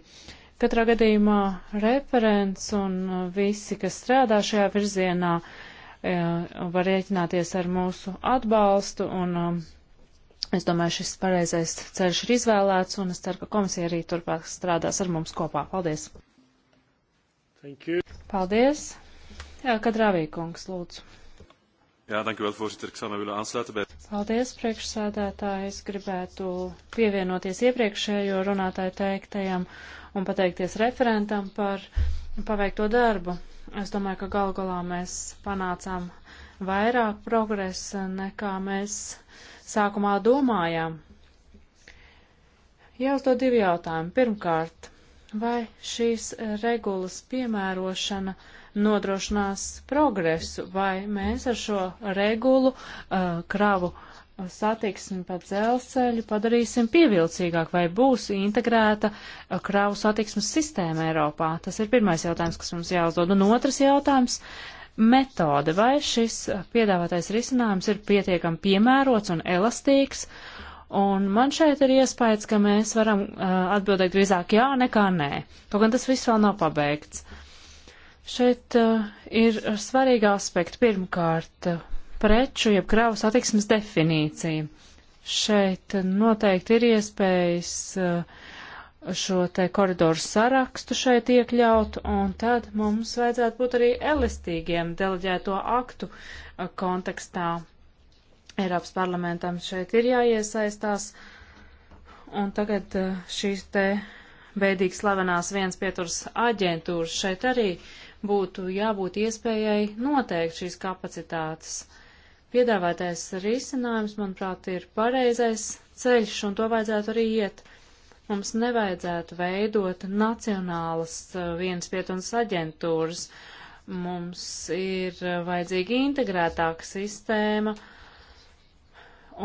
Speaker 3: Katrā gadījumā referents un uh, visi, kas strādā šajā virzienā, uh, var rēķināties ar mūsu atbalstu, un um, es domāju, šis pareizais ceļš ir izvēlēts, un es ceru, ka komisija arī turpmāk strādās ar mums kopā. Paldies! Paldies! Jā, Kadravī kungs, lūdzu. Jā, dank vēl, voorzitter. Ksana Vila aansluita bij. Paldies, priekšsēdētāji. Es gribētu pievienoties iepriekšējo runātāju teiktajam un pateikties referentam par paveikto darbu. Es domāju, ka gal galā mēs panācām vairāk progresa nekā mēs sākumā domājām. Jāuzdod divi jautājumi. Pirmkārt, vai šīs regulas piemērošana uh, nodrošinās progresu, vai mēs ar šo regulu uh, kravu uh, satiksmi pa dzelzceļu padarīsim pievilcīgāk, vai būs integrēta uh, kravu satiksmes sistēma Eiropā. Tas ir pirmais jautājums, kas mums jāuzdod. Un otrs jautājums - metode. Vai šis uh, piedāvātais risinājums ir pietiekami piemērots un elastīgs? Un man šeit ir iespējas, ka mēs varam uh, atbildēt drīzāk jā nekā nē. Kaut gan tas viss vēl nav pabeigts. Šeit uh, ir svarīgi aspekti. Pirmkārt, eh, preču jeb kravas attieksmes definīcija. Šeit noteikti ir iespējas uh, šo te koridoru sarakstu šeit iekļaut, un tad mums vajadzētu būt arī elastīgiem deleģēto aktu kontekstā. Eiropas parlamentam šeit ir jāiesaistās, un tagad šīs te beidīgi slavenās viens pieturs aģentūras šeit arī uh, būtu jābūt iespējai noteikt šīs kapacitātes. Piedāvātais risinājums, manuprāt, ir pareizais ceļš, un to vajadzētu arī iet. Mums nevajadzētu veidot nacionālas eh, vienas pietunas aģentūras. Mums ir eh, vajadzīga integrētāka sistēma,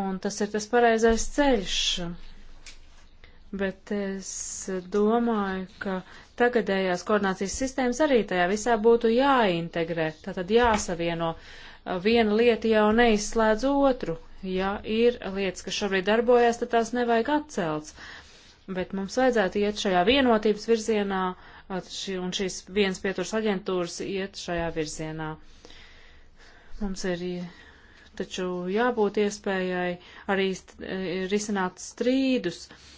Speaker 3: un tas ir tas pareizais ceļš. Bet es domāju, ka tagadējās koordinācijas sistēmas arī tajā visā būtu jāintegrē, tātad jāsavieno. Viena lieta jau neizslēdz otru. Ja ir lietas, kas šobrīd darbojas, tad tās nevajag atcelts. Bet mums vajadzētu iet šajā vienotības virzienā, un šīs viens pieturs aģentūras iet šajā virzienā. Mums ir taču jābūt iespējai arī risināt strīdus. Uh,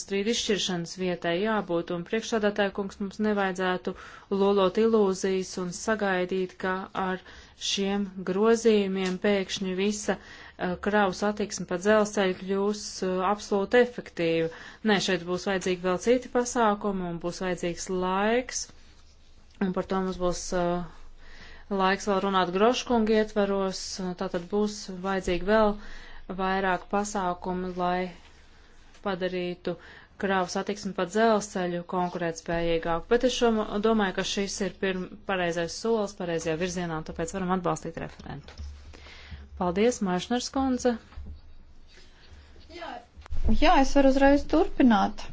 Speaker 3: strīdu izšķiršanas vietai jābūt, un priekšsādātāja kungs mums nevajadzētu lolot ilūzijas un sagaidīt, ka ar šiem grozījumiem pēkšņi visa uh, eh, kraus attieksme pa dzelzceļu kļūs uh, absolūti efektīva. Nē, šeit būs vajadzīgi vēl citi pasākumi un būs vajadzīgs laiks, un par to mums būs uh, laiks vēl runāt groškungi ietvaros, tātad būs vajadzīgi vēl vairāk pasākumu, lai padarītu krāvas attieksmi pa dzelzceļu konkurētspējīgāku. Bet es šom, domāju, ka šis ir pirm, pareizais solis pareizajā virzienā, un tāpēc varam atbalstīt
Speaker 1: referentu. Paldies, Maišners kundze. Jā, jā, es varu uzreiz turpināt.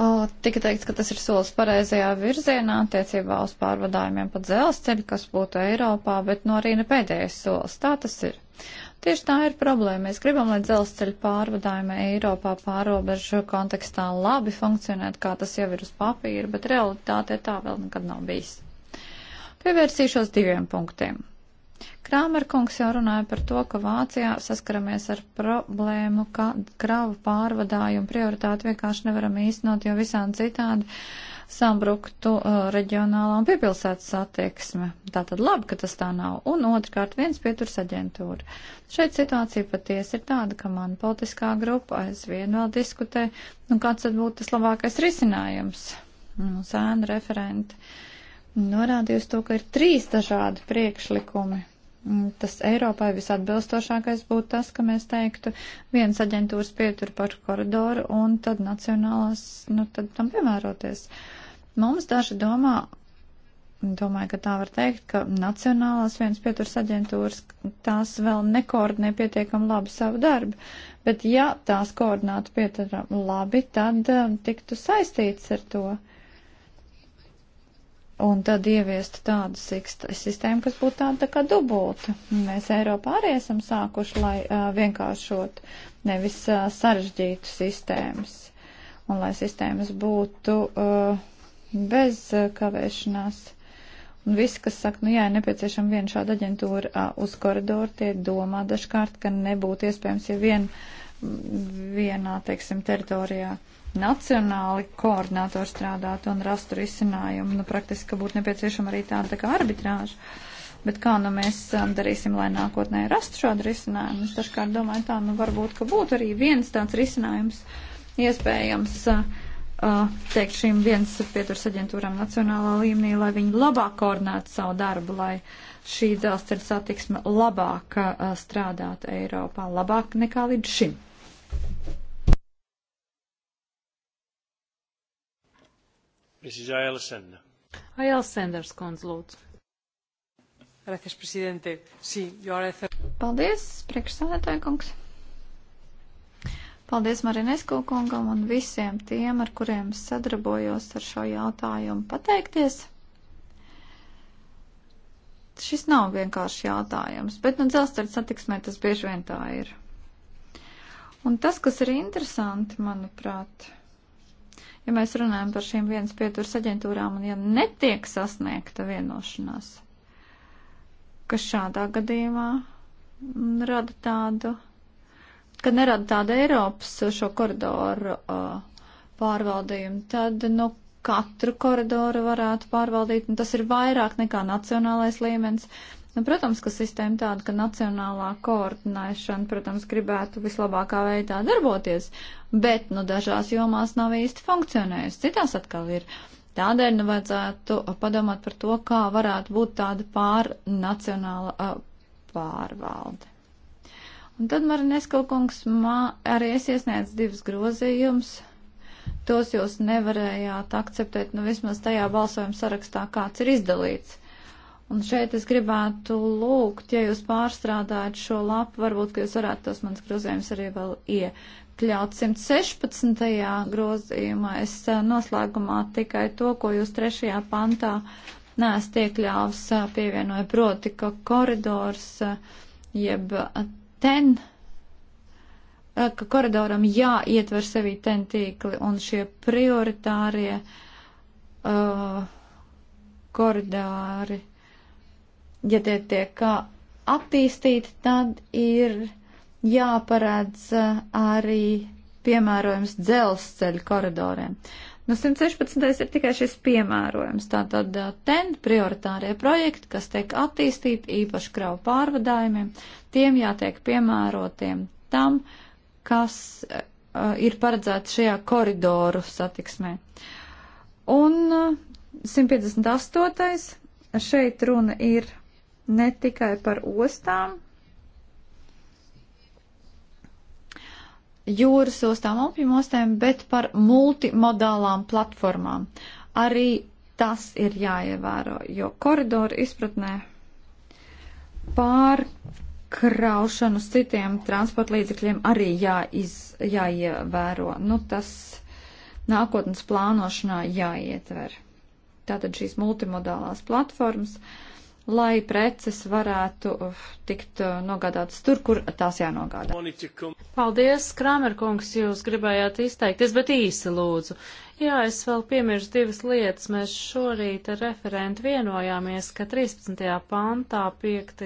Speaker 1: Uh, tika teikts, ka tas ir solis pareizajā virzienā attiecībā uz pārvadājumiem pa dzelzceļu, kas būtu Eiropā, bet no nu arī ne pēdējais solis. Tā tas ir. Tieši tā ir problēma. Mēs gribam, lai dzelzceļa pārvadājuma Eiropā pārobežu kontekstā labi funkcionētu, kā tas jau ir uz papīra, bet realitātē tā vēl nekad nav bijis. Pievērsīšos diviem punktiem. Krāmerkungs jau runāja par to, ka Vācijā saskaramies ar problēmu, ka kravu pārvadājumu prioritāti vienkārši nevaram īstenot, jo visādi citādi sambruktu uh, reģionālā un piepilsētas attieksme. Tā tad labi, ka tas tā nav. Un otrkārt, viens pieturs aģentūra. Šeit situācija patiesi ir tāda, ka man politiskā grupa aizvien vēl diskutē, nu kāds tad būtu tas labākais risinājums. Nu, sēna referenti norādījusi to, ka ir trīs dažādi priekšlikumi. Mm, tas Eiropai visatbilstošākais būtu tas, ka mēs teiktu, viens aģentūras pietur par koridoru un tad nacionālās, nu tad tam piemēroties. Uh, Mums daži domā, domāju, ka tā var teikt, ka Nacionālās vienas pieturas aģentūras tās vēl nekoordinē pietiekam labi savu darbu, bet ja tās koordinātu pietiekam labi, tad eh, tiktu saistīts ar to un tad ieviestu tādu sistēmu, kas būtu tāda tā kā dubulta. Mēs Eiropā arī esam sākuši, lai uh, vienkāršot nevis uh, sarežģītu sistēmas, un lai sistēmas būtu uh, bez eh, kavēšanās. Un visi, kas saka, nu jā, ir nepieciešama viena šāda aģentūra uz koridoru, tie domā dažkārt, ka nebūtu iespējams, ja vien, vienā, teiksim, teritorijā nacionāli koordinātori strādātu un rastu risinājumu. Nu, praktiski, ka būtu nepieciešama arī tāda tā kā arbitrāža. Bet kā nu mēs darīsim, lai nākotnē rastu šādu risinājumu? Es dažkārt domāju tā, nu varbūt, ka būtu arī viens tāds risinājums iespējams. Uh, Uh, teikt šīm vienas pieturas aģentūrām nacionālā līmenī, lai viņi labāk koordinētu savu darbu, lai šī dzelzceļa satiksme labāk uh, strādātu Eiropā, labāk nekā līdz šim.
Speaker 2: Mrs. Ayala Sender.
Speaker 3: Ayala Senders, kundz, lūdzu. Gracias,
Speaker 1: presidente. Sí, yo agradezco. Paldies, priekšsādātāja kungs. Paldies Marinesko kungam un visiem tiem, ar kuriem sadarbojos ar šo jautājumu pateikties. Šis nav vienkārši jautājums, bet nu dzelzceļa satiksmē tas bieži vien tā ir. Un tas, kas ir interesanti, manuprāt, ja mēs runājam par šīm vienas pieturas aģentūrām un ja netiek sasniegta vienošanās, kas šādā gadījumā rada tādu kad nerada tāda Eiropas uh, šo koridoru uh, pārvaldījumu, tad no nu, katru koridoru varētu pārvaldīt, un tas ir vairāk nekā nacionālais līmenis. Nu, protams, ka sistēma tāda, ka nacionālā koordinēšana, protams, gribētu vislabākā veidā darboties, bet, nu, dažās jomās nav īsti funkcionējusi, citās atkal ir. Tādēļ, nu, vajadzētu uh, padomāt par to, kā varētu būt tāda pārnacionāla uh, pārvalde. Un tad Marinesko kungs mā, arī es iesniedzu divus grozījumus. Tos jūs nevarējāt akceptēt, nu vismaz tajā balsojuma sarakstā, kāds ir izdalīts. Un šeit es gribētu lūgt, ja jūs pārstrādājat šo lapu, varbūt, ka jūs varētu tos mans grozījums arī vēl iekļaut. 116. grozījumā es eh, noslēgumā tikai to, ko jūs trešajā pantā neesat iekļāvis, eh, pievienoju proti, ka koridors eh, jeb ten eh, ka koridoram jāietver sevi ten tīkli un šie prioritārie uh, eh, koridāri, ja tie tiek eh, attīstīti, tad ir jāparādz arī piemērojums dzelzceļa koridoriem. Uh, Nu, 116. ir tikai šis piemērojums. Tātad ten prioritārie projekti, kas tiek attīstīti īpaši kravu pārvadājumiem, tiem jātiek piemērotiem tam, kas uh, ir paredzēts šajā koridoru satiksmē. Un uh, 158. šeit runa ir ne tikai par ostām, jūras ostām, apjomostēm, bet par multimodālām platformām. Arī tas ir jāievēro, jo koridoru izpratnē pārkraušanu uz citiem transporta līdzekļiem arī jāiz, jāievēro. Nu, tas nākotnes plānošanā jāietver. Tātad šīs multimodālās platformas. Uh, lai preces varētu uh, tikt uh, nogādātas tur, kur tās jānogādā. Paldies,
Speaker 3: Kramer kungs, jūs gribējāt izteikties, bet īsi lūdzu. Jā, es vēl piemirstu divas lietas. Mēs šorīt ar referentu vienojāmies, ka 13. pantā, 5.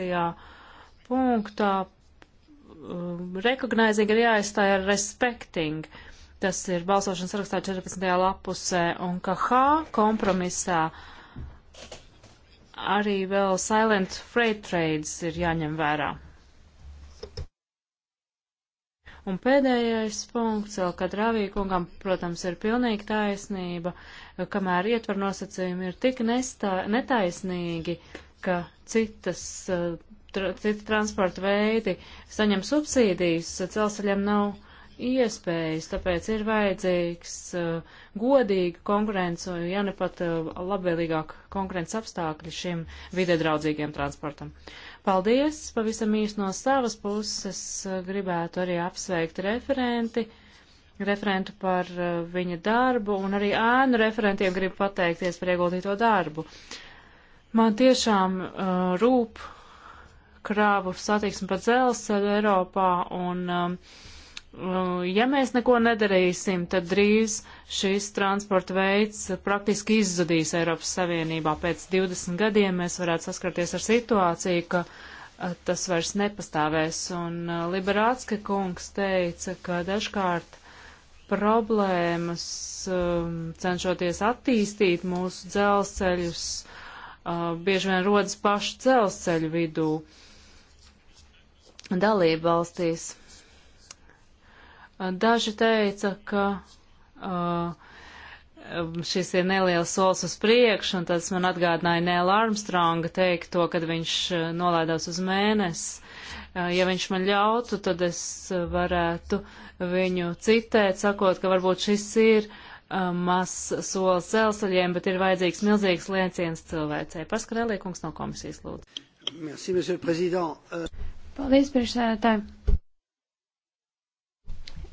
Speaker 3: punktā um, recognizing ir jāizstāja ar respecting. Tas ir balsošanas rakstā 14. lapusē un ka H kompromisā uh, arī vēl silent freight trades ir jāņem vērā. Un pēdējais punkts, vēl kad Ravīkungam, protams, ir pilnīgi taisnība, kamēr ietver nosacījumi ir tik nestā, netaisnīgi, ka citas, eh, tra, citi transporta veidi saņem subsīdijas, celsaļiem nav iespējas, tāpēc ir vajadzīgs uh, godīga konkurence, ja ne pat uh, labvēlīgāk konkurences apstākļi šim videdraudzīgiem transportam. Paldies! Pavisam īsti no savas puses uh, gribētu arī apsveikt referenti, referentu par uh, viņa darbu un arī ēnu referentiem gribu pateikties par ieguldīto darbu. Man tiešām uh, rūp krāvu satiksmi pa dzelzceļu Eiropā un um, uh, Nu, ja mēs neko nedarīsim, tad drīz šis transporta veids praktiski izzudīs Eiropas Savienībā. Pēc 20 gadiem mēs varētu saskarties ar situāciju, ka tas vairs nepastāvēs. Un Liberātska kungs teica, ka dažkārt problēmas um, cenšoties attīstīt mūsu dzelzceļus, bieži vien rodas pašu dzelzceļu vidū dalību valstīs Daži teica, ka uh, šis ir neliels solis uz priekšu, un tas man atgādināja Nēla Armstronga teikto, kad viņš uh, nolaidās uz mēnesi. Uh, ja viņš man ļautu, tad es uh, varētu viņu citēt, sakot, ka varbūt šis ir mazs solis celsaļiem, bet ir vajadzīgs milzīgs lēciens cilvēcei. Paskarēlīkums no komisijas lūdzu.
Speaker 2: Merci, Paldies, priekšsēdētāji.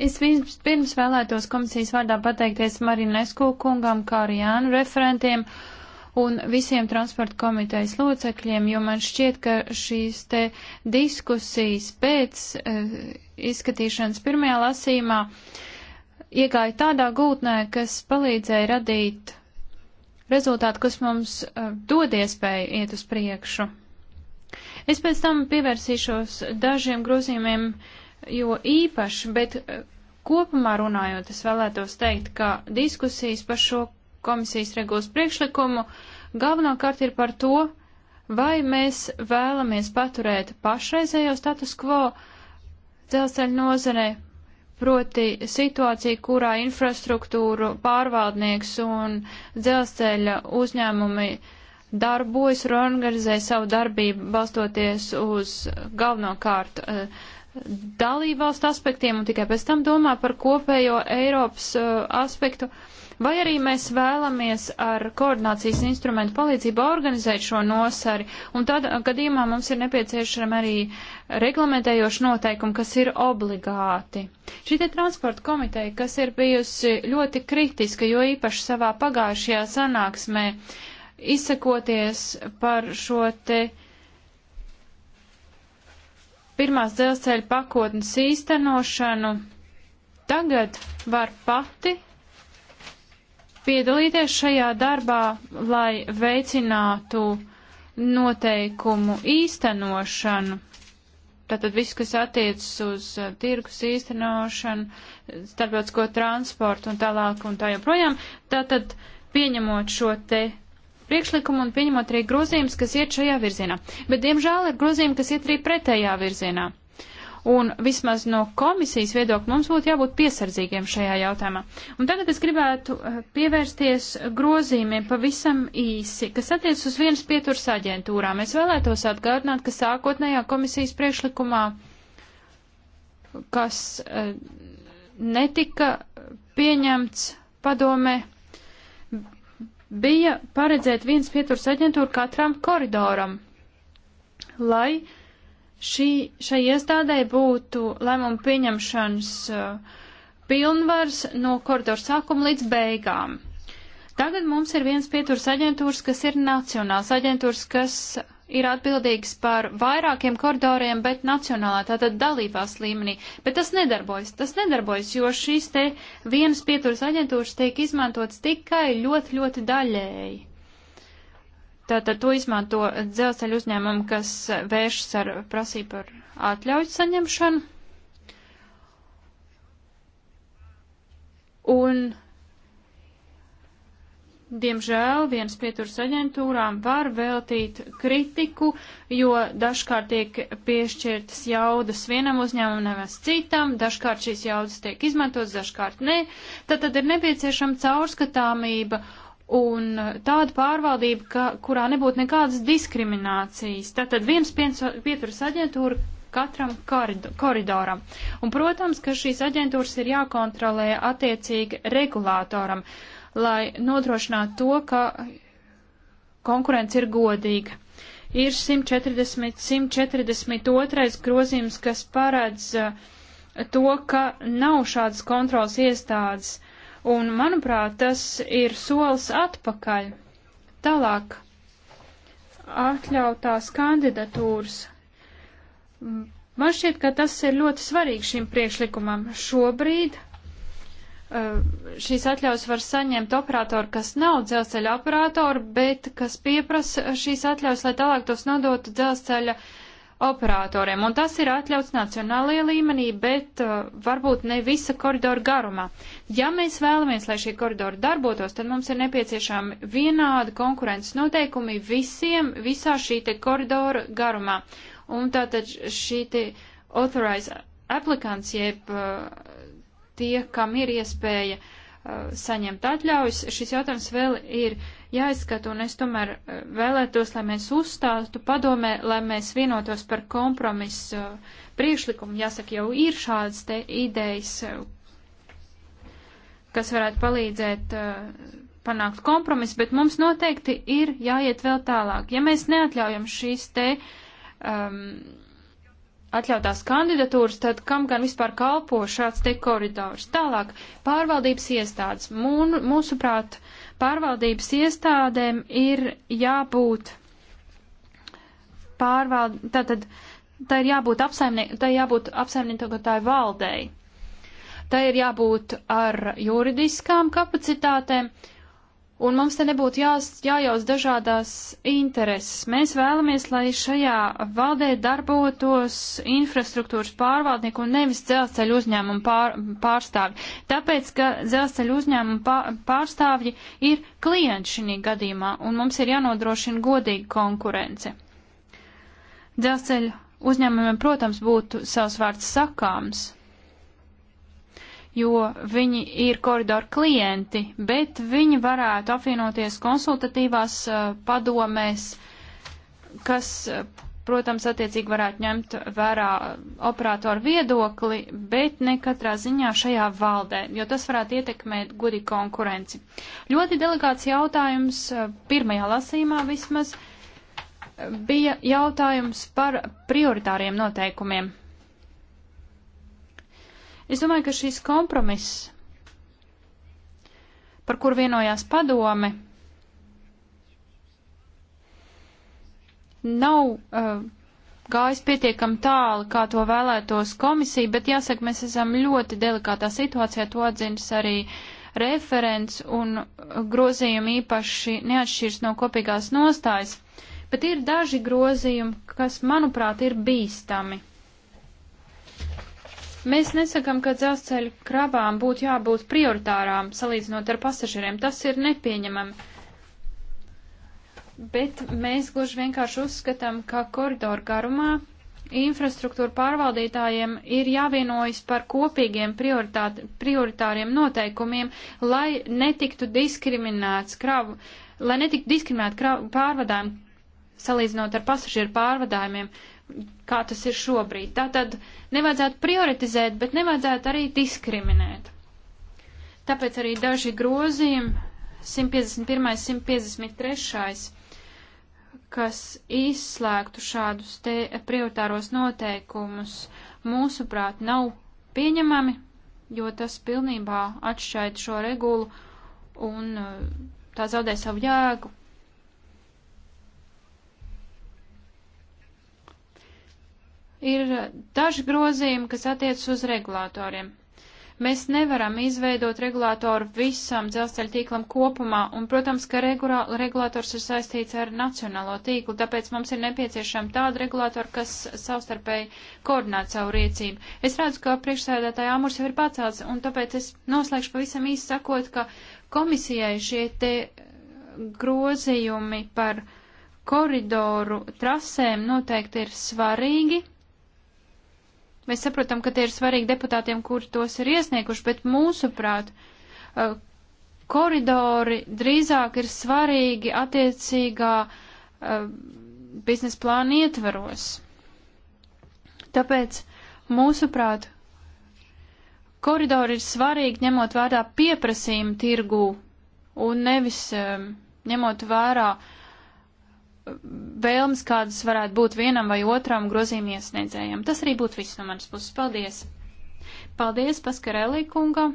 Speaker 2: Es vispirms vēlētos komisijas vārdā pateikties Marinesku kungam, kā arī Jānu referentiem un visiem transporta komitejas locekļiem, jo man šķiet, ka šīs te diskusijas pēc uh, izskatīšanas pirmajā lasīmā iegāja tādā gūtnē, kas palīdzēja radīt rezultātu, kas mums uh, dod iespēju iet uz priekšu. Es pēc tam pievērsīšos dažiem grozījumiem, jo īpaši, bet uh, Kopumā runājot, es vēlētos teikt, ka diskusijas par šo komisijas regulas priekšlikumu galvenokārt ir par to, vai mēs vēlamies paturēt pašreizējo status quo dzelzceļa nozarē, proti situāciju, kurā infrastruktūru pārvaldnieks un dzelzceļa uzņēmumi darbojas un organizē savu darbību balstoties uz galvenokārt uh, dalībvalstu aspektiem un tikai pēc tam domā par kopējo Eiropas uh, aspektu. Vai arī mēs vēlamies ar koordinācijas instrumentu palīdzību organizēt šo nosari, un tādā gadījumā mums ir nepieciešama arī reglamentējoša noteikuma, kas ir obligāti. Šī te transporta komiteja, kas ir bijusi ļoti kritiska, jo īpaši savā pagājušajā sanāksmē, izsakoties par šo te uh, pirmās dzelzceļa pakotnes īstenošanu, tagad var pati piedalīties šajā darbā, lai veicinātu noteikumu īstenošanu. Tātad viss, kas attiecas uz uh, tirgus īstenošanu, starptautisko transportu un tālāk un tā joprojām. Tātad pieņemot šo te priekšlikumu un pieņemot arī grozījumus, kas iet šajā virzienā. Bet, diemžēl, ir grozījumi, kas iet arī pretējā virzienā. Un vismaz no komisijas viedokļa mums būtu jābūt piesardzīgiem šajā jautājumā. Un tagad es gribētu eh, pievērsties grozījumiem pavisam īsi, kas attiec uz vienas pieturas aģentūrām. Es vēlētos atgādināt, ka sākotnējā komisijas priekšlikumā, kas eh, netika pieņemts padome bija paredzēt viens pieturs aģentūru katram koridoram, lai šī, šai iestādē būtu lēmumu pieņemšanas uh, pilnvars no koridora sākuma līdz beigām. Tagad mums ir viens pieturs aģentūras, kas ir nacionāls aģentūras, kas ir atbildīgs par vairākiem koridoriem, bet nacionālā, tātad dalībās līmenī. Bet tas nedarbojas, tas nedarbojas, jo šīs te vienas pieturas aģentūras tiek izmantotas tikai ļoti, ļoti daļēji. Tātad to izmanto dzelzceļu uzņēmumu, kas vēršas ar prasību par atļauju saņemšanu. Un Diemžēl vienas pieturas aģentūrām var veltīt kritiku, jo dažkārt tiek piešķirtas jaudas vienam uzņēmumam, nevis citam, dažkārt šīs jaudas tiek izmantotas, dažkārt nē. Tad, tad ir nepieciešama caurskatāmība un tāda pārvaldība, ka, kurā nebūtu nekādas diskriminācijas. Tātad viens pieturas aģentūra katram koridoram. Un, protams, ka šīs aģentūras ir jākontrolē attiecīgi regulātoram lai nodrošinātu to, ka konkurence ir godīga. Ir 140, 142 grozījums, kas paredz eh, to, ka nav šādas kontrols iestādes, un, manuprāt, tas ir solis atpakaļ. Tālāk atļautās kandidatūras. Mm, man šķiet, ka tas ir ļoti svarīgi šim priekšlikumam. Šobrīd šīs atļaujas var saņemt operatori, kas nav dzelzceļa operatori, bet kas pieprasa šīs atļaujas, lai tālāk tos nodotu dzelzceļa operatoriem. Un tas ir atļauts nacionālajā līmenī, bet uh, varbūt ne visa koridora garumā. Ja mēs vēlamies, lai šie koridori darbotos, tad mums ir nepieciešami vienādi konkurences noteikumi visiem visā šī te koridora garumā. Un tātad šī te authorize applicants, jeb uh, tie, kam ir iespēja uh, saņemt atļaujas, šis jautājums vēl ir jāizskata, un es tomēr uh, vēlētos, lai mēs uzstātu padomē, lai mēs vienotos par kompromisu uh, priekšlikumu. Jāsaka, jau ir šādas te idejas, uh, kas varētu palīdzēt uh, panākt kompromisu, bet mums noteikti ir jāiet vēl tālāk. Ja mēs neatļaujam šīs te um, atļautās kandidatūras, tad kam gan vispār kalpo šāds te koridors? Tālāk, pārvaldības iestādes. Mūn, mūsuprāt, pārvaldības iestādēm ir jābūt pārvald, tātad, tā ir jābūt apsaimnie, tā ir jābūt apsaimniekotāju valdei. Tā ir jābūt ar juridiskām kapacitātēm un mums te nebūtu jā, jājauz dažādās intereses. Mēs vēlamies, lai šajā valdē darbotos infrastruktūras pārvaldnieku un nevis dzelzceļu uzņēmumu pār, pārstāvji, tāpēc, ka dzelzceļu uzņēmumu pārstāvji ir klienti šī gadījumā, un mums ir jānodrošina godīga konkurence. Dzelzceļu uzņēmumiem, protams, būtu savs vārds sakāms jo viņi ir koridoru klienti, bet viņi varētu apvienoties konsultatīvās uh, padomēs, kas, uh, protams, attiecīgi varētu ņemt vērā operatoru viedokli, bet ne katrā ziņā šajā valdē, jo tas varētu ietekmēt gudi konkurenci. Ļoti delikāts jautājums, uh, pirmajā lasīmā vismaz, bija jautājums par prioritāriem noteikumiem. Es domāju, ka šīs kompromiss, par kur vienojās padome, nav uh, gājis pietiekami tālu, kā to vēlētos komisija, bet jāsaka, mēs esam ļoti delikātā situācijā, to atzinas arī referents un grozījumi īpaši neatšķirs no kopīgās nostājas, bet ir daži grozījumi, kas, manuprāt, ir bīstami. Mēs nesakam, ka dzelzceļa krabām būtu jābūt prioritārām salīdzinot ar pasažieriem. Tas ir nepieņemami. Bet mēs gluži vienkārši uzskatām, ka koridoru garumā infrastruktūra pārvaldītājiem ir jāvienojas par kopīgiem prioritāriem noteikumiem, lai netiktu diskriminēts kravu, lai netiktu diskriminēt kravu pārvadājumu salīdzinot ar pasažieru pārvadājumiem kā tas ir šobrīd. Tātad nevajadzētu prioritizēt, bet nevajadzētu arī diskriminēt. Tāpēc arī daži grozījumi 151. 153. kas izslēgtu šādus te prioritāros noteikumus, mūsuprāt, nav pieņemami, jo tas pilnībā atšķaida šo regulu un uh, tā zaudē savu jēgu. ir daži grozījumi, kas attiecas uz regulātoriem. Mēs nevaram izveidot regulātoru visam dzelzceļa tīklam kopumā, un, protams, ka regulā, regulātors ir saistīts ar nacionālo tīklu, tāpēc mums ir nepieciešama tāda regulātora, kas savstarpēji koordinētu savu rīcību. Es redzu, ka priekšsēdētāja āmurs jau ir pacēlts, un tāpēc es noslēgšu pavisam īsi sakot, ka komisijai šie te grozījumi par koridoru trasēm noteikti ir svarīgi, Mēs saprotam, ka tie ir svarīgi deputātiem, kuri tos ir iesnieguši, bet mūsuprāt, eh, koridori drīzāk ir svarīgi attiecīgā eh, biznesa plāna ietveros. Tāpēc, mūsuprāt, koridori ir svarīgi ņemot vērā pieprasījumu tirgū un nevis eh, ņemot vērā uh, vēlmes, kādas varētu būt vienam vai otram grozījuma iesniedzējam. Tas arī būtu viss no manas puses. Paldies! Paldies Paskarelī kungam!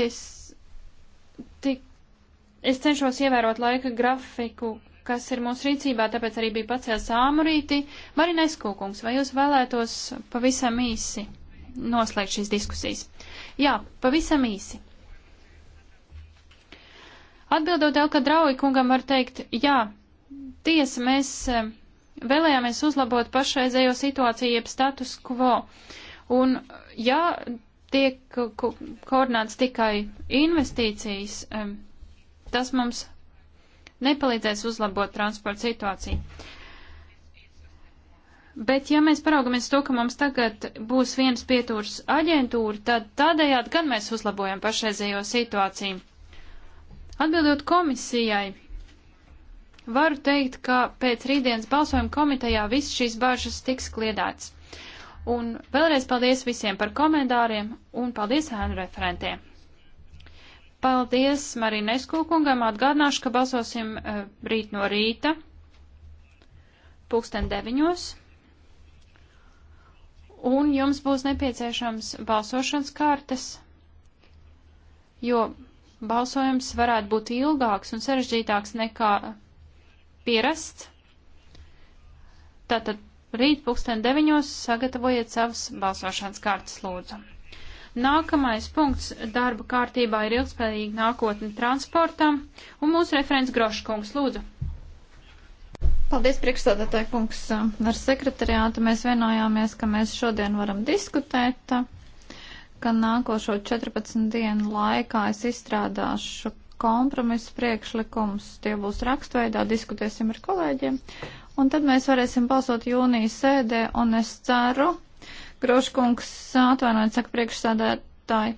Speaker 2: Es, tik, es cenšos ievērot laika grafiku, kas ir mūsu rīcībā, tāpēc arī bija pacēlis āmurīti. Marinais Kūkungs, vai jūs vēlētos pavisam īsi noslēgt šīs diskusijas? Jā, pavisam īsi. Atbildot Elka Drauji kungam var teikt, jā, tiesa, mēs eh, vēlējāmies uzlabot pašreizējo situāciju jeb status quo. Un ja tiek ko koordinēts tikai investīcijas, tas mums nepalīdzēs uzlabot transporta situāciju. Bet ja mēs paraugamies to, ka mums tagad būs viens pietūrs aģentūra, tad tādējādi gan mēs uzlabojam pašreizējo situāciju. Atbildot komisijai, varu teikt, ka pēc rītdienas balsojuma komitejā viss šīs bažas tiks kliedēts. Un vēlreiz paldies visiem par komentāriem un paldies ēnu referentiem. Paldies Marinesku kungam, atgādināšu, ka balsosim uh, rīt no rīta, pulksten deviņos. Un jums būs nepieciešams balsošanas kartes, jo balsojums varētu būt ilgāks un sarežģītāks nekā pierasts. Tātad rīt pulksten deviņos sagatavojiet savas balsošanas kartas lūdzu. Nākamais punkts darba kārtībā ir ilgspējīga nākotne transportam, un mūsu referents Groškungs lūdzu.
Speaker 1: Paldies, priekšstādātāji kungs. Ar sekretariātu mēs vienojāmies, ka mēs šodien varam diskutēt ka nākošo 14 dienu laikā es izstrādāšu kompromisu priekšlikums, tie būs rakstveidā, diskutēsim ar kolēģiem, un tad mēs varēsim balsot jūnijas sēdē, un es ceru, Groškungs atvainojiet, saka priekšsādētāji,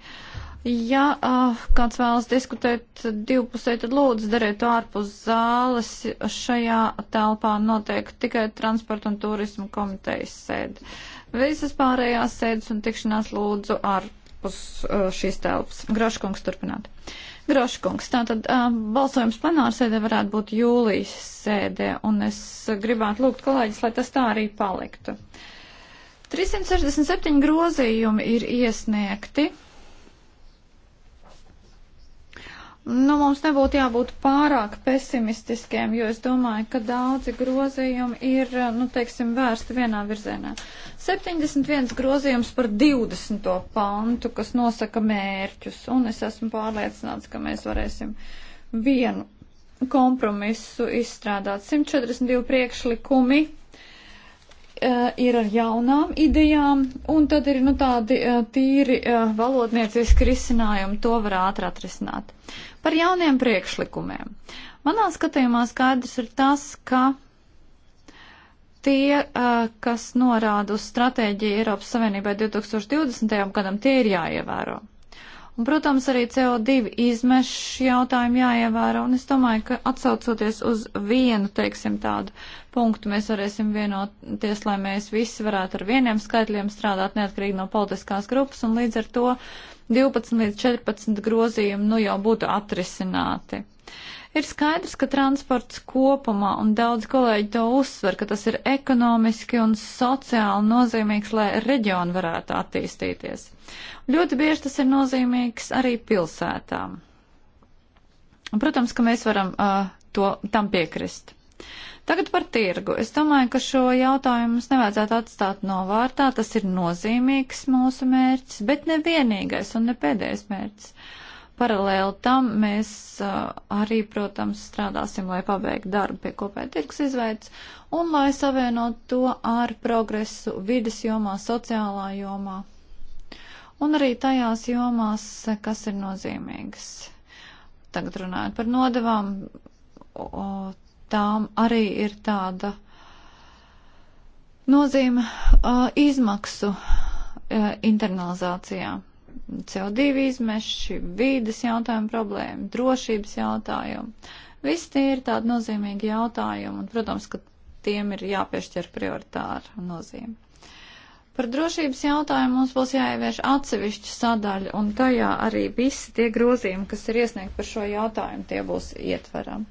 Speaker 1: ja uh, kāds vēlas diskutēt divpusē, tad lūdzu dariet to ārpus zāles, šajā telpā notiek tikai transporta un turismu komitejas sēde. Uh, Visas pārējās sēdes un tikšanās lūdzu ārpus uh, šīs telpas. Graškungs turpināt. Groškungs, tātad uh, balsojums plenārsēdē varētu būt jūlijas sēdē, un es gribētu lūgt kolēģis, lai tas tā arī paliktu. 367 grozījumi ir iesniegti. Nu, mums nebūtu jābūt pārāk pesimistiskiem, jo es domāju, ka daudzi grozījumi ir, nu, teiksim, vērsti vienā virzienā. 71 grozījums par 20. pantu, kas nosaka mērķus, un es esmu pārliecināts, ka mēs varēsim vienu kompromisu izstrādāt. 142 priekšlikumi uh, ir ar jaunām idejām, un tad ir nu, tādi uh, tīri uh, valodnieciski risinājumi, to var ātri atrisināt. Par jauniem priekšlikumiem. Manā skatījumā skaidrs ir tas, ka tie, uh, kas norāda uz stratēģiju Eiropas Savienībai 2020. gadam, tie ir jāievēro. Un, protams, arī CO2 izmešu jautājumu jāievēro, un es domāju, ka atsaucoties uz vienu, teiksim, tādu punktu, mēs varēsim vienoties, lai mēs visi varētu ar vieniem skaitļiem strādāt neatkarīgi no politiskās grupas, un līdz ar to 12 līdz 14 grozījumi nu jau būtu atrisināti. Ir skaidrs, ka transports kopumā, un daudz kolēģi to uzsver, ka tas ir ekonomiski un sociāli nozīmīgs, lai reģioni varētu attīstīties. Ļoti bieži tas ir nozīmīgs arī pilsētām. Protams, ka mēs varam uh, to, tam piekrist. Tagad par tirgu. Es domāju, ka šo jautājumu mums nevajadzētu atstāt novārtā. Tas ir nozīmīgs mūsu mērķis, bet ne vienīgais un ne pēdējais mērķis. Uh, Paralēli tam mēs arī, protams, strādāsim, lai pabeigtu darbu pie kopēja tirgus izveids un lai savienot to ar progresu vidas jomā, sociālā jomā un arī tajās jomās, kas ir nozīmīgas. Tagad runājot par nodevām, o, tām arī ir tāda nozīme izmaksu internalizācijā. CO2 izmeši, vīdes jautājumu problēma, drošības jautājumu. Visi tie ir tādi nozīmīgi jautājumi, un, protams, ka tiem ir jāpiešķir prioritāra nozīme. Par drošības jautājumu mums būs jāievieš atsevišķa sadaļa, un tajā arī visi tie grozījumi, kas ir iesniegti par šo jautājumu, tie būs ietveram.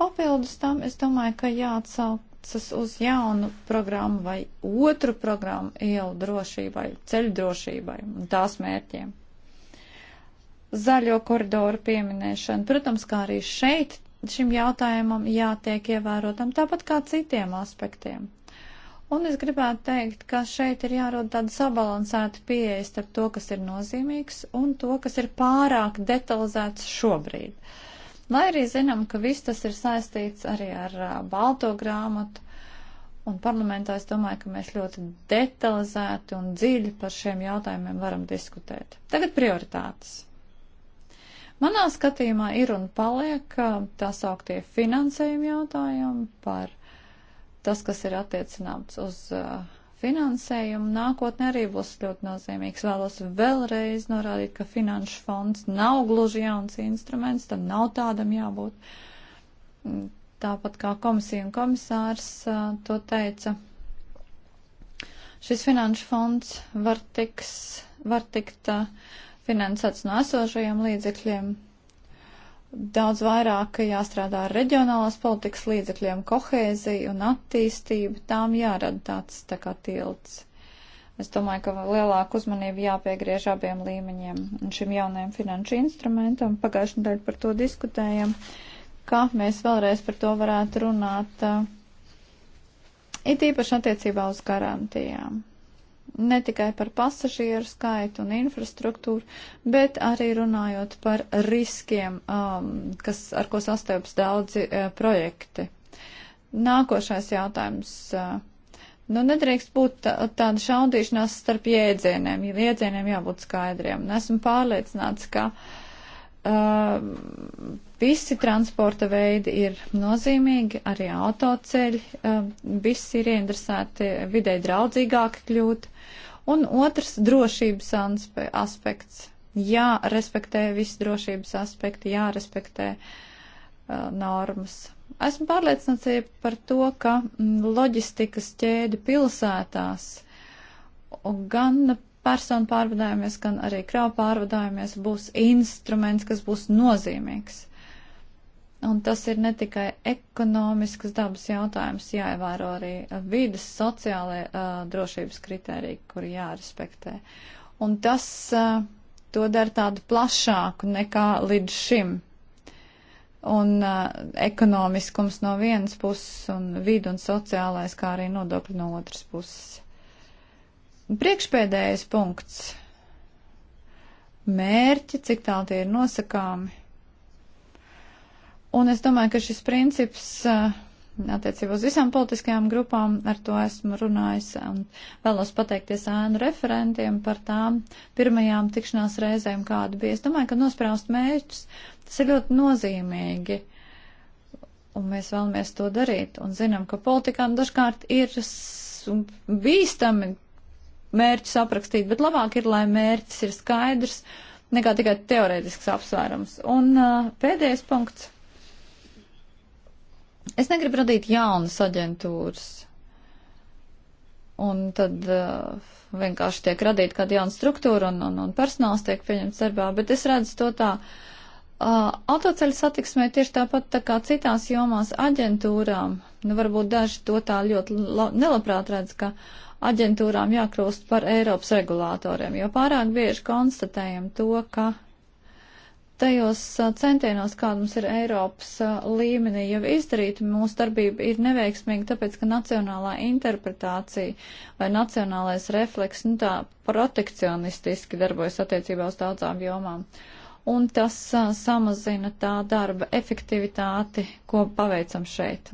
Speaker 1: Papildus tam, es domāju, ka jāatsauk atsaucas uz jaunu programmu vai otru programmu ielu drošībai, ceļu drošībai un tās mērķiem. Zaļo koridoru pieminēšana, protams, kā arī šeit šim jautājumam jātiek ievērotam tāpat kā citiem aspektiem. Un es gribētu teikt, ka šeit ir jārod tāda sabalansēta pieeja starp to, kas ir nozīmīgs, un to, kas ir pārāk detalizēts šobrīd. Lai arī zinām, ka viss tas ir saistīts arī ar uh, balto grāmatu, un parlamentā es domāju, ka mēs ļoti detalizēti un dziļi par šiem jautājumiem varam diskutēt. Tagad prioritātes. Manā skatījumā ir un paliek tā sauktie finansējuma jautājumi par tas, kas ir attiecināms uz uh, finansējumu nākotnē arī būs ļoti nozīmīgs. Vēlos vēlreiz norādīt, ka finanšu fonds nav gluži jauns instruments, tam nav tādam jābūt. Mm, Tāpat kā komisija un komisārs to teica, šis finanšu fonds var, tiks, var tikt finansēts no esošajiem līdzekļiem, Daudz vairāk jāstrādā ar reģionālās politikas līdzekļiem, kohēziju un attīstību, tām jārada tāds tā kā tilts. Es domāju, ka lielāku uzmanību jāpiegriež abiem līmeņiem un šim jaunajam finanšu instrumentam. Pagājušajā nedēļā par to diskutējam, kā mēs vēlreiz par to varētu runāt, uh, it īpaši attiecībā uz garantijām ne tikai par pasažieru skaitu un infrastruktūru, bet arī runājot par riskiem, um, kas, ar ko sastopas daudzi uh, projekti. Nākošais jautājums. Uh, Nu, nedrīkst būt tāda šaudīšanās starp jēdzieniem, jo jēdzieniem jābūt skaidriem. Esmu pārliecināts, ka uh, Uh, visi transporta veidi ir nozīmīgi, arī autoceļi, uh, visi ir ieinteresēti vidē draudzīgāk kļūt. Un otrs - drošības aspekts. Jārespektē visi drošības aspekti, jārespektē uh, normas. Esmu pārliecināts par to, ka mm, loģistikas ķēde pilsētās gan personu pārvadājumies, gan arī kravu pārvadājumies būs instruments, kas būs nozīmīgs. Un tas ir ne tikai ekonomiskas dabas jautājums, jāievēro arī vidas sociālai uh, drošības kritēriji, kuri jārespektē. Un tas uh, to dara tādu plašāku nekā līdz šim. Un uh, ekonomiskums no vienas puses un vidu un sociālais, kā arī nodokļi no otras puses. Priekšpēdējais punkts. Mērķi, cik tālu tie ir nosakāmi. Un es domāju, ka šis princips attiecībā uz visām politiskajām grupām ar to esmu runājis un vēlos pateikties ēnu referentiem par tām pirmajām tikšanās reizēm, kāda bija. Es domāju, ka nospraust mērķus, tas ir ļoti nozīmīgi un mēs vēlamies to darīt. Un zinām, ka politikām dažkārt ir bīstami mērķus aprakstīt, bet labāk ir, lai mērķis ir skaidrs nekā tikai teorētisks apsvērums. Un uh, pēdējais punkts. Es negribu radīt jaunas aģentūras. Un tad uh, vienkārši tiek radīta kāda jauna struktūra un, un, un personāls tiek pieņemts darbā, bet es redzu to tā. Uh, autoceļu satiksmē tieši tāpat tā kā citās jomās aģentūrām, nu varbūt daži to tā ļoti nelabprāt redz, ka uh, aģentūrām jākļūst par Eiropas regulātoriem, jo pārāk bieži konstatējam to, ka tajos centienos, kāda mums ir Eiropas līmenī jau izdarīta, mūsu darbība ir neveiksmīga, tāpēc, ka nacionālā interpretācija vai nacionālais refleks, nu tā protekcionistiski darbojas attiecībā uz daudzām jomām un tas a, samazina tā darba efektivitāti, ko paveicam šeit.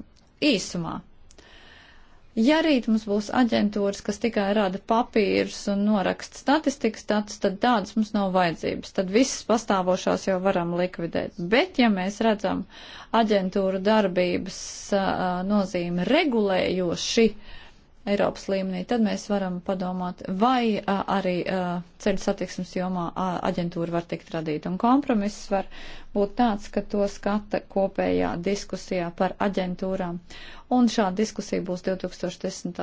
Speaker 1: Īsumā Ja rīt mums būs aģentūras, kas tikai rada papīrus un noraksta statistikas datus, tad tādas mums nav vajadzības. Tad visas pastāvošās jau varam likvidēt. Bet, ja mēs redzam aģentūra darbības uh, nozīme regulējoši, uh, Eiropas līmenī, tad mēs varam padomāt, vai a, arī a, ceļu satiksmes jomā a, aģentūra var tikt radīta. Un kompromiss var būt tāds, ka to skata kopējā diskusijā par aģentūrām. Un šāda diskusija būs 2010.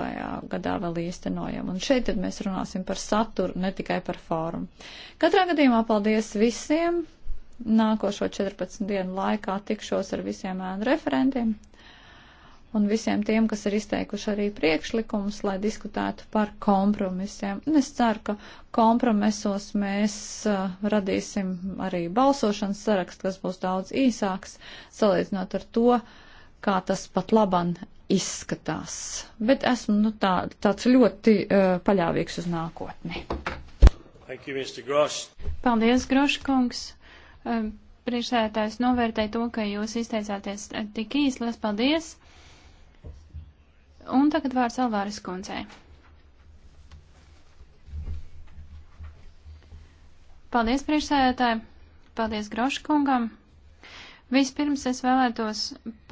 Speaker 1: gadā vēl īstenojama. Un šeit tad mēs runāsim par saturu, ne tikai par fórumu. Katrā gadījumā paldies visiem. Nākošo 14 dienu laikā tikšos ar visiem ēnu referentiem un visiem tiem, kas ir izteikuši arī priekšlikumus, lai diskutētu par kompromisiem. Un es ceru, ka kompromisos mēs uh, radīsim arī balsošanas sarakstu, kas būs daudz īsāks, salīdzinot ar to, kā tas pat laban izskatās. Bet esmu nu, tā, tāds ļoti uh, paļāvīgs uz nākotni. Thank you, Mr. Grosh.
Speaker 2: Paldies, Groškungs. Uh, Priekšsēdētājs novērtēja to, ka jūs izteicāties uh, tik īsti. Lielas paldies! Un tagad vārds Alvāres kundzei. Paldies priekšsēdētāji, paldies Groškungam. Vispirms es vēlētos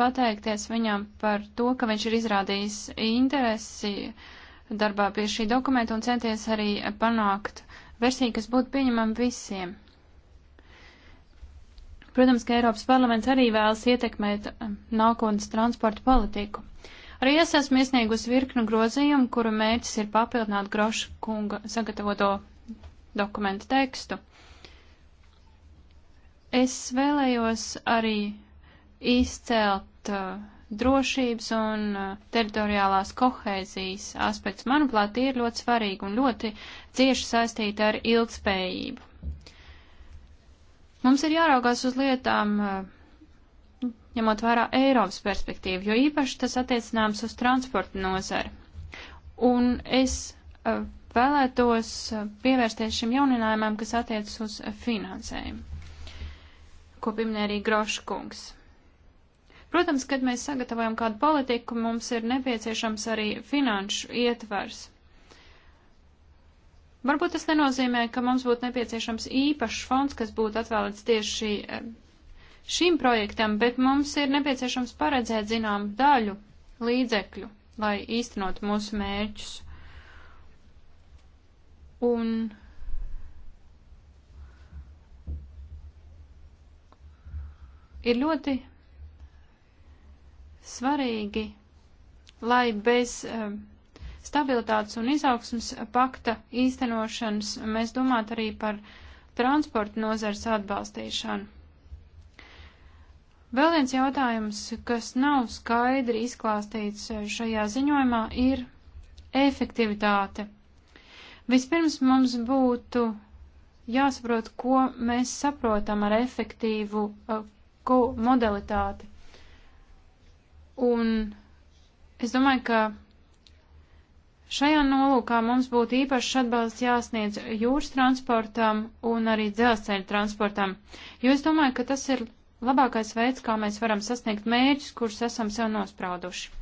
Speaker 2: pateikties viņam par to, ka viņš ir izrādījis interesi darbā pie šī dokumenta un centies arī panākt versiju, kas būtu pieņemama visiem. Protams, ka Eiropas parlaments arī vēlas ietekmēt nākotnes transporta politiku. Arī es esmu iesniegusi virknu grozījumu, kuru mērķis ir papildināt Groša kunga sagatavoto dokumentu tekstu. Es vēlējos arī izcelt uh, drošības un uh, teritoriālās kohēzijas aspekts, manuprāt, tie ir ļoti svarīgi un ļoti cieši saistīti ar ilgspējību. Mums ir jāraugās uz lietām uh, ņemot vērā Eiropas perspektīvu, jo īpaši tas attiecināms uz transporta nozari. Un es uh, vēlētos eh, pievērsties šim jauninājumam, kas attiecas uz finansējumu, ko pieminēja arī Groškungs. Protams, kad mēs sagatavojam kādu politiku, mums ir nepieciešams arī finanšu ietvers. Varbūt tas nenozīmē, ka mums būtu nepieciešams īpašs fonds, kas būtu atvēlēts tieši eh, šim projektam, bet mums ir nepieciešams paredzēt zinām daļu līdzekļu, lai īstenot mūsu mērķus. Un ir ļoti svarīgi, lai bez um, stabilitātes un izaugsmas pakta īstenošanas mēs domātu arī par transporta nozars atbalstīšanu. Vēl viens jautājums, kas nav skaidri izklāstīts šajā ziņojumā, ir efektivitāte. Vispirms mums būtu jāsaprot, ko mēs saprotam ar efektīvu uh, modalitāti. Un es domāju, ka šajā nolūkā mums būtu īpašs atbalsts jāsniedz jūras transportam un arī dzelzceļa transportam, jo es domāju, ka tas ir labākais veids, kā mēs varam sasniegt mērķus, kurus esam sev nosprauduši.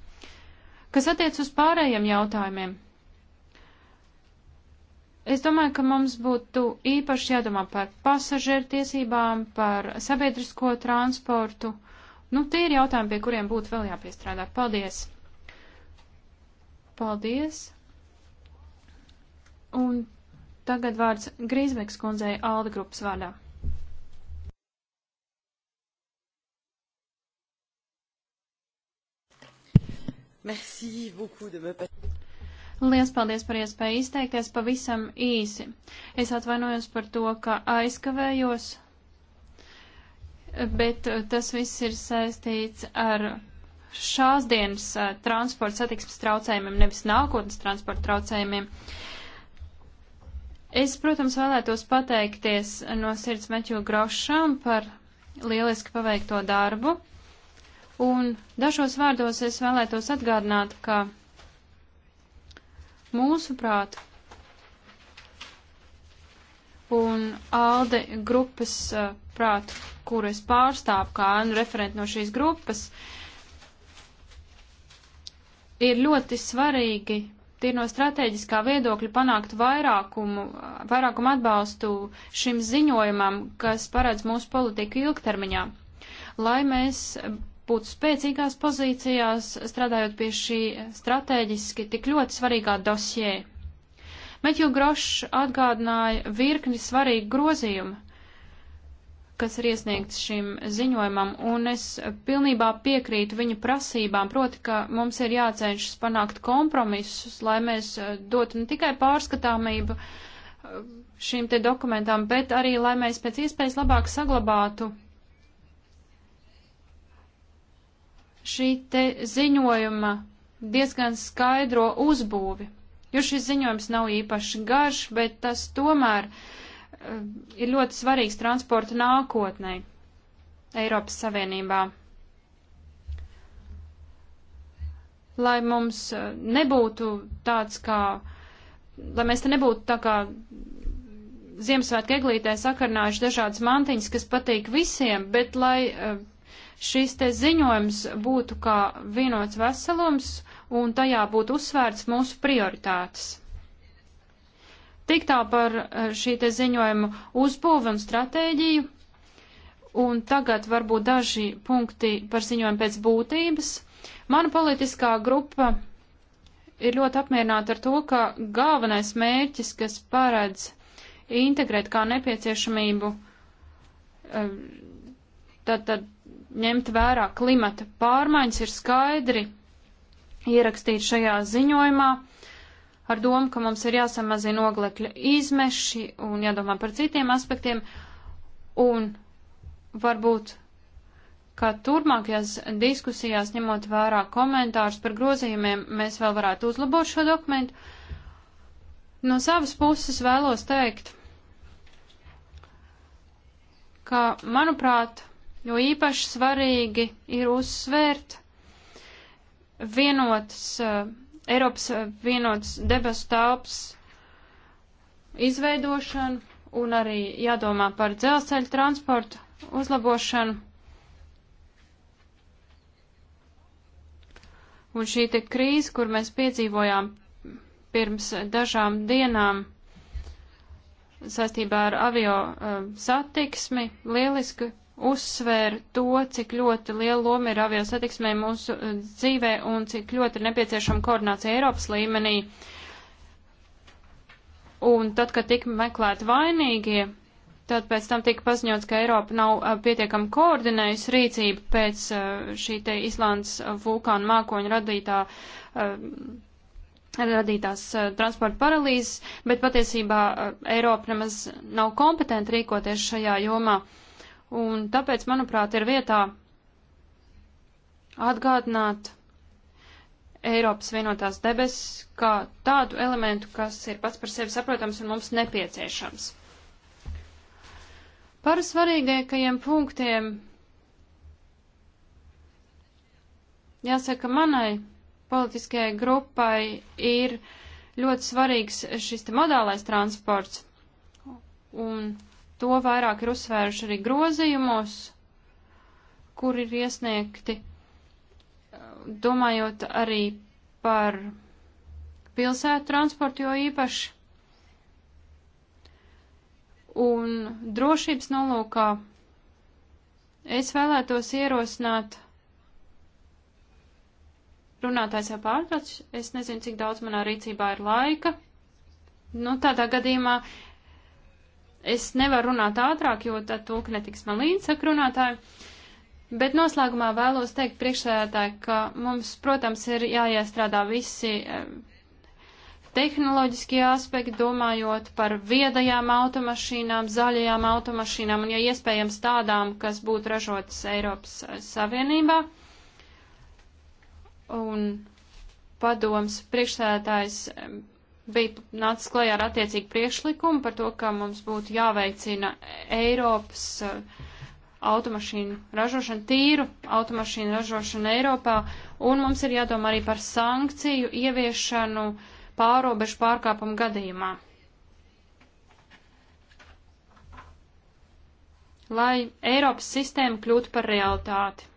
Speaker 2: Kas attiec uz pārējiem jautājumiem? Es domāju, ka mums būtu īpaši jādomā par pasažieru tiesībām, par sabiedrisko transportu. Nu, tie ir jautājumi, pie kuriem būtu vēl jāpiestrādā. Paldies! Paldies! Un tagad vārds Grīzbeks kundzei Alda grupas vārdā. Merci beaucoup de me Liels paldies par iespēju izteikties pavisam īsi. Es atvainojos par to, ka aizkavējos, bet eh, tas viss ir saistīts ar šās dienas uh, transporta satiksmes traucējumiem, nevis nākotnes transporta traucējumiem. Es, protams, vēlētos pateikties no sirds Meķu Grošam par lieliski paveikto darbu. Un dažos vārdos es vēlētos atgādināt, ka mūsuprāt un ALDE grupas eh, prāt, kuru es pārstāvu kā ANU referenti no šīs grupas, ir ļoti svarīgi tīri no strateģiskā viedokļa panākt vairākumu, vairākumu atbalstu šim ziņojumam, kas paredz mūsu politiku ilgtermiņā. Lai mēs būt spēcīgās pozīcijās, strādājot pie šī strateģiski tik ļoti svarīgā dosjē. Meķu Grošs atgādināja virkni svarīgu grozījumu, kas ir iesniegts šim ziņojumam, un es pilnībā piekrītu viņa prasībām, proti, ka mums ir jācenšas panākt kompromisus, lai mēs eh, dotu ne tikai pārskatāmību eh, šīm te dokumentām, bet arī, lai mēs pēc iespējas labāk saglabātu šī te ziņojuma diezgan skaidro uzbūvi, jo šis ziņojums nav īpaši garš, bet tas tomēr uh, ir ļoti svarīgs transporta nākotnē Eiropas Savienībā. Lai mums eh, nebūtu tāds kā, lai mēs te nebūtu tā kā Ziemassvētku eglītē sakarnājuši dažādas mantiņas, kas patīk visiem, bet lai uh, šis te ziņojums būtu kā vienots veselums un tajā būtu uzsvērts mūsu prioritātes. Tik tā par eh, šī te ziņojumu uzbūvi un stratēģiju, un tagad varbūt daži punkti par ziņojumu pēc būtības. Mana politiskā grupa ir ļoti apmierināta ar to, ka galvenais mērķis, kas paredz integrēt kā nepieciešamību, eh, tad, tad ņemt vērā klimata pārmaiņas, ir skaidri ierakstīts šajā ziņojumā ar domu, ka mums ir jāsamazina oglekļa izmeši un jādomā par citiem aspektiem. Un varbūt, kā turmākajās diskusijās, ņemot vērā komentārus par grozījumiem, mēs vēl varētu uzlabot šo dokumentu. No savas puses vēlos teikt, ka, manuprāt, jo īpaši svarīgi ir uzsvērt vienotas, eh, Eiropas eh, vienotas debesu tāps izveidošanu un arī jādomā par dzelzceļa transportu uzlabošanu. Un šī te krīze, kur mēs piedzīvojām pirms dažām dienām saistībā ar avio uh, satiksmi, lieliski uzsvēra to, cik ļoti liela loma ir avio satiksmē mūsu eh, dzīvē un cik ļoti ir nepieciešama koordinācija Eiropas līmenī. Un tad, kad tika meklēti vainīgie, tad pēc tam tika paziņots, ka Eiropa nav eh, pietiekami koordinējusi rīcību pēc eh, šī te Islands vulkāna mākoņa radītā radītās uh, transporta paralīzes, bet patiesībā uh, Eiropa nemaz nav kompetenti rīkoties šajā jomā. Uh, Un tāpēc, manuprāt, ir vietā atgādināt Eiropas vienotās debesis kā tādu elementu, kas ir pats par sevi saprotams un mums nepieciešams. Par svarīgākajiem punktiem jāsaka manai politiskajai grupai ir ļoti svarīgs šis te modālais transports. Un To vairāk ir uzsvēruši arī grozījumos, kur ir iesniegti, domājot arī par pilsētu transportu, jo īpaši. Un drošības nolūkā es vēlētos ierosināt runātājs jau pārtrauc, es nezinu, cik daudz manā rīcībā ir laika. Nu, tādā gadījumā Es nevaru runāt ātrāk, jo tad tūk netiks man līdz sakrunātāji. Bet noslēgumā vēlos teikt priekšsēdētāji, ka mums, protams, ir jāiestrādā visi eh, tehnoloģiskie aspekti, domājot par viedajām automašīnām, zaļajām automašīnām un, ja iespējams, tādām, kas būtu ražotas Eiropas eh, Savienībā. Un padoms priekšsēdētājs eh, bija nācis klajā ar attiecīgu priekšlikumu par to, ka mums būtu jāveicina Eiropas uh, automašīnu ražošana, tīru automašīnu ražošana Eiropā, un mums ir jādomā arī par sankciju ieviešanu pārobežu pārkāpumu gadījumā. Lai Eiropas sistēma kļūtu par realitāti.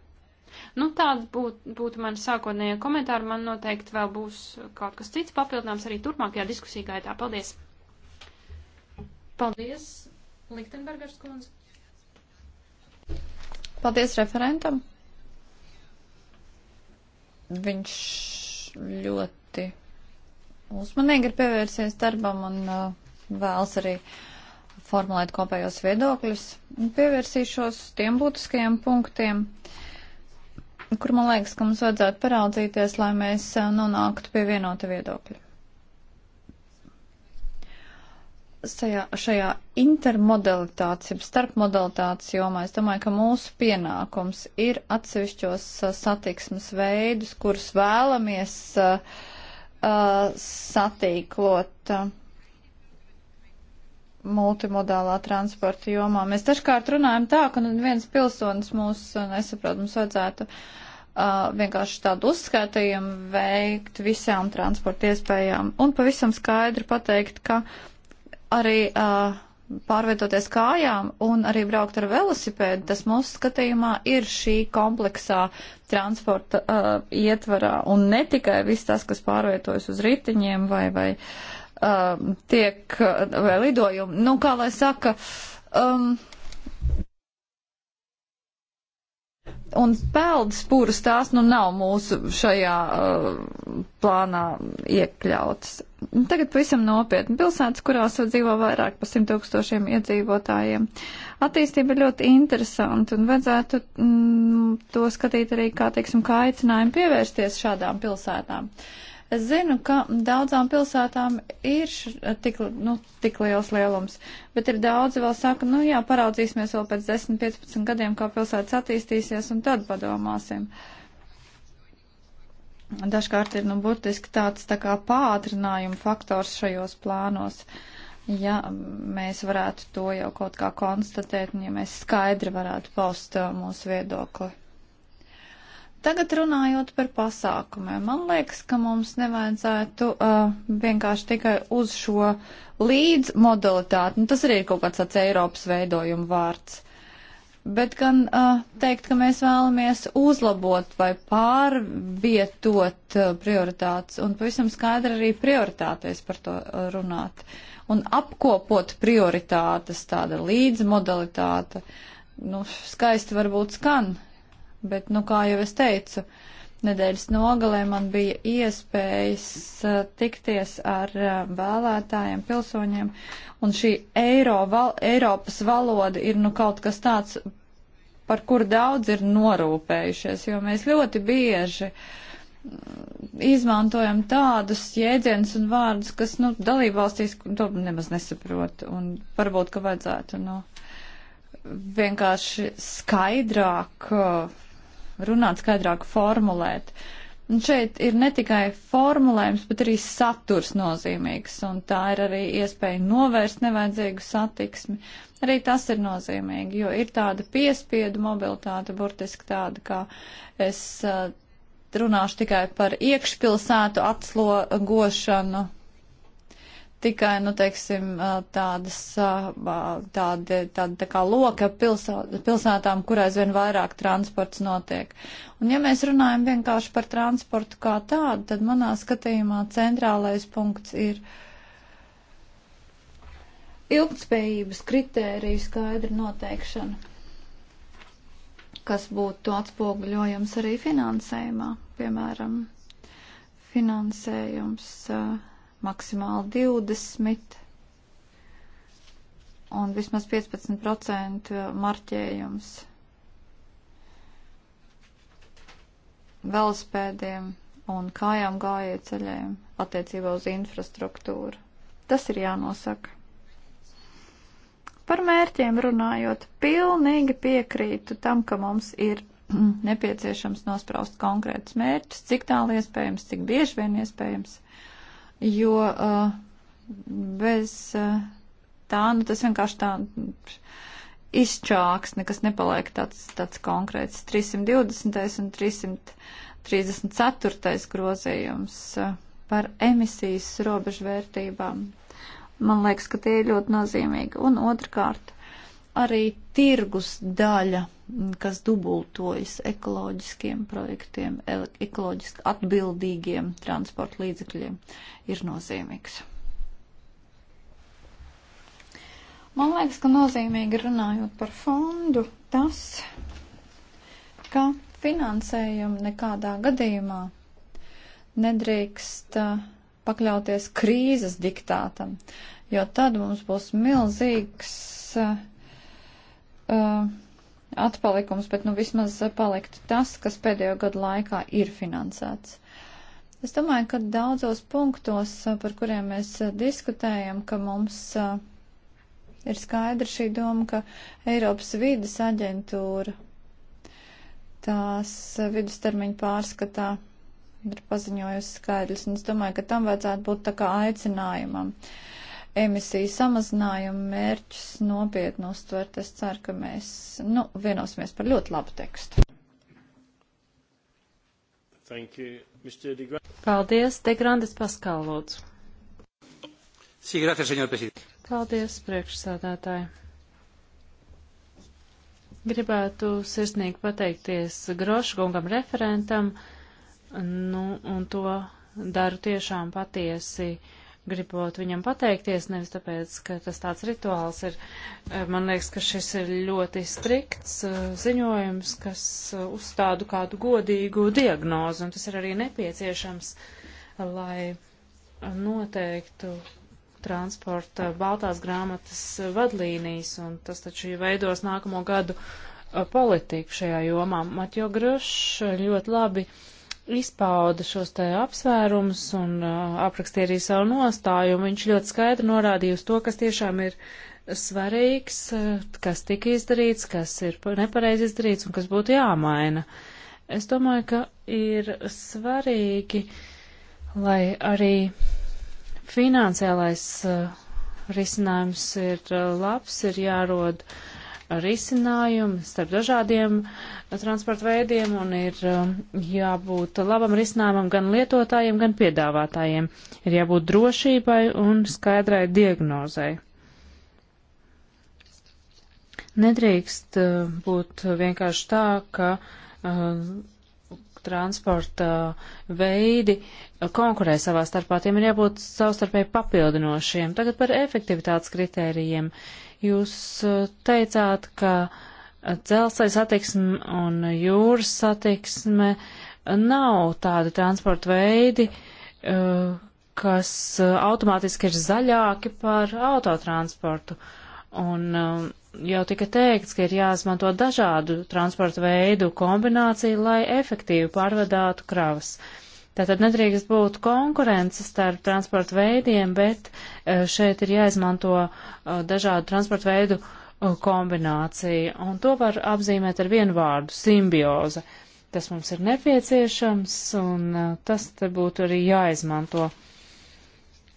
Speaker 2: Nu, tāds būt, būtu mani sākotnējie komentāri. Man noteikti vēl būs kaut kas cits papildināms arī turpmākajā diskusijā gaitā. Paldies! Paldies, Liktenbergers kundze!
Speaker 1: Paldies referentam! Viņš ļoti uzmanīgi ir pievērsies darbam un uh, vēlas arī formulēt kopējos viedokļus. Pievērsīšos tiem būtiskajiem punktiem. Uh, kur man liekas, ka mums vajadzētu paraudzīties, lai mēs eh, nonāktu pie vienota viedokļa. Sajā, šajā intermodalitātes, jeb starpmodalitātes jomā es domāju, ka mūsu pienākums ir atsevišķos eh, satiksmes veidus, kurus vēlamies uh, satīklot. Uh, multimodālā transporta jomā. Mēs dažkārt runājam tā, ka nu, viens pilsonis mūs uh, nesaprot, mums vajadzētu uh, vienkārši tādu uzskaitījumu veikt visām transporta iespējām un pavisam skaidri pateikt, ka arī uh, pārvietoties kājām un arī braukt ar velosipēdu, tas mūsu skatījumā ir šī kompleksā transporta uh, ietvarā un ne tikai viss tas, kas pārvietojas uz riteņiem vai, vai uh, Um, uh, tiek, vai lidojumi, nu, kā lai saka, um, un peldas pūras tās nu nav mūsu šajā uh, plānā iekļautas. Tagad pavisam nopietni. Pilsētas, kurās dzīvo vairāk par simt tūkstošiem iedzīvotājiem. Attīstība ir ļoti interesanta un vajadzētu mm, to skatīt arī kā, teiksim, kā aicinājumu pievērsties šādām pilsētām. Uh, Es zinu, ka daudzām pilsētām ir tik, nu, tik liels lielums, bet ir daudzi vēl saka, nu jā, paraudzīsimies vēl pēc 10-15 gadiem, kā pilsētas attīstīsies, un tad padomāsim. Dažkārt ir, nu, burtiski tāds tā kā pātrinājuma faktors šajos plānos. Ja mēs varētu to jau kaut kā konstatēt, un ja mēs skaidri varētu paust uh, mūsu viedokli. Tagad runājot par pasākumiem, man liekas, ka mums nevajadzētu uh, vienkārši tikai uz šo līdz modalitāti, nu, tas arī ir kaut kāds tāds Eiropas veidojuma vārds, bet gan uh, teikt, ka mēs vēlamies uzlabot vai pārvietot uh, prioritātes un pavisam skaidri arī prioritātēs par to uh, runāt un apkopot prioritātes, tāda līdz modalitāte. Nu, skaisti varbūt skan bet, nu, kā jau es teicu, nedēļas nogalē man bija iespējas uh, tikties ar uh, vēlētājiem, pilsoņiem, un šī Eiro, val, Eiropas valoda ir, nu, kaut kas tāds, par kur daudz ir norūpējušies, jo mēs ļoti bieži mm, izmantojam tādus jēdzienus un vārdus, kas, nu, dalībvalstīs to nu, nemaz nesaprot, un varbūt, ka vajadzētu, nu, vienkārši skaidrāk uh, runāt, skaidrāk formulēt. Un šeit ir ne tikai formulējums, bet arī saturs nozīmīgs, un tā ir arī iespēja novērst nevajadzīgu satiksmi. Arī tas ir nozīmīgi, jo ir tāda piespiedu mobilitāte, burtiski tāda, kā es eh, runāšu tikai par iekšpilsētu atslogošanu, tikai, nu, teiksim, tādas, tāda, tāda tā kā loka pilsā, pilsētām, kur aizvien vairāk transports notiek. Un ja mēs runājam vienkārši par transportu kā tādu, tad manā skatījumā centrālais punkts ir ilgtspējības kritēriju skaidra noteikšana kas būtu atspoguļojams arī finansējumā, piemēram, finansējums uh, maksimāli 20 un vismaz 15% marķējums velospēdiem un kājām gājēceļiem attiecībā uz infrastruktūru. Tas ir jānosaka. Par mērķiem runājot, pilnīgi piekrītu tam, ka mums ir nepieciešams nospraust konkrētus mērķus, cik tālu iespējams, cik bieži vien iespējams jo uh, bez uh, tā, nu tas vienkārši tā izčāks, nekas nepaliek tāds, tāds konkrēts. 320. un 334. grozījums uh, par emisijas robežvērtībām. Man liekas, ka tie ir ļoti nozīmīgi. Un otrkārt, arī tirgus daļa, kas dubultojas ekoloģiskiem projektiem, ekoloģiski atbildīgiem transporta līdzekļiem, ir nozīmīgs. Man liekas, ka nozīmīgi runājot par fondu, tas, ka finansējumu nekādā gadījumā nedrīkst uh, pakļauties krīzes diktātam, jo tad mums būs milzīgs uh, uh, atpalikums, bet nu vismaz uh, palikt tas, kas pēdējo gadu laikā ir finansēts. Es domāju, ka daudzos punktos, uh, par kuriem mēs uh, diskutējam, ka mums uh, ir skaidra šī doma, ka Eiropas vidas aģentūra tās vidustermiņa pārskatā ir paziņojusi skaidrs, un es domāju, ka tam vajadzētu būt tā kā aicinājumam. Uh, emisiju samazinājumu mērķus nopietni uztvert. Es ceru, ka mēs nu, vienosimies par ļoti labu tekstu.
Speaker 2: Thank you, Mr. De Grand...
Speaker 1: Paldies, De Grandes Paskalods.
Speaker 2: Sí, gracias, señor presidente.
Speaker 3: Paldies, priekšsādātāji. Gribētu sirsnīgi pateikties Groškungam referentam, nu, un to daru tiešām patiesi uh, gribot viņam pateikties, nevis tāpēc, ka tas tāds rituāls ir. Eh, man liekas, ka šis ir ļoti strikts eh, ziņojums, kas eh, uzstādu kādu godīgu diagnozu, un tas ir arī nepieciešams, lai noteiktu transporta baltās grāmatas vadlīnijas, un tas taču veidos nākamo gadu politiku šajā jomā. Matjo Grušs ļoti labi uh, izpauda šos te apsvērumus un uh, aprakstīja arī savu nostāju. Viņš ļoti skaidri norādīja uz to, kas tiešām ir svarīgs, uh, kas tika izdarīts, kas ir nepareizi izdarīts un kas būtu jāmaina. Es domāju, ka ir svarīgi, lai arī finansiālais uh, risinājums ir uh, labs, ir jārod uh, risinājumi starp dažādiem transporta veidiem un ir um, jābūt labam risinājumam gan lietotājiem, gan piedāvātājiem. Ir jābūt drošībai un skaidrai diagnozai. Nedrīkst um, būt vienkārši tā, ka uh, transporta veidi konkurē savā starpā, tiem ir jābūt savstarpēji papildinošiem. Tagad par efektivitātes kritērijiem. Uh, Jūs eh, teicāt, ka dzelzceļa satiksme un jūras satiksme nav tādi transporta veidi, eh, kas eh, automātiski ir zaļāki par autotransportu. Un jau tika teikts, ka ir jāizmanto dažādu transporta veidu kombināciju, lai efektīvi pārvadātu kravas. Uh, Tātad nedrīkst būt konkurence starp transporta veidiem, bet e, šeit ir jāizmanto e, dažādu transporta veidu e, kombinācija. Un to var apzīmēt ar vienu vārdu - simbioze. Tas mums ir nepieciešams, un tas te būtu arī jāizmanto.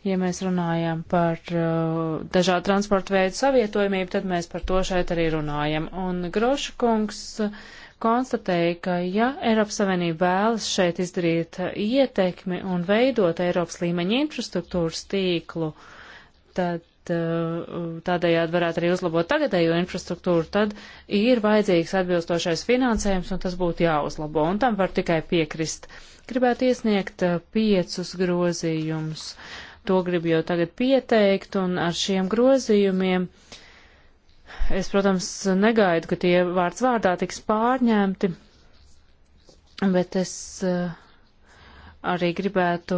Speaker 3: Ja mēs runājam par uh, dažādu transporta veidu savietojumību, tad mēs par to šeit arī runājam. Un Groša kungs konstatēja, ka ja Eiropas Savienība vēlas šeit izdarīt eh, ietekmi un veidot Eiropas līmeņa infrastruktūras tīklu, tad eh, tādējādi varētu arī uzlabot tagadējo infrastruktūru, tad ir vajadzīgs atbilstošais finansējums un tas būtu jāuzlabo, un tam var tikai piekrist. Gribētu iesniegt eh, piecus grozījumus. To gribu jau tagad pieteikt, un ar šiem grozījumiem uh, Es, protams, negaidu, ka tie vārds vārdā tiks pārņemti, bet es eh, arī gribētu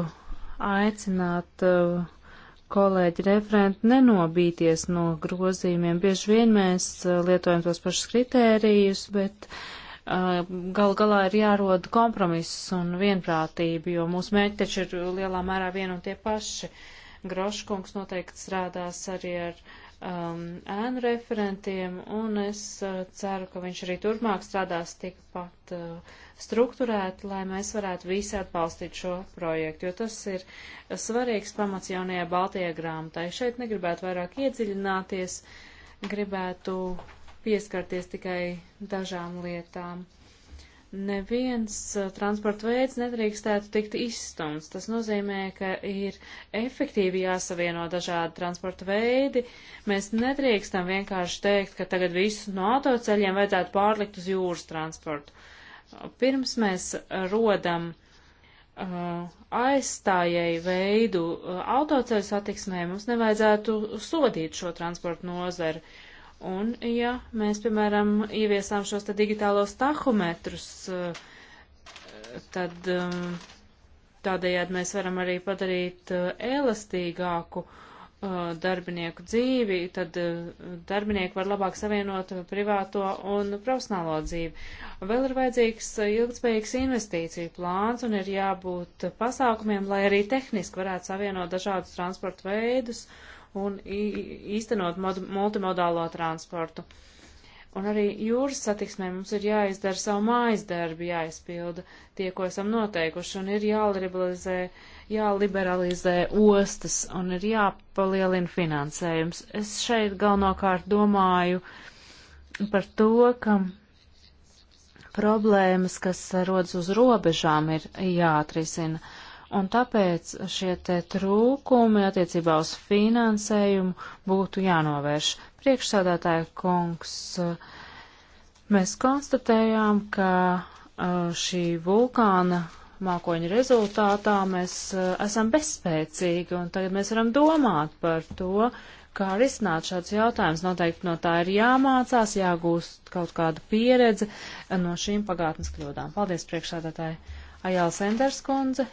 Speaker 3: aicināt eh, kolēģi referenti nenobīties no grozījumiem. Bieži vien mēs eh, lietojam tos pašus kritērijus, bet gal galā ir jārod kompromiss un vienprātība, jo mūsu mērķi taču ir lielā mērā vien un tie paši. Groškungs noteikti strādās arī ar uh, um, ēnu referentiem, un es uh, ceru, ka viņš arī turpmāk strādās tikpat uh, struktūrēt, lai mēs varētu visi atbalstīt šo projektu, jo tas ir svarīgs pamats jaunajā Baltijā grāmatai. Šeit negribētu vairāk iedziļināties, gribētu pieskarties tikai dažām lietām neviens eh, transporta veids nedrīkstētu tikt izstumts. Tas nozīmē, ka ir efektīvi jāsavieno dažādi transporta veidi. Mēs nedrīkstam vienkārši teikt, ka tagad visus no autoceļiem vajadzētu pārlikt uz jūras transportu. Pirms mēs rodam uh, aizstājēju veidu eh, autoceļu satiksmē, mums nevajadzētu sodīt šo transportu nozari. Uh, Un, ja mēs, piemēram, ieviesām šos te digitālos tahometrus, eh, tad um, tādējādi mēs varam arī padarīt eh, elastīgāku eh, darbinieku dzīvi, tad darbinieki var labāk savienot privāto un profesionālo dzīvi. Vēl ir vajadzīgs ilgspējīgs investīciju plāns un ir jābūt pasākumiem, lai arī tehniski varētu savienot dažādus transporta veidus. Uh, un īstenot multimodālo transportu. Un arī jūras satiksmē mums ir jāizdara savu mājas darbu, jāizpilda tie, ko esam noteikuši, un ir jāliberalizē, jāliberalizē ostas, un ir jāpalielina finansējums. Es šeit galvenokārt domāju par to, ka problēmas, kas rodas uz robežām, ir jāatrisina. Uh, Un tāpēc šie te trūkumi attiecībā uz finansējumu būtu jānovērš. Priekšsādātāja kungs, mēs konstatējām, ka šī vulkāna mākoņa rezultātā mēs esam bezspēcīgi, un tagad mēs varam domāt par to, kā risināt šāds jautājums. Noteikti no tā ir jāmācās, jāgūst kaut kāda pieredze no šīm pagātnes kļūdām. Paldies, priekšsādātāji. Ajāls Enders kundze,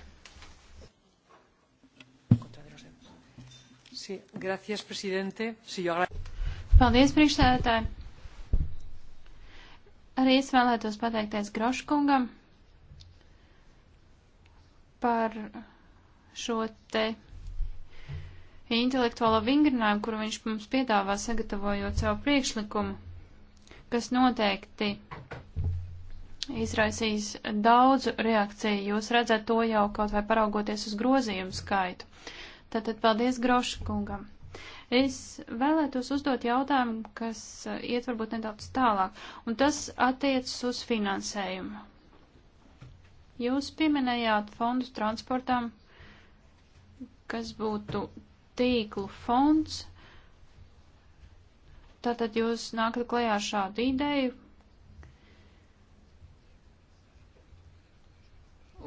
Speaker 3: Sí, gracias, presidente. Sí, yo...
Speaker 2: Paldies, priekšsēdētāji. Arī es vēlētos pateikties Groškungam par šo te intelektuālo vingrinājumu, kuru viņš mums piedāvā sagatavojot savu priekšlikumu, kas noteikti izraisīs daudzu reakciju. Jūs redzat to jau kaut vai paraugoties uz grozījumu skaitu. Tātad paldies Groša kungam. Es vēlētos uzdot jautājumu, kas uh, iet varbūt nedaudz tālāk, un tas attiecas uz finansējumu. Jūs pieminējāt fondus transportam, kas būtu tīklu fonds. Tātad jūs nākat klajā šādu ideju,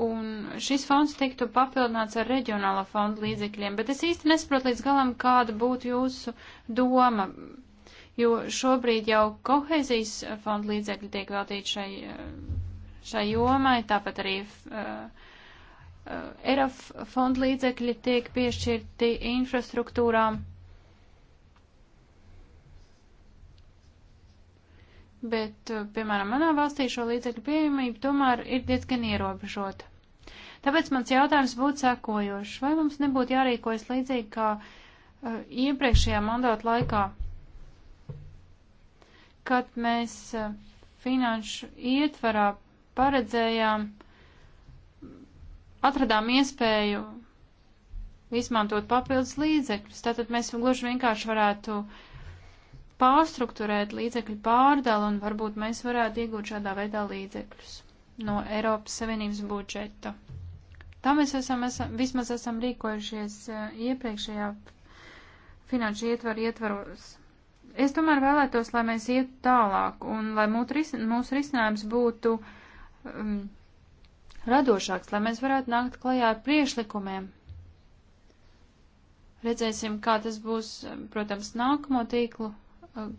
Speaker 2: Un šis fonds tiktu papildināts ar reģionāla fonda līdzekļiem, bet es īsti nesaprotu līdz galam, kāda būtu jūsu doma, jo šobrīd jau kohēzijas fonda līdzekļi tiek veltīti šai, eh, šai jomai, tāpat arī uh, eh, ERAF eh, fonda līdzekļi tiek piešķirti infrastruktūrām. bet, eh, piemēram, manā valstī šo līdzekļu pieejamība tomēr ir diezgan ierobežota. Tāpēc mans jautājums būtu sekojošs. Vai mums nebūtu jārīkojas līdzīgi kā uh, iepriekšējā mandāta laikā, kad mēs uh, finanšu ietvarā paredzējām, atradām iespēju izmantot papildus līdzekļus. Tātad mēs gluži vienkārši varētu uh, pārstruktūrēt līdzekļu pārdalu un varbūt mēs varētu iegūt šādā veidā līdzekļus no Eiropas Savienības budžeta. Tā mēs esam, esam vismaz esam rīkojušies eh, iepriekšējā finanšu ietvaru ietvaros. Es tomēr vēlētos, lai mēs iet tālāk un lai mūsu risinājums būtu um, radošāks, lai mēs varētu nākt klajā ar priešlikumiem, Redzēsim, kā tas būs, protams, nākamo tīklu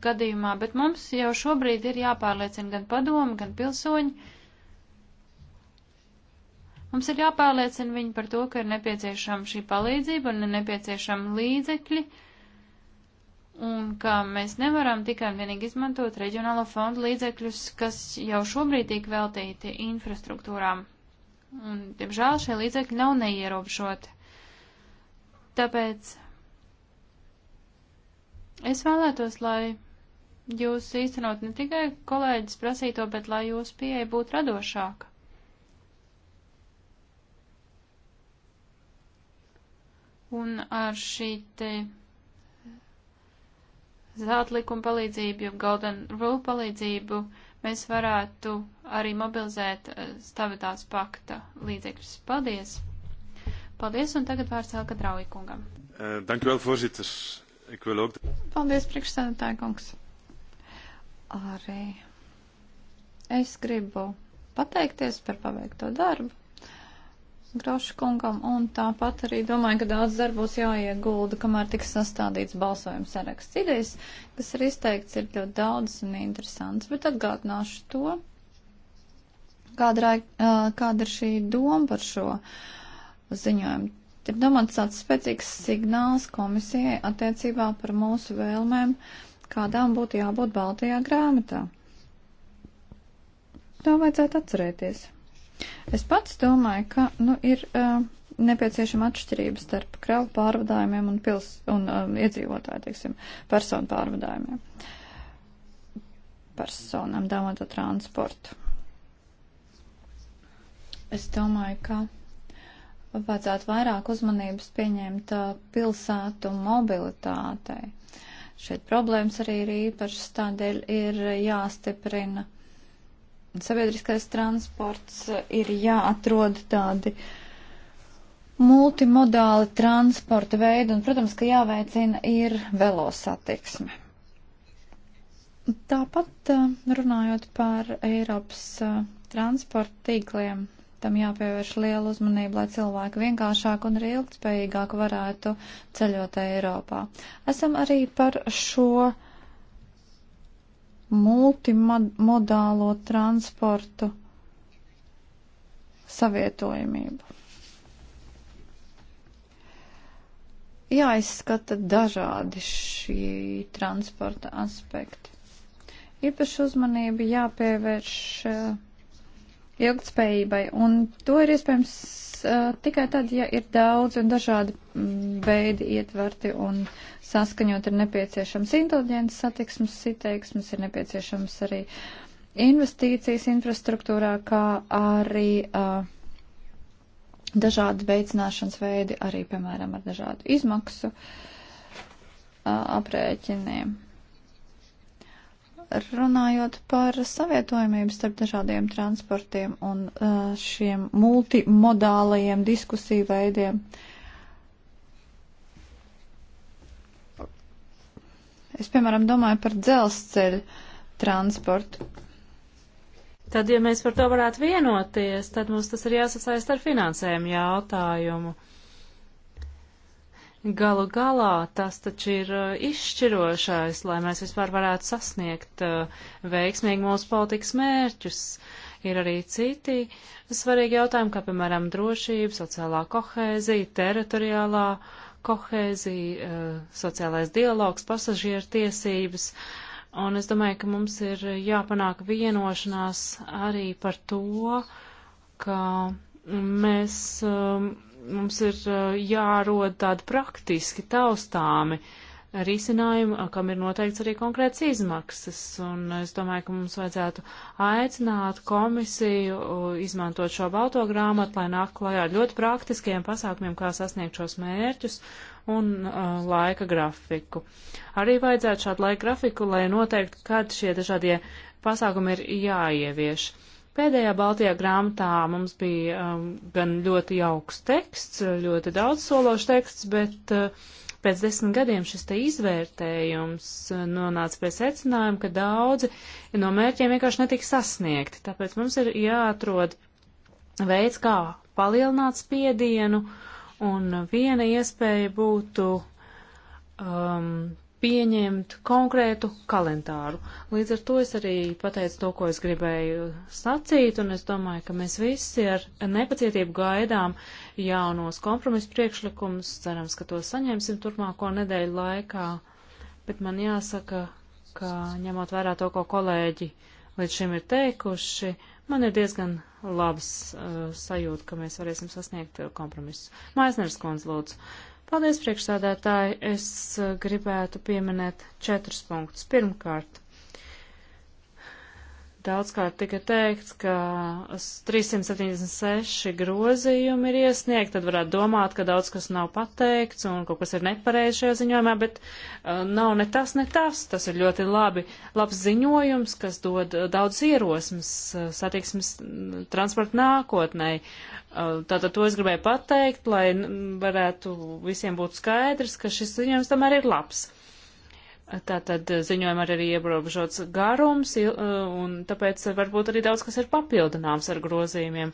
Speaker 2: gadījumā, bet mums jau šobrīd ir jāpārliecina gan padomi, gan pilsoņi. Mums ir jāpārliecina viņi par to, ka ir nepieciešama šī palīdzība un ir nepieciešama līdzekļi, un ka mēs nevaram tikai un vienīgi izmantot reģionālo fondu līdzekļus, kas jau šobrīd tiek veltīti infrastruktūrām. Un, diemžēl, šie līdzekļi nav neierobežoti. Tāpēc Es vēlētos, lai jūs īstenot ne tikai kolēģis prasīto, bet lai jūsu pieeja būtu radošāka. Un ar šī te zelta likuma palīdzību, jeb golden rule palīdzību, mēs varētu arī mobilizēt eh, stabilitātes pakta līdzekļus. Paldies! Paldies, un tagad vārds Elka Draujikungam.
Speaker 1: Uh,
Speaker 3: eh, dank u wel, voorzitter.
Speaker 1: Paldies, priekšsēdētāji kungs. Arī es gribu pateikties par paveikto darbu Grošu kungam, un tāpat arī domāju, ka daudz darbos jāiegulda, kamēr tiks sastādīts balsojums saraksts idejas, kas ir izteikts, ir ļoti daudz un interesants, bet atgādināšu to, kāda, kāda ir šī doma par šo ziņojumu. Tiek domāts tāds spēcīgs signāls komisijai attiecībā par mūsu vēlmēm, kādām būtu jābūt Baltijā grāmatā. To vajadzētu atcerēties. Es pats domāju, ka nu, ir uh, nepieciešama atšķirība starp kravu pārvadājumiem un, pils, un um, iedzīvotāju, teiksim, personu pārvadājumiem. Personam domāto transportu. Es domāju, ka vajadzētu vairāk uzmanības pieņemt uh, pilsētu mobilitātei. Šeit problēmas arī ir īpašas, tādēļ ir jāstiprina sabiedriskais transports, ir jāatrod tādi multimodāli transporta veidi, un, protams, ka jāveicina ir velosatiksme. Tāpat uh, runājot par Eiropas uh, transporta tīkliem, Tam jāpievērš liela uzmanība, lai cilvēki vienkāršāk un arī ilgtspējīgāk varētu ceļot Eiropā. Esam arī par šo multimodālo transportu savietojamību. Jāizskata dažādi šī transporta aspekti. Īpaši uzmanība jāpievērš uh, ilgtspējībai, un to ir iespējams uh, tikai tad, ja ir daudz un dažādi mm, veidi ietverti un saskaņot ir nepieciešams inteliģents satiksmes siteiksmes, ir nepieciešams arī investīcijas infrastruktūrā, kā arī uh, dažādi veicināšanas veidi, arī, piemēram, ar dažādu izmaksu uh, aprēķiniem. Runājot par savietojumību starp dažādiem transportiem un uh, šiem multimodālajiem diskusiju veidiem, es, piemēram, domāju par dzelzceļu transportu.
Speaker 3: Tad, ja mēs par to varētu vienoties, tad mums tas ir jāsasaist ar finansējumu jautājumu. Galu galā tas taču ir eh, izšķirošais, lai mēs vispār varētu sasniegt eh, veiksmīgi mūsu politikas mērķus. Ir arī citi svarīgi jautājumi, kā piemēram drošība, sociālā kohēzija, teritoriālā kohēzija, eh, sociālais dialogs, pasažieru tiesības. Un es domāju, ka mums ir jāpanāk vienošanās arī par to, ka mēs um, mums ir eh, jārod tādi praktiski taustāmi risinājumi, kam ir noteikts arī konkrēts izmaksas. Un es domāju, ka mums vajadzētu aicināt komisiju izmantot šo balto grāmatu, lai nāk klajā ļoti praktiskiem pasākumiem, kā sasniegt šos mērķus un uh, laika grafiku. Arī vajadzētu šādu laika grafiku, lai noteikti, kad šie dažādie pasākumi ir jāievieš. Uh, Pēdējā Baltijā grāmatā mums bija um, gan ļoti jauks teksts, ļoti daudz sološs teksts, bet uh, pēc desmit gadiem šis te izvērtējums uh, nonāca pie secinājuma, ka daudzi no mērķiem vienkārši netika sasniegti. Tāpēc mums ir jāatrod veids, kā palielināt spiedienu, un viena iespēja būtu um, pieņemt konkrētu kalendāru. Līdz ar to es arī pateicu to, ko es gribēju sacīt, un es domāju, ka mēs visi ar nepacietību gaidām jaunos kompromisu priekšlikumus, cerams, ka to saņemsim turpmāko nedēļu laikā, bet man jāsaka, ka ņemot vērā to, ko kolēģi līdz šim ir teikuši, man ir diezgan labs uh, sajūta, ka mēs varēsim sasniegt uh, kompromisu. Maisners kundz, lūdzu. Uh, Paldies, priekšsādātāji. Es eh, gribētu pieminēt četrus punktus. Pirmkārt, Daudzkārt tika teikts, ka 376 grozījumi ir iesniegti, tad varētu domāt, ka daudz kas nav pateikts un kaut kas ir nepareizi šajā ziņojumā, bet uh, nav ne tas, ne tas. Tas ir ļoti labi, labs ziņojums, kas dod uh, daudz ierosmes uh, satiksmes mm, transporta nākotnē. Uh, tātad to es gribēju pateikt, lai varētu visiem būt skaidrs, ka šis ziņojums tomēr ir labs. Tātad eh, ziņojumā arī ir ierobežots garums, eh, un tāpēc varbūt arī daudz kas ir papildināms ar grozījumiem.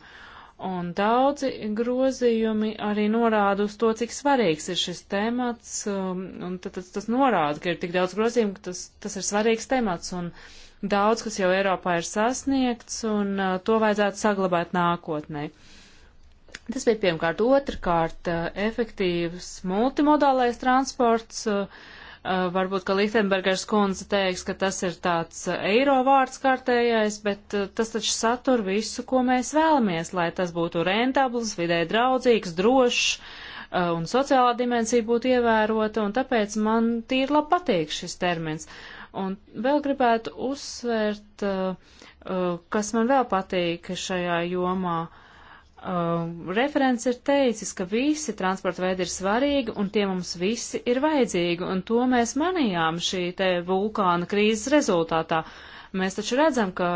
Speaker 3: Un daudzi grozījumi arī norāda uz to, cik svarīgs ir šis temats, um, un tad, tad, tas norāda, ka ir tik daudz grozījumu, ka tas, tas ir svarīgs temats, un daudz, kas jau Eiropā ir sasniegts, un eh, to vajadzētu saglabāt nākotnē. Tas bija pirmkārt. Otrkārt, efektīvs multimodālais transports. Uh, Eh, varbūt, ka Lichtenbergers kundze teiks, ka tas ir tāds eh, eiro vārds kārtējais, bet eh, tas taču satur visu, ko mēs vēlamies, lai tas būtu rentabls, vidē draudzīgs, drošs un sociālā dimensija būtu ievērota, un tāpēc man tīri labi patīk šis termins. Un vēl gribētu uzsvērt, kas man vēl patīk šajā jomā. Uh, Uh, referents ir teicis, ka visi transporta veidi ir svarīgi un tie mums visi ir vajadzīgi, un to mēs manījām šī te vulkāna krīzes rezultātā. Mēs taču redzam, ka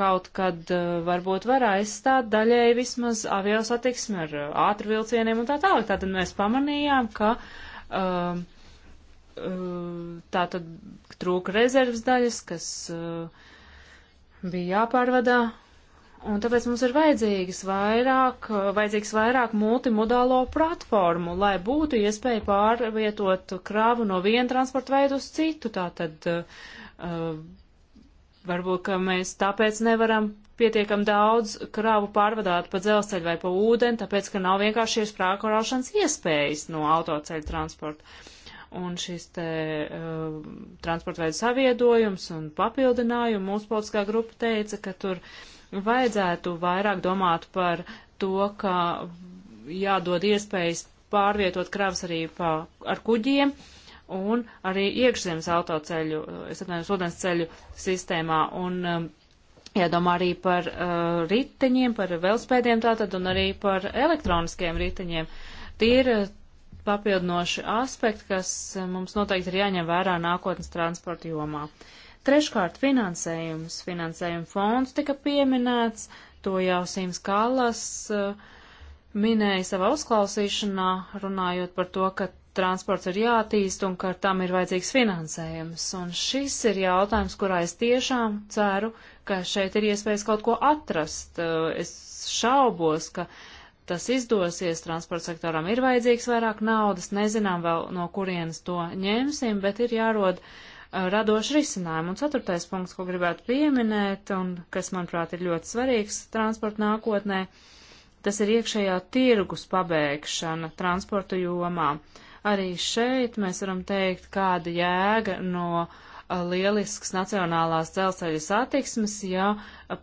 Speaker 3: kaut kad uh, varbūt var aizstāt daļēji vismaz aviosatiksmi ar uh, ātrvilcieniem un tā tālāk. Tātad mēs pamanījām, ka um, uh, tātad trūka rezerves daļas, kas uh, bija jāpārvadā, Un tāpēc mums ir vajadzīgs vairāk, vajadzīgs vairāk multimodālo platformu, lai būtu iespēja pārvietot kravu no viena transporta veidu uz citu. Tātad uh, varbūt, ka mēs tāpēc nevaram pietiekam daudz kravu pārvadāt pa dzelzceļu vai pa ūdeni, tāpēc, ka nav vienkārši šīs prākorāšanas iespējas no autoceļu transporta. Un šis te uh, transporta veidu saviedojums un papildinājumu mūsu politiskā grupa teica, ka tur uh, vajadzētu vairāk domāt par to, ka jādod iespējas pārvietot kravas arī pa, ar kuģiem un arī iekšzemes autoceļu, es atvainojos, ūdens ceļu sistēmā. Un, um, Jādomā arī par uh, riteņiem, par velospēdiem tātad un arī par elektroniskiem riteņiem. Tie ir uh, papildinoši aspekti, kas uh, mums noteikti ir jāņem vērā nākotnes transporta jomā. Uh, Treškārt, finansējums. Finansējuma fonds tika pieminēts, to jau Sīms Kallas eh, minēja savā uzklausīšanā, runājot par to, ka transports ir jātīst un ka tam ir vajadzīgs finansējums. Un šis ir jautājums, kurā es tiešām ceru, ka šeit ir iespējas kaut ko atrast. Eh, es šaubos, ka tas izdosies, transporta sektoram ir vajadzīgs vairāk naudas, nezinām vēl no kurienes to ņemsim, bet ir jārod uh, radošu risinājumu. Un ceturtais punkts, ko gribētu pieminēt un kas, manuprāt, ir ļoti svarīgs transporta nākotnē, tas ir iekšējā tirgus pabeigšana transporta jomā. Arī šeit mēs varam teikt, kāda jēga no lielisks nacionālās dzelzceļa satiksmes, ja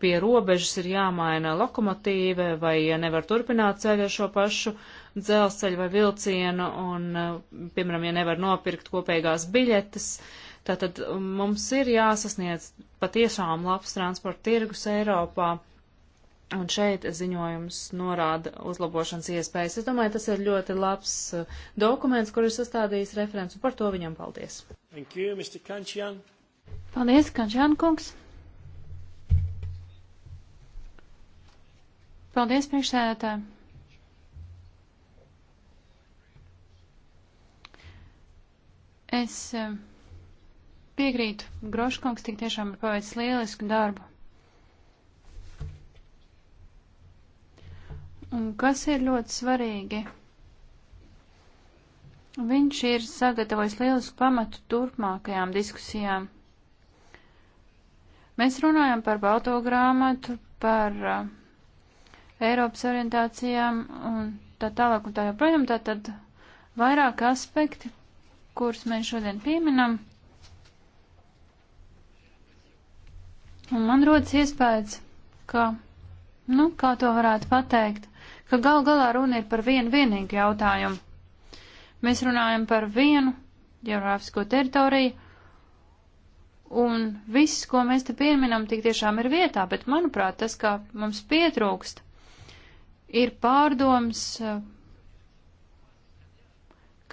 Speaker 3: pie robežas ir jāmaina lokomotīve vai ja nevar turpināt ceļu ar šo pašu dzelzceļu vai vilcienu un, piemēram, ja nevar nopirkt kopīgās biļetes, uh, Tātad um, mums ir jāsasniedz patiešām labs transporta tirgus Eiropā. Un šeit ziņojums norāda uzlabošanas iespējas. Es domāju, tas ir ļoti labs uh, dokuments, kur ir sastādījis referents, un par to viņam paldies.
Speaker 2: Thank you, Mr. Kančian.
Speaker 3: Paldies, Kančian
Speaker 2: kungs. Paldies, priekšsēdētāji. Es. Uh, Piekrītu, Groškungs tik tiešām ir paveicis lielisku darbu. Un kas ir ļoti svarīgi? Viņš ir sagatavojis lielisku pamatu turpmākajām diskusijām. Mēs runājam par balto grāmatu, par uh, Eiropas orientācijām un tā tālāk un tā joprojām. Tātad vairāk aspekti, kurus mēs šodien pieminam, Un man rodas iespējas, ka, nu, kā to varētu pateikt, ka gal galā runa ir par vienu vienīgu jautājumu. Mēs runājam par vienu geogrāfisko teritoriju, un viss, ko mēs te pieminam, tik tiešām ir vietā, bet, manuprāt, tas, kā mums pietrūkst, ir pārdoms,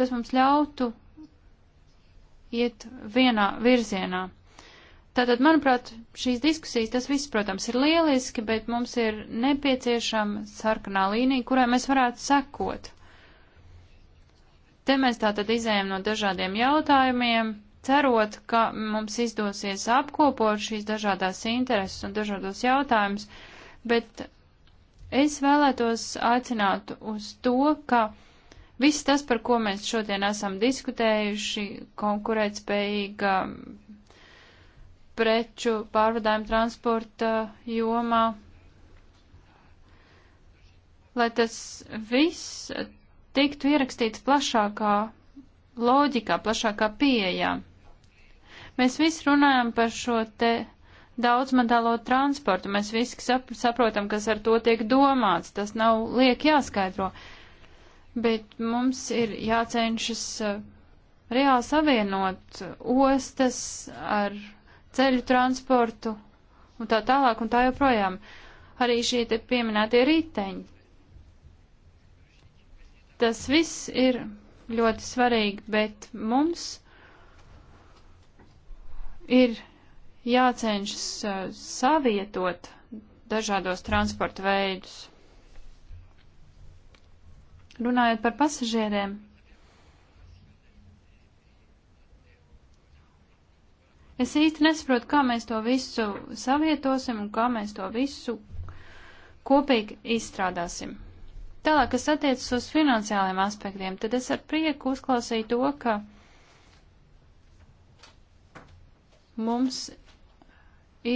Speaker 2: kas mums ļautu iet vienā virzienā. Tātad, manuprāt, šīs diskusijas, tas viss, protams, ir lieliski, bet mums ir nepieciešama sarkanā līnija, kurai mēs varētu sekot. Te mēs tātad izējām no dažādiem jautājumiem, cerot, ka mums izdosies apkopot šīs dažādās intereses un dažādos jautājumus, bet es vēlētos aicināt uz to, ka viss tas, par ko mēs šodien esam diskutējuši, konkurētspējīga preču pārvadājumu transporta jomā, lai tas viss tiktu ierakstīts plašākā loģikā, plašākā pieejā. Mēs visi runājam par šo te daudzmodālo transportu, mēs visi sap saprotam, kas ar to tiek domāts, tas nav liek jāskaidro, bet mums ir jācenšas eh, reāli savienot ostas ar ceļu transportu un tā tālāk un tā joprojām. Arī šie te pieminētie riteņi. Tas viss ir ļoti svarīgi, bet mums ir jācenšas uh, savietot dažādos transporta veidus. Runājot par pasažieriem, Es īsti nesaprotu, kā mēs to visu savietosim un kā mēs to visu kopīgi izstrādāsim. Tālāk, kas attiecas uz finansiāliem aspektiem, tad es ar prieku uzklausīju to, ka mums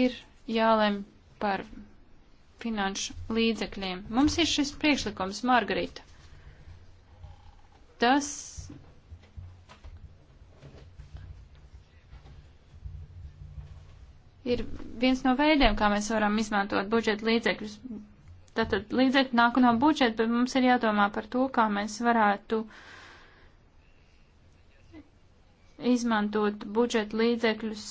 Speaker 2: ir jālem par finanšu līdzekļiem. Mums ir šis priekšlikums, Margarita. Tas ir viens no veidiem, kā mēs varam izmantot budžeta līdzekļus. Tātad līdzekļi nāk no budžeta, bet mums ir jādomā par to, kā mēs varētu izmantot budžeta līdzekļus,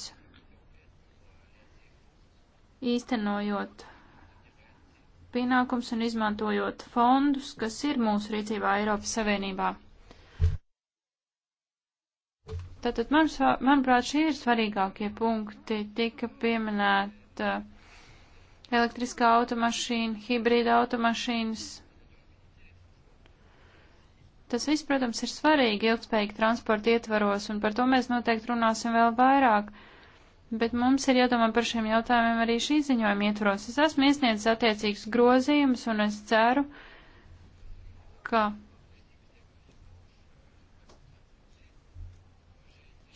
Speaker 2: īstenojot pienākums un izmantojot fondus, kas ir mūsu rīcībā Eiropas Savienībā. Tātad, man, manuprāt, šie ir svarīgākie punkti. Tika pieminēta elektriskā automašīna, hibrīda automašīnas. Tas viss, protams, ir svarīgi ilgspējīgi transporta ietvaros, un par to mēs noteikti runāsim vēl vairāk. Bet mums ir jādomā par šiem jautājumiem arī šī ziņojuma ietvaros. Es esmu iesniedzis attiecīgs grozījums, un es ceru, ka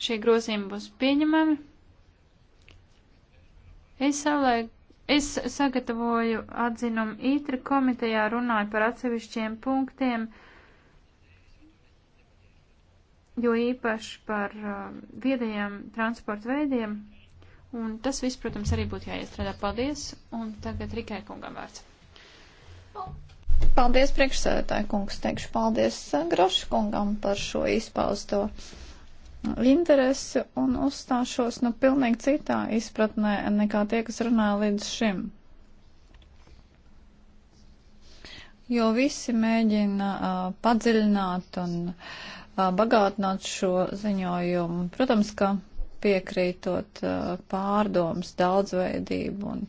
Speaker 2: šie grozījumi būs pieņemami. Es, savlaik, es sagatavoju atzinumu ītri komitejā, runāju par atsevišķiem punktiem, jo īpaši par uh, viedajiem transporta veidiem. Un tas viss, protams, arī būtu jāiestrādā. Paldies! Un tagad Rikai kungam vārds.
Speaker 1: Paldies, priekšsēdētāji kungs. Teikšu paldies uh, Grošu kungam par šo izpausto. Uh, interesi un uzstāšos nu pilnīgi citā izpratnē nekā tie, kas runāja līdz šim. Jo visi mēģina uh, padziļināt un uh, bagātināt šo ziņojumu. Protams, ka piekrītot uh, pārdomas daudzveidību un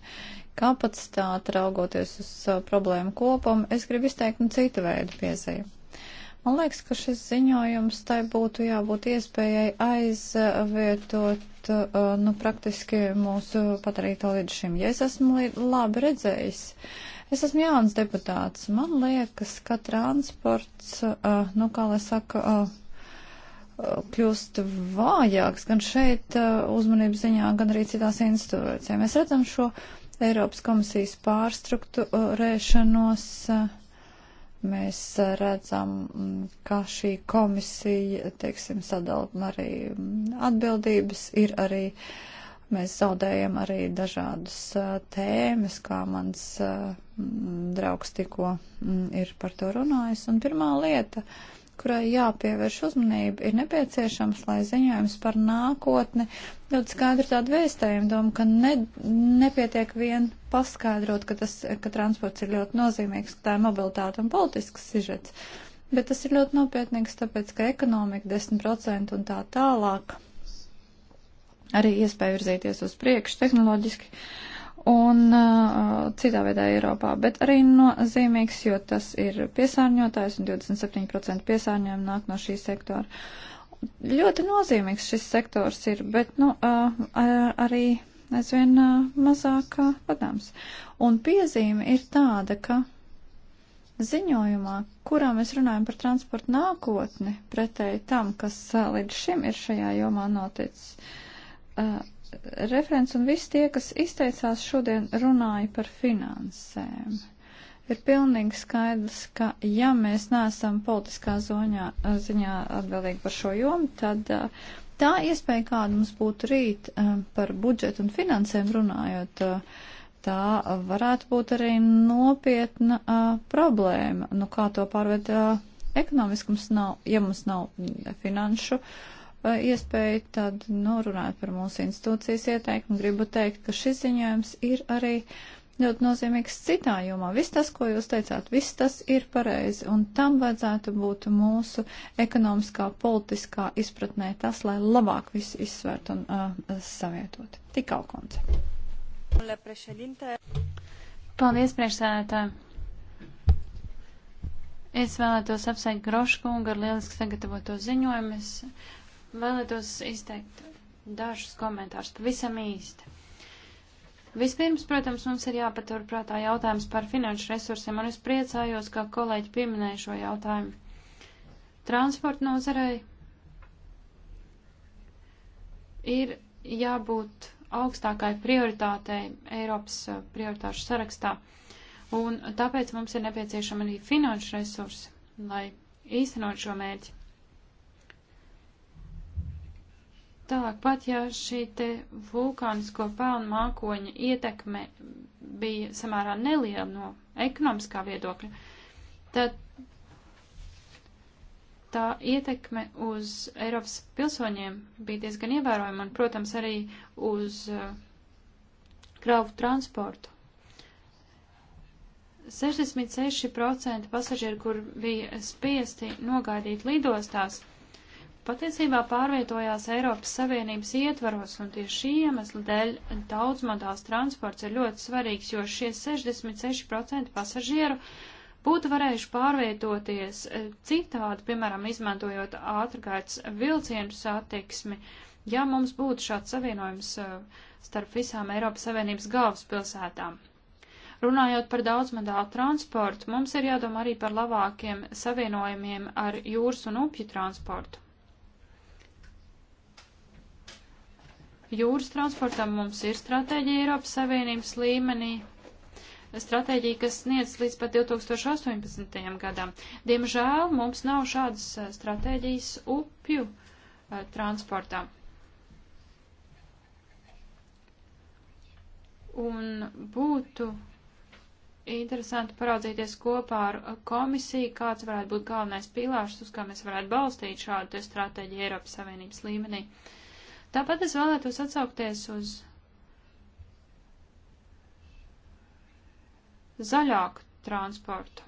Speaker 1: kapacitāti, raugoties uz uh, problēmu kopumu, es gribu izteikt nu citu veidu piezīmi. Man liekas, ka šis ziņojums tai būtu jābūt iespējai aizvietot, uh, nu, praktiski mūsu padarīto līdz šim. Ja es esmu labi redzējis, es esmu jauns deputāts, man liekas, ka transports, uh, nu, kā lai saka, uh, kļūst vājāks gan šeit uzmanības ziņā, gan arī citās institūcijās. Mēs redzam šo Eiropas komisijas pārstruktūrēšanos. Uh, Mēs eh, redzam, mm, ka šī komisija, teiksim, sadala arī mm, atbildības, ir arī, mēs zaudējam arī dažādas eh, tēmas, kā mans eh, mm, draugs tikko ir par to runājis. Un pirmā lieta, uh, kurai jāpievērš uzmanība, ir nepieciešams, lai ziņojums par nākotni ļoti skaidri tādu vēstējumu domu, ka ne, nepietiek vien paskaidrot, ka, tas, ka transports ir ļoti nozīmīgs, ka tā ir mobilitāte un politisks sižets, bet tas ir ļoti nopietnīgs, tāpēc, ka ekonomika 10% un tā tālāk arī iespēja virzīties uz priekšu tehnoloģiski. Uh, un uh, citā veidā Eiropā, bet arī nozīmīgs, jo tas ir piesārņotājs un 27% piesārņojumu nāk no šī sektora. Ļoti nozīmīgs šis sektors ir, bet nu, uh, ar, arī aizvien uh, mazāk uh, padāms. Un piezīme ir tāda, ka ziņojumā, kurā mēs runājam par transportu nākotni, pretēji tam, kas uh, līdz šim ir šajā jomā noticis, uh, referents un visi tie, kas izteicās šodien, runāja par finansēm. Ir pilnīgi skaidrs, ka ja mēs neesam politiskā zoņā, ziņā atbildīgi par šo jomu, tad uh, tā iespēja, kāda mums būtu rīt uh, par budžetu un finansēm runājot, uh, tā varētu būt arī nopietna problēma. Nu, kā to pārvērt ekonomiski mums nav, ja mums nav finanšu. Uh, iespēju tad norunāt nu, par mūsu institūcijas ieteikumu. Gribu teikt, ka šis ziņojums ir arī ļoti nozīmīgs citā jomā. Viss tas, ko jūs teicāt, viss tas ir pareizi, un tam vajadzētu būt mūsu ekonomiskā, politiskā izpratnē tas, lai labāk visu izsvērt un uh, savietot. Tik alkonce. Paldies, priekšsēdētāji!
Speaker 2: Es vēlētos apsveikt Groškungu ar lieliski sagatavoto ziņojumu. Es vēlētos izteikt dažus komentārus pavisam īsti. Vispirms, protams, mums ir jāpatur prātā jautājums par finanšu resursiem, un es priecājos, ka kolēģi pieminēja šo jautājumu. Transporta nozarei ir jābūt augstākai prioritātei Eiropas eh, prioritāšu sarakstā, un tāpēc mums ir nepieciešama arī finanšu resursi, lai īstenot šo mērķi. Tālāk pat, ja šī te vulkānisko pelnu mākoņa ietekme bija samērā neliela no ekonomiskā viedokļa, tad tā ietekme uz Eiropas pilsoņiem bija diezgan ievērojama un, protams, arī uz uh, kravu transportu. 66% pasažieru, kur bija spiesti nogaidīt lidostās, patiesībā pārvietojās Eiropas Savienības ietvaros, un tieši šī iemesla dēļ daudzmodāls transports ir ļoti svarīgs, jo šie 66% pasažieru būtu varējuši pārvietoties e, citādi, piemēram, izmantojot ātrgaitas vilcienu satiksmi, ja mums būtu šāds savienojums e, starp visām Eiropas Savienības galvaspilsētām. Runājot par daudzmedālu transportu, mums ir jādomā arī par labākiem savienojumiem ar jūras un upju transportu. Jūras transportam mums ir stratēģija Eiropas Savienības līmenī, stratēģija, kas sniedz līdz pat 2018. gadam. Diemžēl mums nav šādas eh, stratēģijas upju eh, transportā. Un būtu interesanti paraudzīties kopā ar komisiju, kāds varētu būt galvenais pīlārs, uz kā mēs varētu balstīt šādu stratēģiju Eiropas Savienības līmenī. Uh, Tāpat es vēlētos atsaukties uz zaļāku transportu.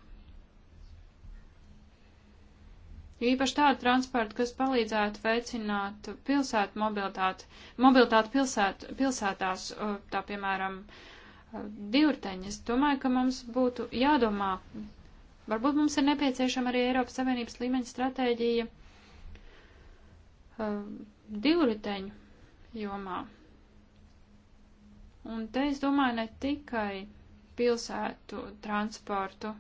Speaker 2: Īpaši tādu transportu, kas palīdzētu veicināt pilsētu mobilitāti, mobilitāti pilsēt, pilsētās, uh, tā piemēram, uh, divriteņas. Domāju, ka mums būtu jādomā, varbūt mums ir nepieciešama arī Eiropas Savienības līmeņa stratēģija uh, divriteņu jomā. Un te es domāju ne tikai pilsētu transportu,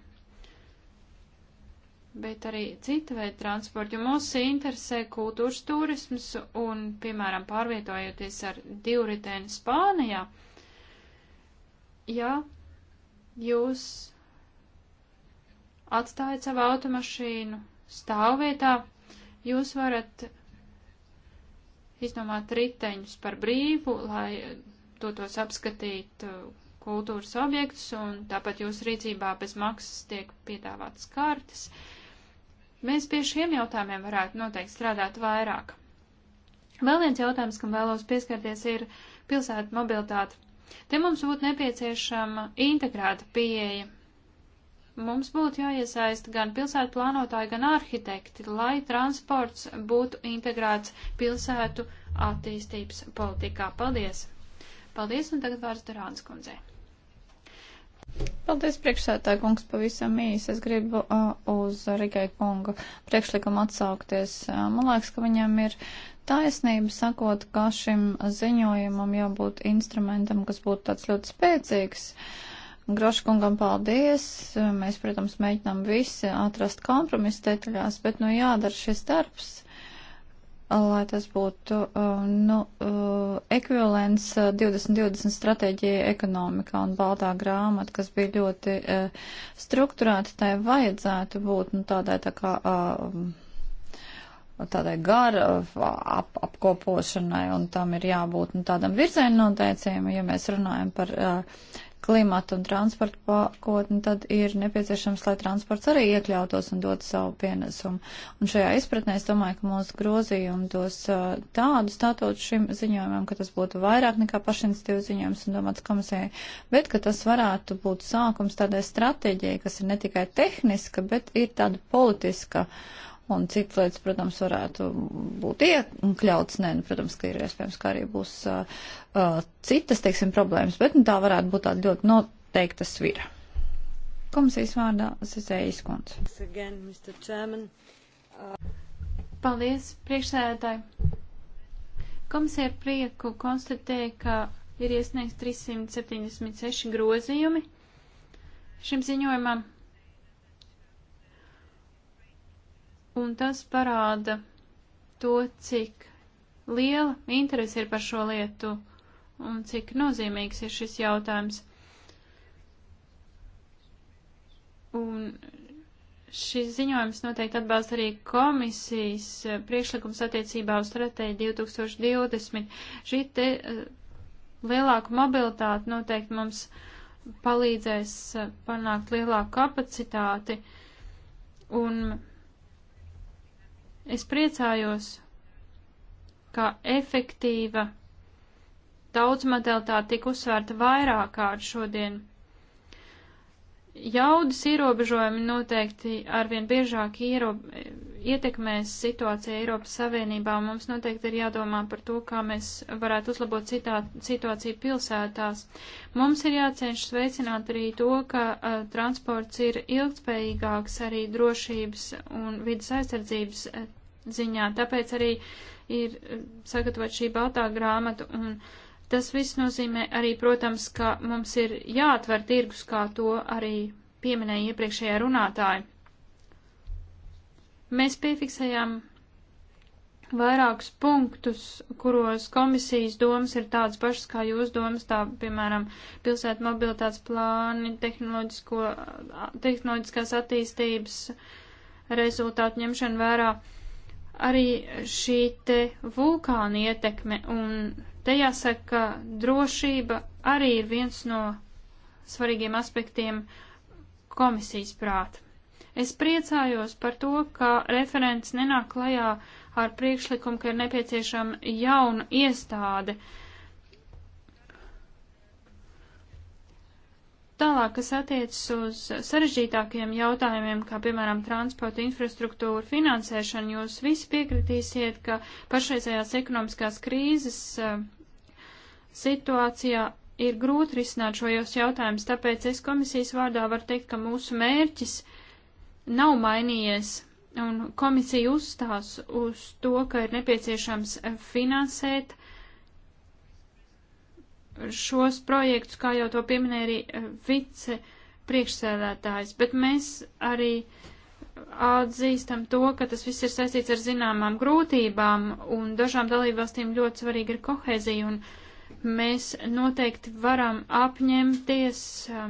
Speaker 2: bet arī cita veida transportu, jo mūs interesē kultūras turisms un, piemēram, pārvietojoties ar divritēni Spānijā, ja jūs atstājat savu automašīnu stāvvietā, jūs varat izdomāt riteņus par brīvu, lai dotos apskatīt uh, kultūras objektus, un tāpat jūsu rīcībā bez maksas tiek piedāvātas kartes. Mēs pie šiem jautājumiem varētu noteikti strādāt vairāk. Vēl viens jautājums, kam vēlos pieskarties, ir pilsētu mobilitāte. Te mums būtu nepieciešama integrēta pieeja Mums būtu jāiesaist gan pilsētu plānotāji, gan arhitekti, lai transports būtu integrēts pilsētu attīstības politikā. Paldies! Paldies, un tagad vārds Darāns kundzei.
Speaker 1: Paldies, priekšsētā kungs, pavisam īsi. Es gribu uh, uz Rigai kunga priekšlikumu atsaukties. Uh, man liekas, ka viņam ir taisnība sakot, ka šim ziņojumam jābūt instrumentam, kas būtu tāds ļoti spēcīgs. Uh, Groškungam paldies. Mēs, protams, mēģinām visi atrast kompromisu detaļās, bet nu jādara šis darbs, lai tas būtu uh, nu, uh, ekvivalents 2020 uh, stratēģija ekonomikā un baltā grāmata, kas bija ļoti strukturēta, tai vajadzētu būt nu, tādai tā kā tādai gara ap, apkopošanai, un tam ir jābūt nu, tādam virzienu noteicējumam, ja mēs runājam par uh, klimatu un transportu pakotni, tad ir nepieciešams, lai transports arī iekļautos un dotu savu pienesumu. Un šajā izpratnē es domāju, ka mūsu grozījumi dos uh, tādu statūtu šim ziņojumam, ka tas būtu vairāk nekā pašinstīvu ziņojums un domāts komisijai, bet ka tas varētu būt sākums tādai stratēģijai, kas ir ne tikai tehniska, bet ir tāda politiska Un citas lietas, protams, varētu būt iekļauts. Nē, nu, protams, ka ir iespējams, ka arī būs uh, uh, citas, teiksim, problēmas, bet nu, tā varētu būt tāda ļoti noteikta svira. Komisijas vārdā Zizējas kundze.
Speaker 2: Paldies, priekšsēdētāji. Komisija prieku konstatēja, ka ir iesniegts 376 grozījumi šim ziņojumam un tas parāda to, cik liela interese ir par šo lietu un cik nozīmīgs ir šis jautājums. Un šis ziņojums noteikti atbalsta arī komisijas priekšlikums attiecībā uz stratēģiju 2020. Šī te eh, lielāka mobilitāte noteikti mums palīdzēs eh, panākt lielāku kapacitāti un Es priecājos, ka efektīva daudzmodelitāte tika uzsvērta vairāk kārt šodien. Jaudas ierobežojumi noteikti arvien biežāk ierob... ietekmēs situāciju Eiropas Savienībā, un mums noteikti ir jādomā par to, kā mēs varētu uzlabot citā... situāciju pilsētās. Mums ir jācenšas veicināt arī to, ka uh, transports ir ilgspējīgāks arī drošības un vidas aizsardzības ziņā. Tāpēc arī ir eh, sagatavot šī baltā grāmata. Un tas viss nozīmē arī, protams, ka mums ir jāatver tirgus, kā to arī pieminēja iepriekšējā runātāja. Mēs piefiksējām vairākus punktus, kuros komisijas domas ir tādas pašas kā jūsu domas, tā piemēram pilsētu mobilitātes plāni, tehnoloģiskās attīstības rezultātu ņemšana vērā. Uh, arī šī te vulkāna ietekme, un te jāsaka, ka drošība arī ir viens no svarīgiem aspektiem komisijas prāta. Es priecājos par to, ka referents nenāk klajā ar priekšlikumu, ka ir nepieciešama jauna iestāde. Uh, Tālāk, kas attiecas uz sarežģītākiem jautājumiem, kā piemēram transporta infrastruktūra finansēšana, jūs visi piekritīsiet, ka pašreizējās ekonomiskās krīzes eh, situācijā ir grūti risināt šos jautājumus, tāpēc es komisijas vārdā varu teikt, ka mūsu mērķis nav mainījies. Un komisija uzstās uz to, ka ir nepieciešams finansēt uh, šos projektus, kā jau to pieminēja arī eh, vice priekšsēdētājs, bet mēs arī atzīstam to, ka tas viss ir saistīts ar zināmām grūtībām un dažām dalībvalstīm ļoti svarīga ir kohēzija un mēs noteikti varam apņemties eh,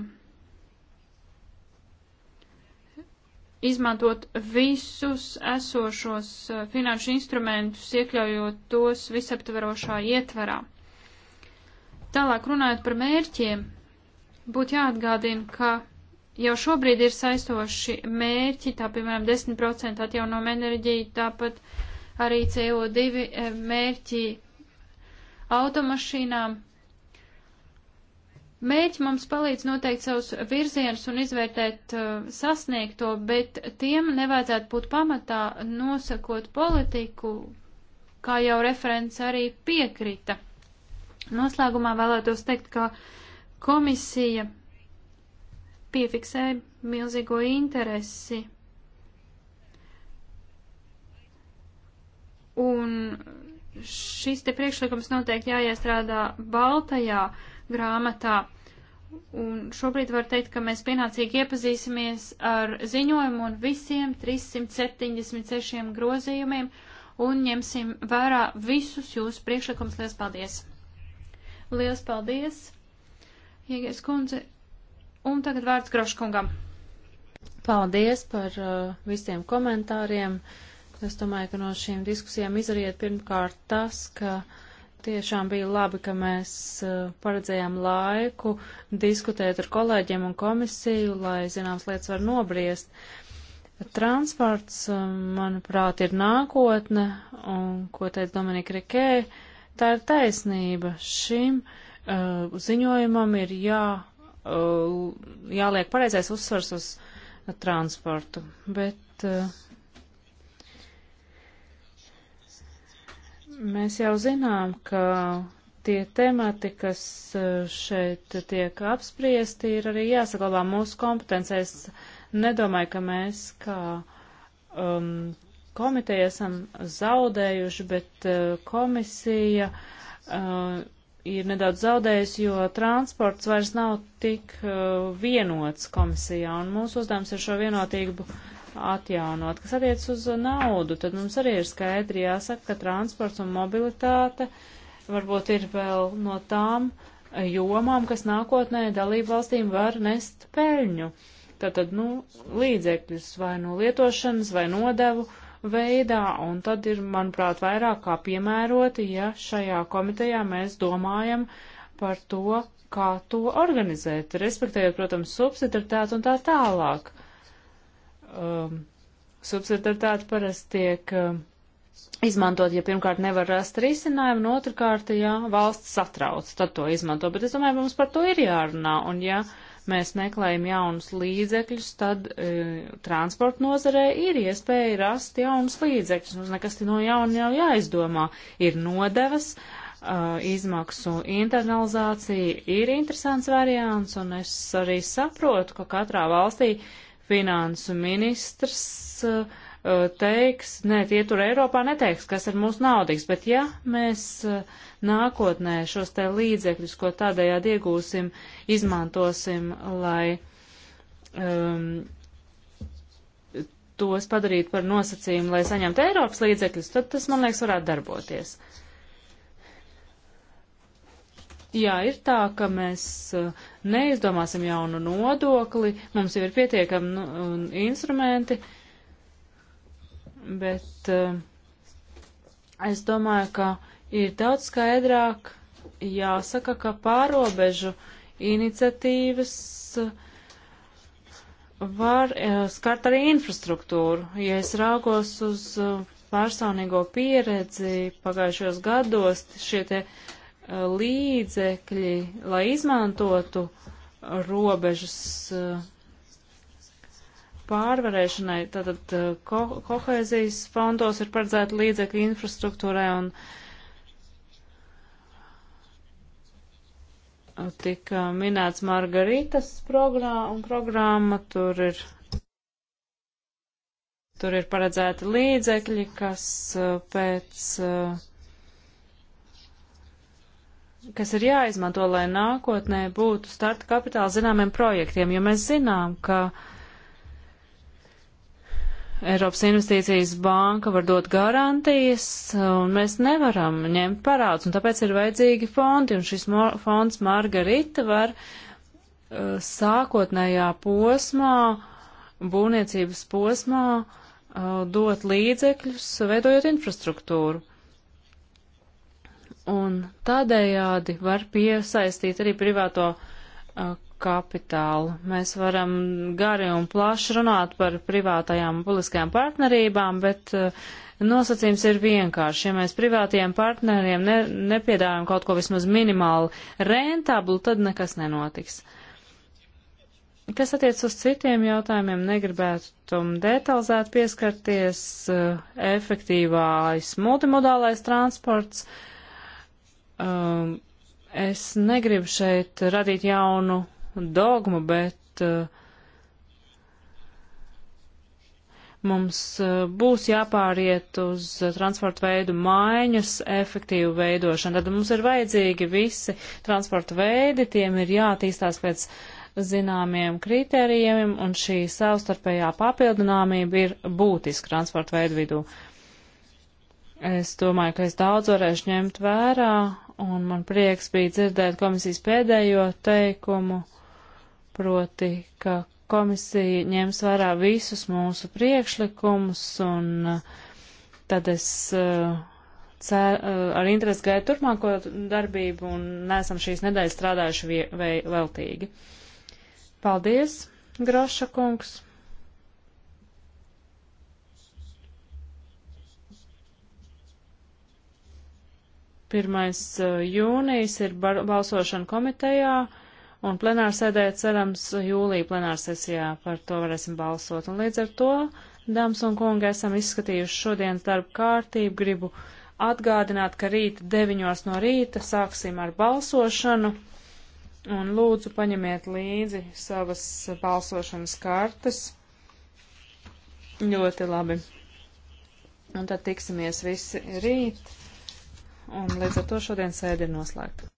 Speaker 2: izmantot visus esošos eh, finanšu instrumentus, iekļaujot tos visaptverošā ietvarā. Tālāk runājot par mērķiem, būtu jāatgādina, ka jau šobrīd ir saistoši mērķi, tā piemēram 10% atjaunoma enerģija, tāpat arī CO2 eh, mērķi automašīnām. Mērķi mums palīdz noteikt savus virzienus un izvērtēt uh, sasniegto, bet tiem nevajadzētu būt pamatā nosakot politiku, kā jau referents arī piekrita. Noslēgumā vēlētos teikt, ka komisija piefiksēja milzīgo interesi un šis te priekšlikums noteikti jāiestrādā baltajā grāmatā. Un šobrīd var teikt, ka mēs pienācīgi iepazīsimies ar ziņojumu un visiem 376 grozījumiem un ņemsim vērā visus jūsu priekšlikumus. Lielas paldies! Liels paldies, Jēgers kundze. Un tagad vārds Groškungam.
Speaker 3: Paldies par uh, visiem komentāriem. Es domāju, ka no šīm diskusijām izriet pirmkārt tas, ka tiešām bija labi, ka mēs uh, paredzējām laiku diskutēt ar kolēģiem un komisiju, lai zināms lietas var nobriest. Transports, uh, manuprāt, ir nākotne, un ko teica Dominika Rikē, uh, Tā ir taisnība. Šim uh, ziņojumam ir jā, uh, jāliek pareizais uzsvars uz uh, transportu, bet uh, mēs jau zinām, ka tie temati, kas uh, šeit tiek apspriesti, ir arī jāsaglabā mūsu kompetencēs. Nedomāju, ka mēs kā um, komiteju esam zaudējuši, bet eh, komisija eh, ir nedaudz zaudējusi, jo transports vairs nav tik eh, vienots komisijā, un mūsu uzdevums ir šo vienotību atjaunot. Kas attiec uz naudu, tad mums arī ir skaidri jāsaka, ka transports un mobilitāte varbūt ir vēl no tām jomām, kas nākotnē dalību valstīm var nest peļņu. Tātad, nu, līdzekļus vai no lietošanas vai nodevu. Uh, veidā, un tad ir, manuprāt, vairāk kā piemēroti, ja šajā komitejā mēs domājam par to, kā to organizēt, respektējot, protams, subsidiaritāti un tā tālāk. Um, subsidiaritāte parasti tiek um, izmantot, ja pirmkārt nevar rast risinājumu, un otrkārt, ja valsts satrauc, tad to izmanto. Bet es domāju, mums par to ir jārunā, un ja. Uh, mēs meklējam jaunus līdzekļus, tad e, transporta nozarē ir iespēja rast jaunus līdzekļus. Mums nekas no jauna jau jāizdomā. Ir nodevas, e, izmaksu internalizācija ir interesants variants, un es arī saprotu, ka katrā valstī finansu ministrs. E, Eh, teiks, nē, tie tur Eiropā neteiks, kas ir mūsu naudīgs, bet ja mēs eh, nākotnē šos te līdzekļus, ko tādējādi iegūsim, izmantosim, lai um, tos padarītu par nosacījumu, lai saņemtu Eiropas līdzekļus, tad tas, man liekas, varētu darboties. Jā, ir tā, ka mēs eh, neizdomāsim jaunu nodokli, mums jau ir pietiekami nu, instrumenti, uh, bet uh, es domāju, ka ir daudz skaidrāk jāsaka, ka pārobežu iniciatīvas eh, var uh, skart arī infrastruktūru. Ja es raugos uz uh, personīgo pieredzi pagājušos gados, šie te līdzekļi, lai izmantotu robežas pārvarēšanai. Tātad uh, ko kohēzijas fondos ir paredzēta līdzekļa infrastruktūrai un uh, tika minēts Margaritas programma, tur ir, tur ir paredzēti līdzekļi, kas uh, pēc kas ir jāizmanto, lai nākotnē būtu starta kapitāla zināmiem projektiem, jo mēs zinām, ka uh, Eiropas investīcijas banka var dot garantijas, un mēs nevaram ņemt parāds, un tāpēc ir vajadzīgi fondi, un šis fonds Margarita var uh, sākotnējā posmā, būvniecības posmā, uh, dot līdzekļus, veidojot infrastruktūru. Un tādējādi var piesaistīt arī privāto uh, kapitālu. Mēs varam gari un plaši runāt par privātajām un publiskajām partnerībām, bet uh, nosacījums ir vienkārši. Ja mēs privātajiem partneriem ne, nepiedāvājam kaut ko vismaz minimāli rentablu, tad nekas nenotiks. Kas attiec uz citiem jautājumiem, negribētu tam detalizēt pieskarties. Uh, efektīvais multimodālais transports. Um, es negribu šeit radīt jaunu dogmu, bet uh, mums uh, būs jāpāriet uz uh, transporta veidu maiņas efektīvu veidošanu. Tad mums ir vajadzīgi visi transporta veidi, tiem ir jātīstās pēc zināmiem kritērijiem, un šī savstarpējā papildināmība ir būtiska transporta veidu vidū. Es domāju, ka es daudz varēšu ņemt vērā, un man prieks bija dzirdēt komisijas pēdējo teikumu proti, ka komisija ņems vērā visus mūsu priekšlikumus, un uh, tad es uh, cer, uh, ar interesi gaidu turpmāko darbību, un neesam šīs nedēļas strādājuši vie, vai, veltīgi. Paldies, Groša kungs! Pirmais jūnijas ir balsošana komitejā. Un plenārsēdē cerams jūlija plenārsesijā par to varēsim balsot. Un līdz ar to, dāmas un kungi, esam izskatījuši šodienas darba kārtību. Gribu atgādināt, ka rīt 9 no rīta sāksim ar balsošanu. Un lūdzu paņemiet līdzi savas balsošanas kartes. Ļoti labi. Un tad tiksimies visi rīt. Un līdz ar to šodien sēdi ir noslēgta.